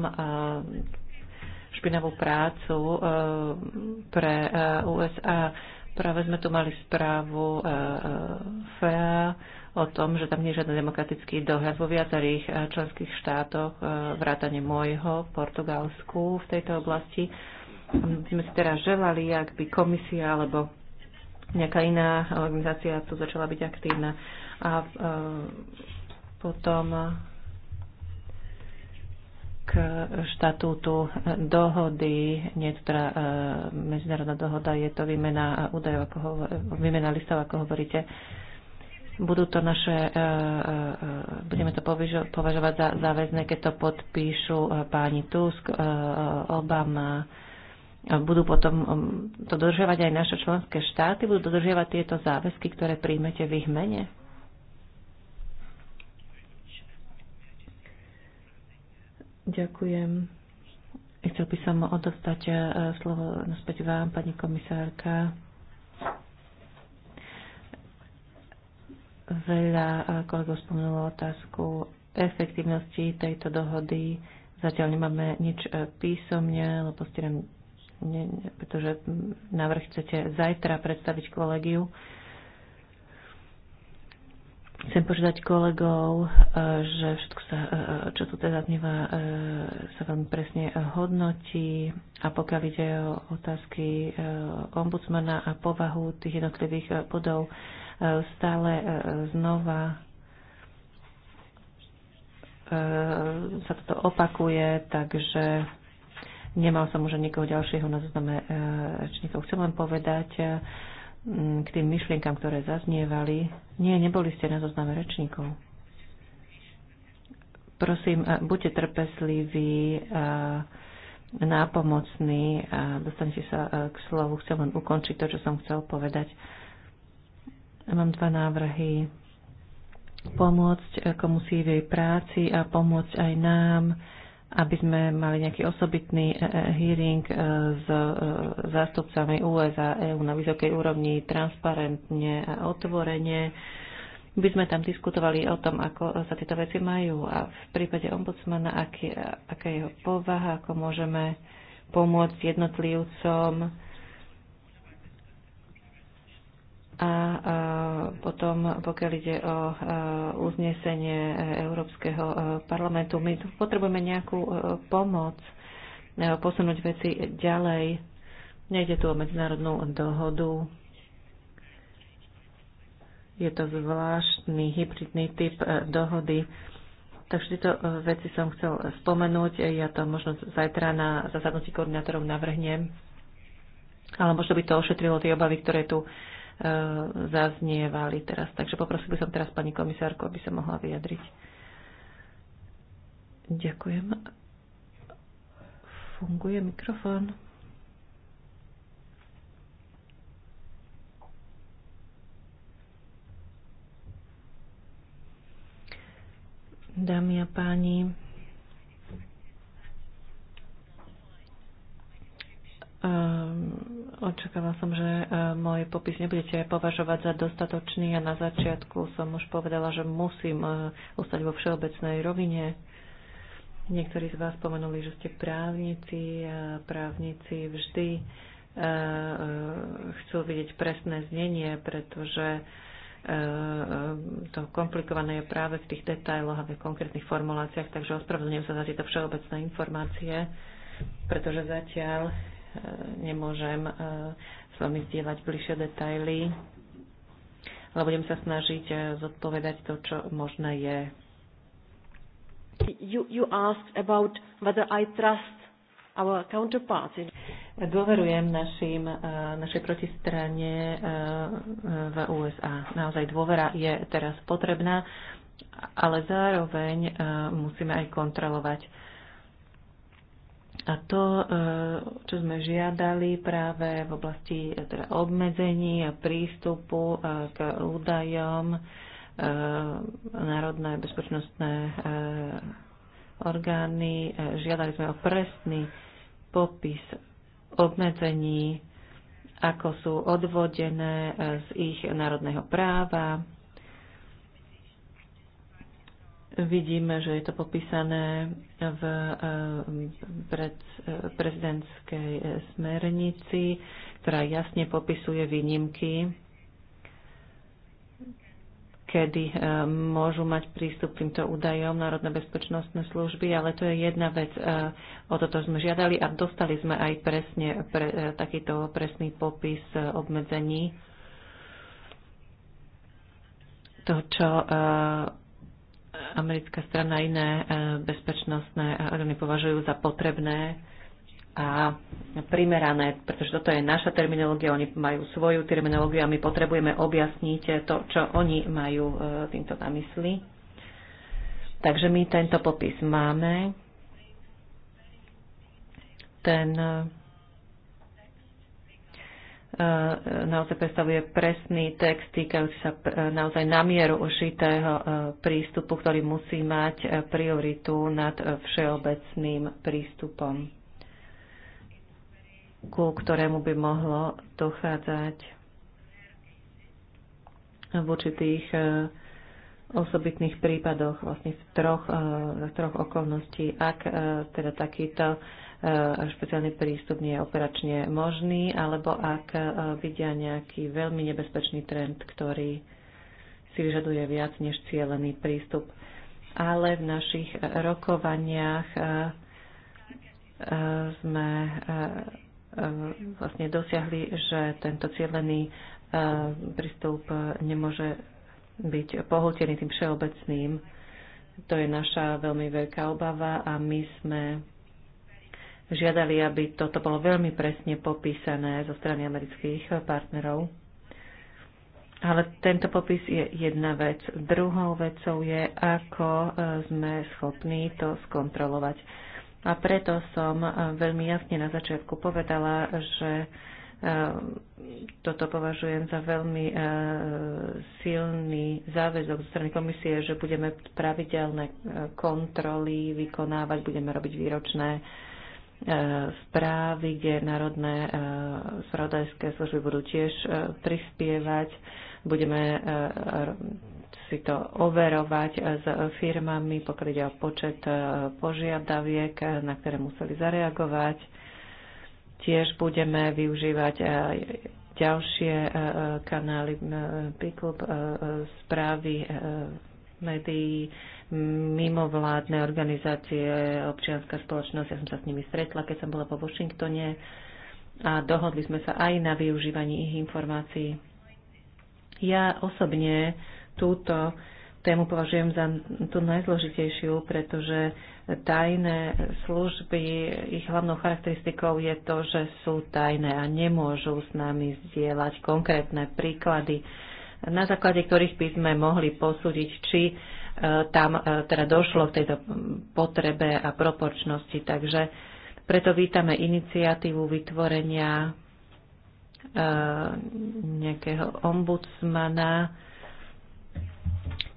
špinavú prácu e, pre e, USA. Práve sme tu mali správu e, FEA o tom, že tam nie je žiadny demokratický dohľad vo viacerých členských štátoch, vrátane môjho, Portugalsku v tejto oblasti. My sme si teraz želali, ak by komisia alebo nejaká iná organizácia tu začala byť aktívna. A potom k štatútu dohody, nie je teda e, medzinárodná dohoda, je to výmena údajov, ako hovor, výmena listov, ako hovoríte. Budú to naše, e, e, budeme to považovať za záväzné, keď to podpíšu páni Tusk, Obama, budú potom to dodržiavať aj naše členské štáty, budú dodržiavať tieto záväzky, ktoré príjmete v ich mene? Ďakujem. Chcel by som odostať e, slovo naspäť vám, pani komisárka. Veľa e, kolegov spomenulo otázku efektivnosti tejto dohody. Zatiaľ nemáme nič e, písomne, lebo ste nám, ne, pretože návrh chcete zajtra predstaviť kolegiu. Chcem požiadať kolegov, e, že všetko sa, e, e, čo tu teda zaznieva, sa veľmi presne hodnotí a pokiaľ ide o otázky ombudsmana a povahu tých jednotlivých bodov, stále znova sa toto opakuje, takže nemal som už nikoho ďalšieho na zozname rečníkov. Chcem len povedať, Mm, k tým myšlienkam, ktoré zaznievali. Nie, neboli ste na zozname rečníkov. Prosím, eh, buďte trpesliví, eh, nápomocní a dostanete sa eh, k slovu. Chcem len ukončiť to, čo som chcel povedať. Mám dva návrhy. Pomôcť komu si v jej práci a pomôcť aj nám aby sme mali nejaký osobitný e, e, hearing e, s zástupcami USA EU na vysokej úrovni transparentne a otvorene by sme tam diskutovali o tom, ako sa tieto veci majú a v prípade ombudsmana, aký, aká je jeho povaha, ako môžeme pomôcť jednotlivcom, A potom, pokiaľ ide o uznesenie e, Európskeho e, parlamentu, my tu potrebujeme nejakú e, pomoc posunúť veci ďalej. Nejde tu o medzinárodnú dohodu. Je to zvláštny hybridný typ dohody. Takže tieto veci som chcel spomenúť. Ja to možno zajtra na zasadnutí koordinátorov navrhnem. Ale možno by to ošetrilo tie obavy, ktoré tu uh, zaznievali teraz. Takže poprosil by som teraz pani komisárku, aby sa mohla vyjadriť. Ďakujem. Funguje mikrofón. Dámy a páni, Um, očakával som, že uh, môj popis nebudete považovať za dostatočný a na začiatku som už povedala, že musím uh, ostať vo všeobecnej rovine. Niektorí z vás spomenuli, že ste právnici a právnici vždy uh, chcú vidieť presné znenie, pretože to komplikované je práve v tých detailoch a v konkrétnych formuláciách, takže ospravedlňujem sa za tieto všeobecné informácie, pretože zatiaľ nemôžem e, s vami zdieľať bližšie detaily, ale budem sa snažiť e, zodpovedať to, čo možné je. You, you asked about whether I trust our counterparts. Dôverujem našim, e, našej protistrane v USA. Naozaj dôvera je teraz potrebná, ale zároveň musíme aj kontrolovať a to, e, čo sme žiadali práve v oblasti e, teda obmedzení a prístupu e, k údajom národné bezpečnostné orgány, žiadali sme o presný popis obmedzení, ako sú odvodené z ich národného práva, Vidíme, že je to popísané v eh, eh, prezidentskej eh, smernici, ktorá jasne popisuje výnimky, kedy môžu mať prístup k týmto údajom Národné bezpečnostné služby, ale to je jedna vec. O toto sme žiadali a dostali sme aj presne pre, takýto presný popis obmedzení toho, čo americká strana iné e, bezpečnostné orgány považujú za potrebné a primerané, pretože toto je naša terminológia, oni majú svoju terminológiu a my potrebujeme objasniť to, čo oni majú e, týmto na mysli. Takže my tento popis máme. Ten Eh, naozaj predstavuje presný text týkajúci sa eh, naozaj na mieru ušitého eh, prístupu, ktorý musí mať prioritu nad všeobecným prístupom, ku ktorému by mohlo dochádzať v určitých osobitných prípadoch, vlastne v troch, v troch okolností, ak teda takýto Eh, špeciálny prístup nie je operačne možný, alebo ak eh, vidia nejaký veľmi nebezpečný trend, ktorý si vyžaduje viac než cieľený prístup. Ale v našich eh, rokovaniach sme vlastne dosiahli, že tento cieľený prístup nemôže byť pohltený tým všeobecným. To je naša veľmi veľká obava a my sme žiadali, aby toto bolo veľmi presne popísané zo strany amerických partnerov. Ale tento popis je jedna vec. Druhou vecou je, ako e, sme schopní to skontrolovať. A preto som e, veľmi jasne na začiatku povedala, že e, toto považujem za veľmi silný záväzok zo strany komisie, že budeme pravidelné kontroly vykonávať, budeme robiť výročné E, správy, kde národné e, spravodajské služby budú tiež e, prispievať. Budeme si to overovať s firmami, pokiaľ ide o počet požiadaviek, na ktoré museli zareagovať. Tiež budeme využívať ďalšie kanály PICUP, správy médií, mm, mimovládne organizácie, občianská spoločnosť. Ja som sa s nimi stretla, keď som bola po Washingtone a dohodli sme sa aj na využívaní ich informácií. Ja osobne túto tému považujem za tú najzložitejšiu, pretože tajné služby, ich hlavnou charakteristikou je to, že sú tajné a nemôžu s nami zdieľať konkrétne príklady na základe ktorých by sme mohli posúdiť, či e, tam e, teda došlo k tejto potrebe a proporčnosti. Takže preto vítame iniciatívu vytvorenia e, nejakého ombudsmana,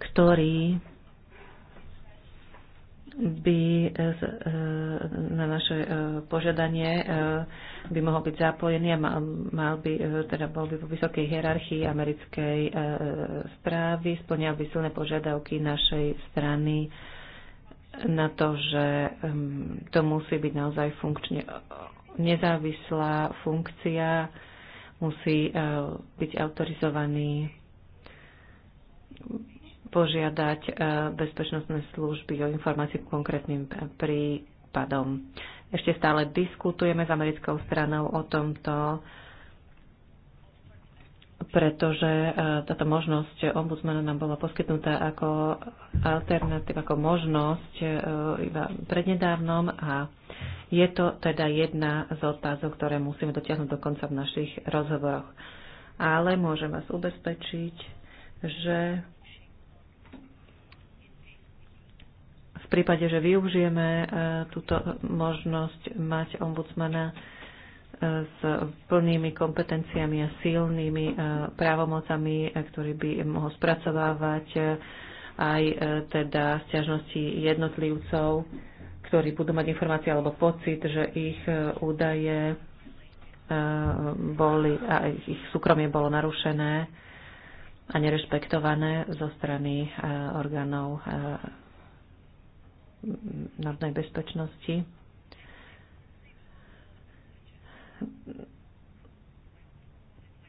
ktorý by na naše požiadanie by mohol byť zapojený a mal, mal by, e, teda bol by vo vysokej hierarchii americkej e, správy, splňal by silné požiadavky našej strany na to, že to musí byť naozaj funkčne e, nezávislá funkcia, musí e, byť autorizovaný požiadať bezpečnostné služby o informácie konkrétnym prípadom. Ešte stále diskutujeme s americkou stranou o tomto, pretože e, táto možnosť ombudsmana nám bola poskytnutá ako alternatíva, ako možnosť e, iba prednedávnom a je to teda jedna z otázok, ktoré musíme dotiahnuť do konca v našich rozhovoroch. Ale môžem vás ubezpečiť, že prípade, že využijeme e, túto možnosť mať ombudsmana e, s plnými kompetenciami a silnými e, právomocami, ktorý by mohol spracovávať aj teda stiažnosti jednotlivcov, ktorí budú mať informácie alebo pocit, že ich údaje boli a ich súkromie bolo narušené a nerešpektované zo strany orgánov národnej bezpečnosti.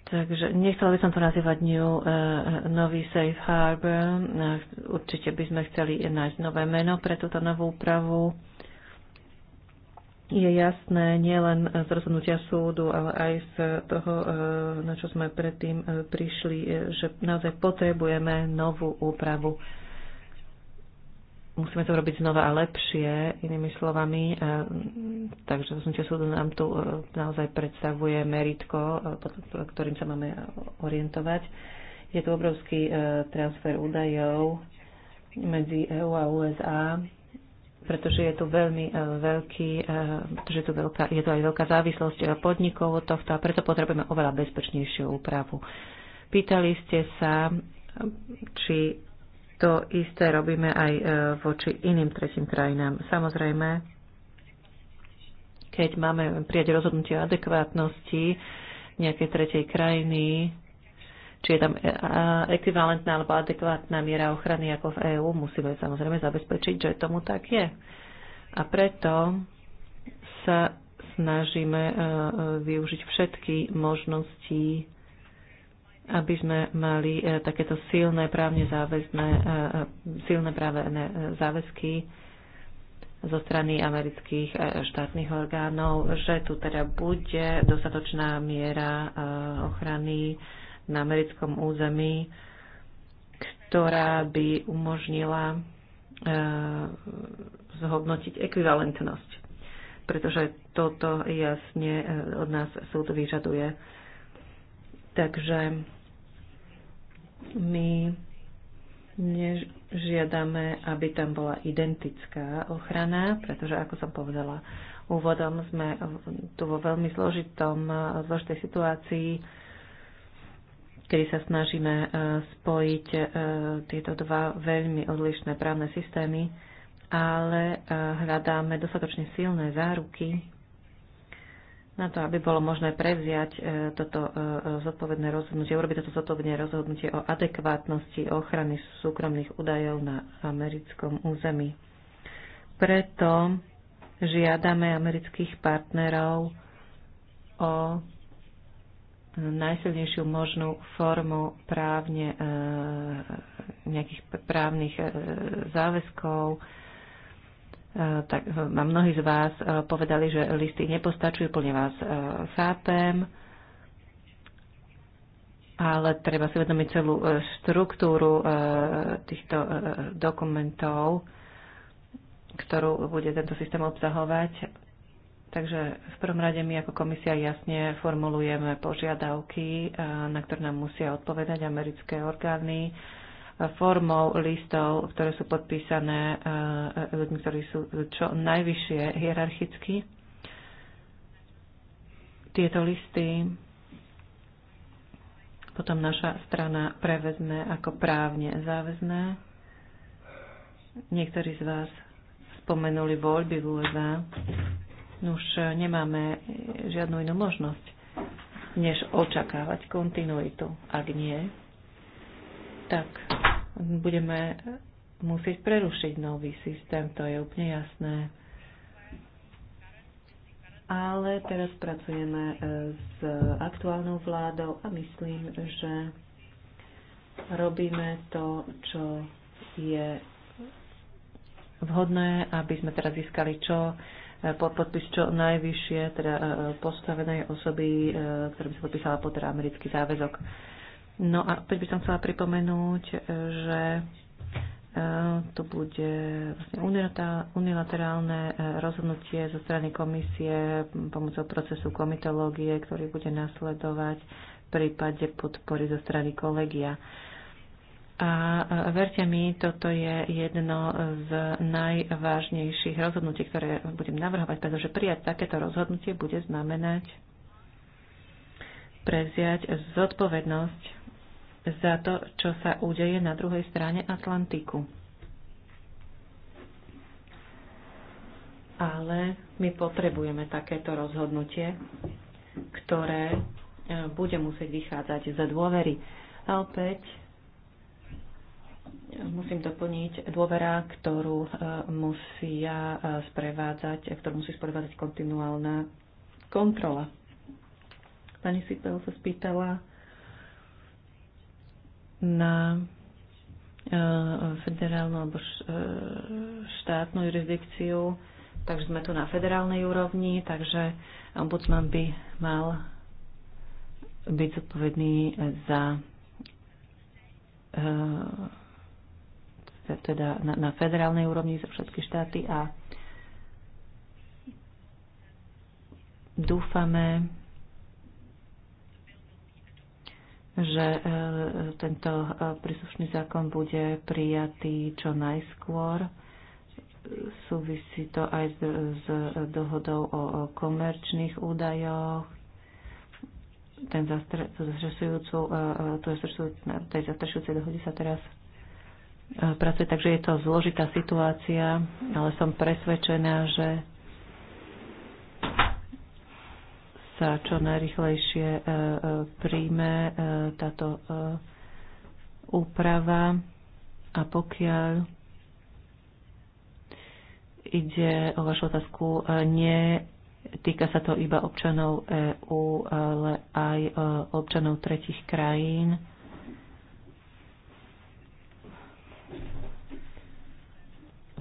Takže nechcela by som to nazývať new, uh, nový safe harbor. Určite by sme chceli nájsť nové meno pre túto novú úpravu. Je jasné nielen z rozhodnutia súdu, ale aj z toho, eh, na čo sme predtým eh, prišli, že naozaj potrebujeme novú úpravu musíme to robiť znova a lepšie, inými slovami. E, takže rozhodnutie súdu nám tu e, naozaj predstavuje meritko, e, ktorým sa máme orientovať. Je tu obrovský transfer údajov medzi EU a USA, pretože je tu veľmi veľký, pretože je tu, veľká, je tu aj veľká závislosť podnikov od tohto a preto potrebujeme oveľa bezpečnejšiu úpravu. Pýtali ste sa, či to isté robíme aj e, voči iným tretím krajinám. Samozrejme, keď máme prijať rozhodnutie o adekvátnosti nejakej tretej krajiny, či je tam e, ekvivalentná alebo adekvátna miera ochrany ako v EÚ, musíme samozrejme zabezpečiť, že tomu tak je. A preto sa snažíme e, využiť všetky možnosti aby sme mali e, takéto silné právne záväzné, e, e, silné právne záväzky zo strany amerických štátnych orgánov, že tu teda bude dostatočná miera ochrany na americkom území, ktorá by umožnila zhodnotiť ekvivalentnosť. Pretože toto jasne od nás súd vyžaduje. Takže my nežiadame, aby tam bola identická ochrana, pretože, ako som povedala úvodom, sme tu vo veľmi zložitom, zložitej situácii, kedy sa snažíme e, spojiť e, tieto dva veľmi odlišné právne systémy, ale e, hľadáme dostatočne silné záruky na to, aby bolo možné prevziať e, toto e, e, zodpovedné rozhodnutie, urobiť toto zodpovedné rozhodnutie o adekvátnosti ochrany súkromných údajov na americkom území. Preto žiadame amerických partnerov o najsilnejšiu možnú formu právne, nejakých právnych záväzkov, tak mnohí z vás eh, povedali, že listy nepostačujú, plne vás eh, chápem, ale treba si uvedomiť celú eh, štruktúru týchto dokumentov, ktorú bude tento systém obsahovať. Takže v prvom rade my ako komisia jasne formulujeme požiadavky, na ktoré nám musia odpovedať americké orgány formou listov, ktoré sú podpísané eh, ľuďmi, ktorí sú čo najvyššie hierarchicky. Tieto listy potom naša strana prevezme ako právne záväzné. Niektorí z vás spomenuli voľby v USA. No už eh, nemáme žiadnu inú možnosť, než očakávať kontinuitu. Ak nie, tak budeme musieť prerušiť nový systém, to je úplne jasné. Ale teraz pracujeme e, s aktuálnou vládou a myslím, že robíme to, čo je vhodné, aby sme teraz získali čo e, pod podpis čo najvyššie, teda e, postavenej osoby, ktorá by sa podpísala pod teda americký záväzok. No a opäť by som chcela pripomenúť, e, že e, to bude vlastne unilaterálne e, rozhodnutie zo strany komisie pomocou procesu komitológie, ktorý bude nasledovať v prípade podpory zo strany kolegia. A verte mi, toto je jedno z najvážnejších rozhodnutí, ktoré budem navrhovať, pretože prijať takéto rozhodnutie bude znamenať prevziať zodpovednosť za to, čo sa udeje na druhej strane Atlantiku. Ale my potrebujeme takéto rozhodnutie, ktoré e, bude musieť vychádzať za dôvery. A opäť e, musím doplniť dôvera, ktorú e, musí sprevádzať, ktorú musí sprevádzať kontinuálna kontrola. Pani Sipel sa spýtala, na e, federálnu alebo e, štátnu jurisdikciu, takže sme tu na federálnej úrovni, takže ombudsman by mal byť zodpovedný za e, teda na, na federálnej úrovni za všetky štáty a dúfame, že e, tento e, príslušný zákon bude prijatý čo najskôr. Súvisí to aj s dohodou o komerčných údajoch, ten zastre, e, tej zastrešujúcej dohode sa teraz pracuje, takže je to zložitá situácia, ale som presvedčená, že sa čo najrychlejšie e, e, príjme e, táto úprava a pokiaľ ide o vašu otázku, nie týka sa to iba občanov EÚ, ale aj občanov tretich krajín.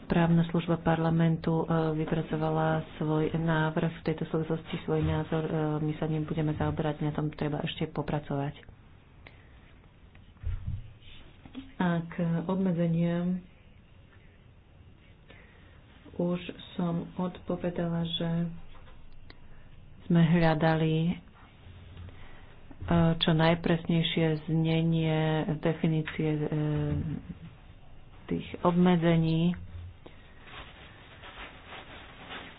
Právna služba parlamentu e, vypracovala svoj návrh v tejto súvislosti, svoj názor. E, my sa ním budeme zaoberať, na tom treba ešte popracovať. A k obmedzeniam už som odpovedala, že sme hľadali e, čo najpresnejšie znenie definície tých obmedzení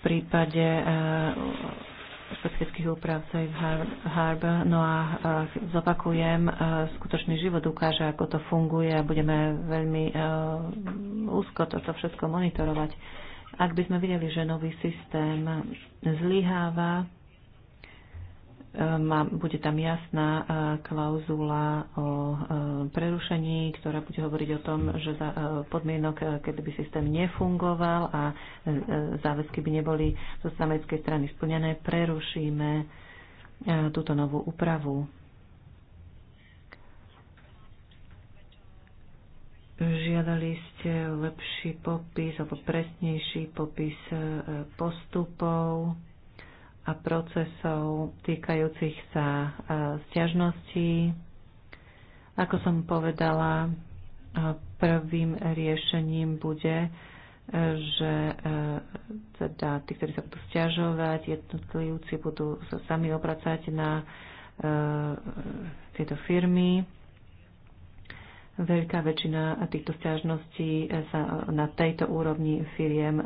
prípade eh, špecifických úprav Safe Harbor. No a eh, zopakujem, eh, skutočný život ukáže, ako to funguje a budeme veľmi úzko toto všetko monitorovať. Ak by sme videli, že nový systém zlyháva, bude tam jasná e, klauzula o e, prerušení, ktorá bude hovoriť o tom, že za e, podmienok, keď by systém nefungoval a záväzky by neboli zo samejskej strany splnené, prerušíme túto novú úpravu. Žiadali ste lepší popis alebo presnejší popis postupov a procesov týkajúcich sa e, sťažností. Ako som povedala, e, prvým riešením bude, e, že teda tí, ktorí sa budú sťažovať, jednotlivci budú sa sami obracať na tieto firmy Veľká väčšina týchto stiažností sa na tejto úrovni firiem e,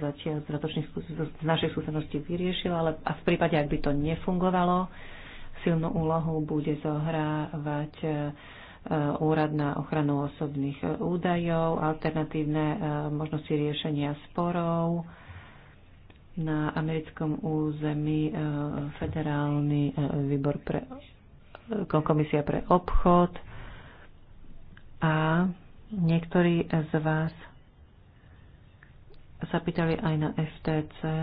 zatiaľ z, z našej skúsenosti vyriešila, ale a v prípade, ak by to nefungovalo, silnú úlohu bude zohrávať e, úrad na ochranu osobných e, údajov, alternatívne možnosti riešenia sporov, na americkom území federálny výbor pre komisia pre obchod, a niektorí z vás sa pýtali aj na FTC. E,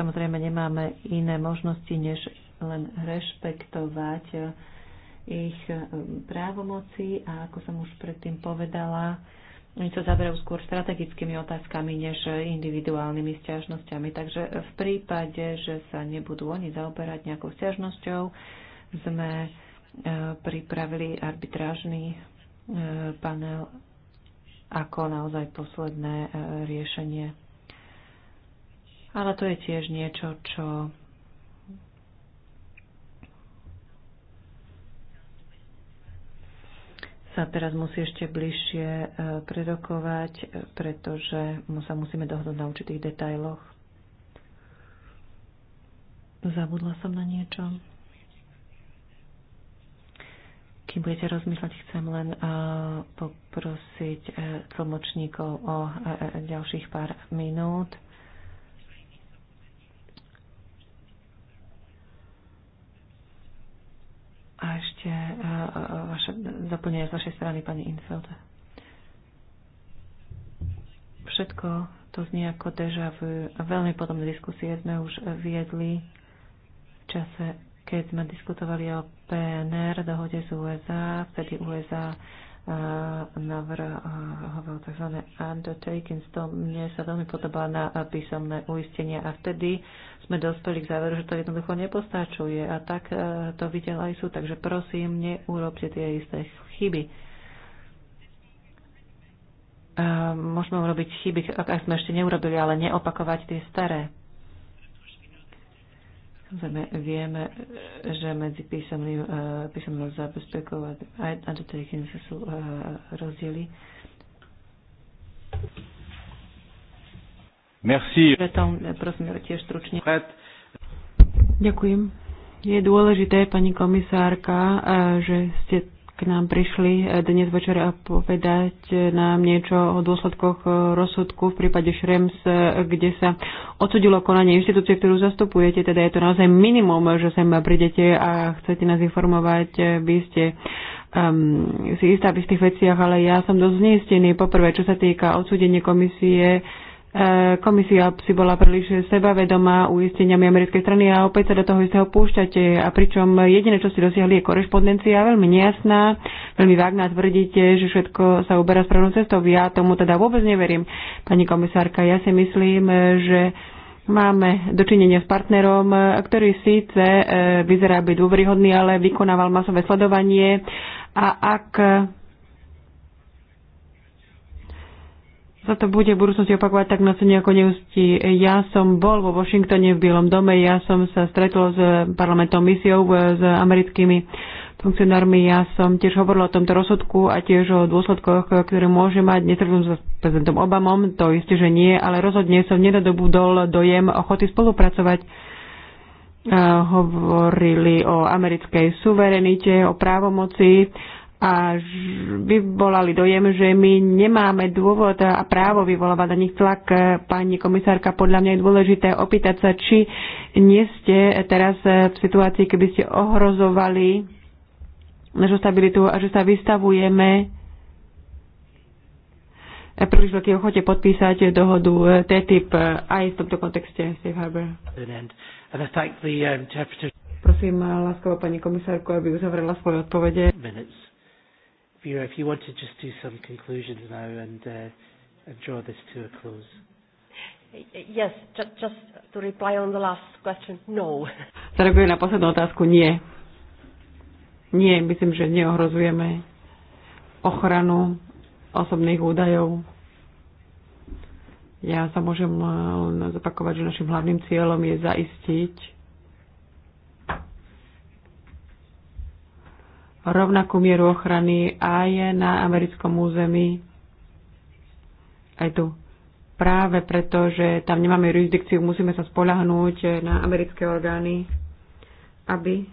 samozrejme nemáme iné možnosti, než len rešpektovať ich e, právomoci a ako som už predtým povedala, oni sa zaberajú skôr strategickými otázkami než individuálnymi stiažnosťami. Takže v prípade, že sa nebudú oni zaoberať nejakou stiažnosťou, sme pripravili arbitrážny e, panel ako naozaj posledné e, riešenie. Ale to je tiež niečo, čo sa teraz musí ešte bližšie e, prerokovať, pretože mu sa musíme dohodnúť na určitých detailoch. Zabudla som na niečo. Kým budete rozmýšľať, chcem len eh, poprosiť eh, tlmočníkov o eh, ďalších pár minút. A ešte vaše doplnenie z vašej strany, pani infelde. Všetko to znie ako deja vu. Veľmi podobné diskusie sme už viedli v čase keď sme diskutovali o PNR dohode z USA, vtedy USA e, navrhoval tzv. undertakings, to mne sa veľmi podobá na písomné uistenie. a vtedy sme dospeli k záveru, že to jednoducho nepostačuje a tak e, to videl aj sú, takže prosím, neurobte tie isté chyby. E, môžeme urobiť chyby, ak sme ešte neurobili, ale neopakovať tie staré. Samozrejme, vieme, že medzi písomným, e, písomným zabezpekou a undertaking sa sú e, rozdiely. Merci. Preto, e, prosím, tiež stručne. Ďakujem. Je dôležité, pani komisárka, že ste nám prišli e, dnes večer a povedať e, nám niečo o dôsledkoch e, rozsudku v prípade Šrems, kde sa odsudilo konanie inštitúcie, ktorú zastupujete. Teda je to naozaj minimum, že sem prídete a chcete nás informovať. Vy ste um, si istá v istých veciach, ale ja som dosť zneistený. Poprvé, čo sa týka odsúdenie komisie, Eh, komisia si bola príliš sebavedomá uisteniami americkej strany a opäť sa do toho istého púšťate. A pričom jediné, čo si dosiahli, je korešpondencia, veľmi nejasná, veľmi vágná tvrdíte, že všetko sa uberá správnou cestou. Ja tomu teda vôbec neverím, pani komisárka. Ja si myslím, že máme dočinenia s partnerom, ktorý síce eh, vyzerá byť dôveryhodný, ale vykonával masové sledovanie a ak sa to bude v budúcnosti opakovať, tak na to nejako neustí. Ja som bol vo Washingtone v Bielom dome, ja som sa stretol s parlamentom misiou, e, s americkými funkcionármi, ja som tiež hovoril o tomto rozsudku a tiež o dôsledkoch, ktoré môže mať. Nestretol sa s prezidentom Obamom, to isté, že nie, ale rozhodne som nedodobudol dojem ochoty spolupracovať. E, hovorili o americkej suverenite, o právomoci a vyvolali dojem, že my nemáme dôvod a právo vyvolávať ani tlak. E, pani komisárka, podľa mňa je dôležité opýtať sa, či nie ste teraz e, v situácii, keby ste ohrozovali našu stabilitu a že sa vystavujeme e, príliš veľký ochote podpísať dohodu TTIP aj v tomto kontexte Safe Harbor. Um, Prosím láskavo pani komisárku, aby uzavrela svoje odpovede. Minutes. Vera, if you want to just do some conclusions now and, uh, and draw this to a close. Yes, just, just to reply on the last question, no. Zareagujem na poslednú otázku, nie. Nie, myslím, že neohrozujeme ochranu osobných údajov. Ja sa môžem uh, zopakovať, že našim hlavným cieľom je zaistiť, rovnakú mieru ochrany aj na americkom území, aj tu. Práve preto, že tam nemáme jurisdikciu, musíme sa spolahnúť na americké orgány, aby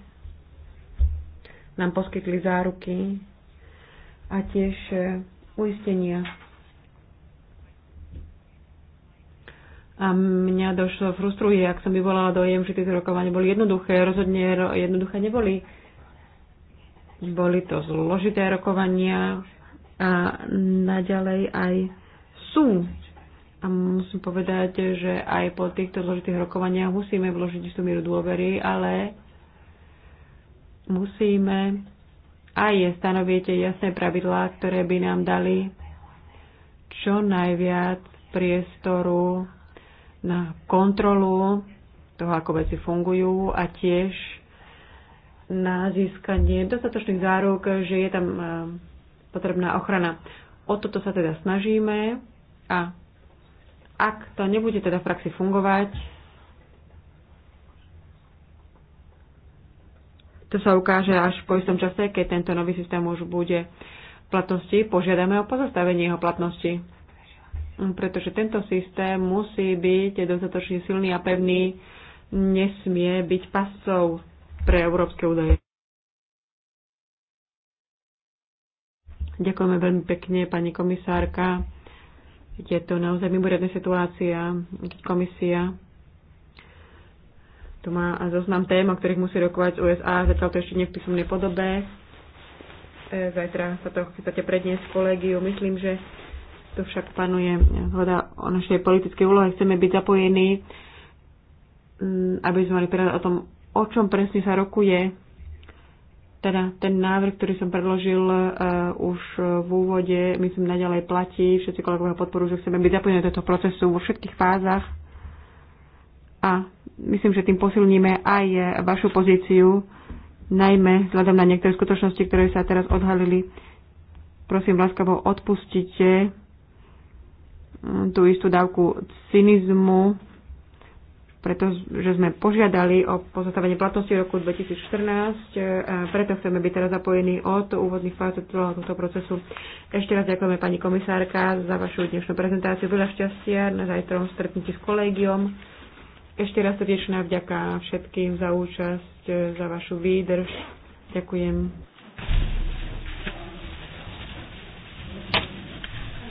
nám poskytli záruky a tiež uistenia. A mňa došlo frustruje, ak som vyvolala dojem, že tieto rokovania boli jednoduché. Rozhodne jednoduché neboli boli to zložité rokovania a naďalej aj sú. A musím povedať, že aj po týchto zložitých rokovaniach musíme vložiť istú mieru dôvery, ale musíme aj stanoviť jasné pravidlá, ktoré by nám dali čo najviac priestoru na kontrolu toho, ako veci fungujú a tiež na získanie dostatočných záruk, že je tam eh, potrebná ochrana. O toto sa teda snažíme a ak to nebude teda v praxi fungovať, to sa ukáže až po istom čase, keď tento nový systém už bude v platnosti, požiadame o pozastavenie jeho platnosti. Pretože tento systém musí byť dostatočne silný a pevný, nesmie byť pascov pre európske údaje. Ďakujeme veľmi pekne, pani komisárka. Je to naozaj mimoriadná situácia, keď komisia tu má zoznam tém, o ktorých musí rokovať z USA, zatiaľ to ešte nie v písomnej podobe. E, zajtra sa to chcete predniesť kolegiu. Myslím, že to však panuje hoda o našej politickej úlohe. Chceme byť zapojení, aby sme mali prehľad o tom, o čom presne sa rokuje. Teda ten návrh, ktorý som predložil uh, už v úvode, myslím, naďalej platí. Všetci kolegovia podporu, že chceme byť zapojení do tohto procesu vo všetkých fázach. A myslím, že tým posilníme aj vašu pozíciu, najmä vzhľadom na niektoré skutočnosti, ktoré sa teraz odhalili. Prosím, láskavo odpustite e, tú istú dávku cynizmu, pretože sme požiadali o pozastavenie platnosti roku 2014, e, preto chceme byť teraz zapojení od úvodných fáz celého tohto procesu. Ešte raz ďakujeme pani komisárka za vašu dnešnú prezentáciu. Veľa šťastia na zajtrom stretnutí s kolegiom. Ešte raz srdečná vďaka všetkým za účasť, e, za vašu výdrž. Ďakujem.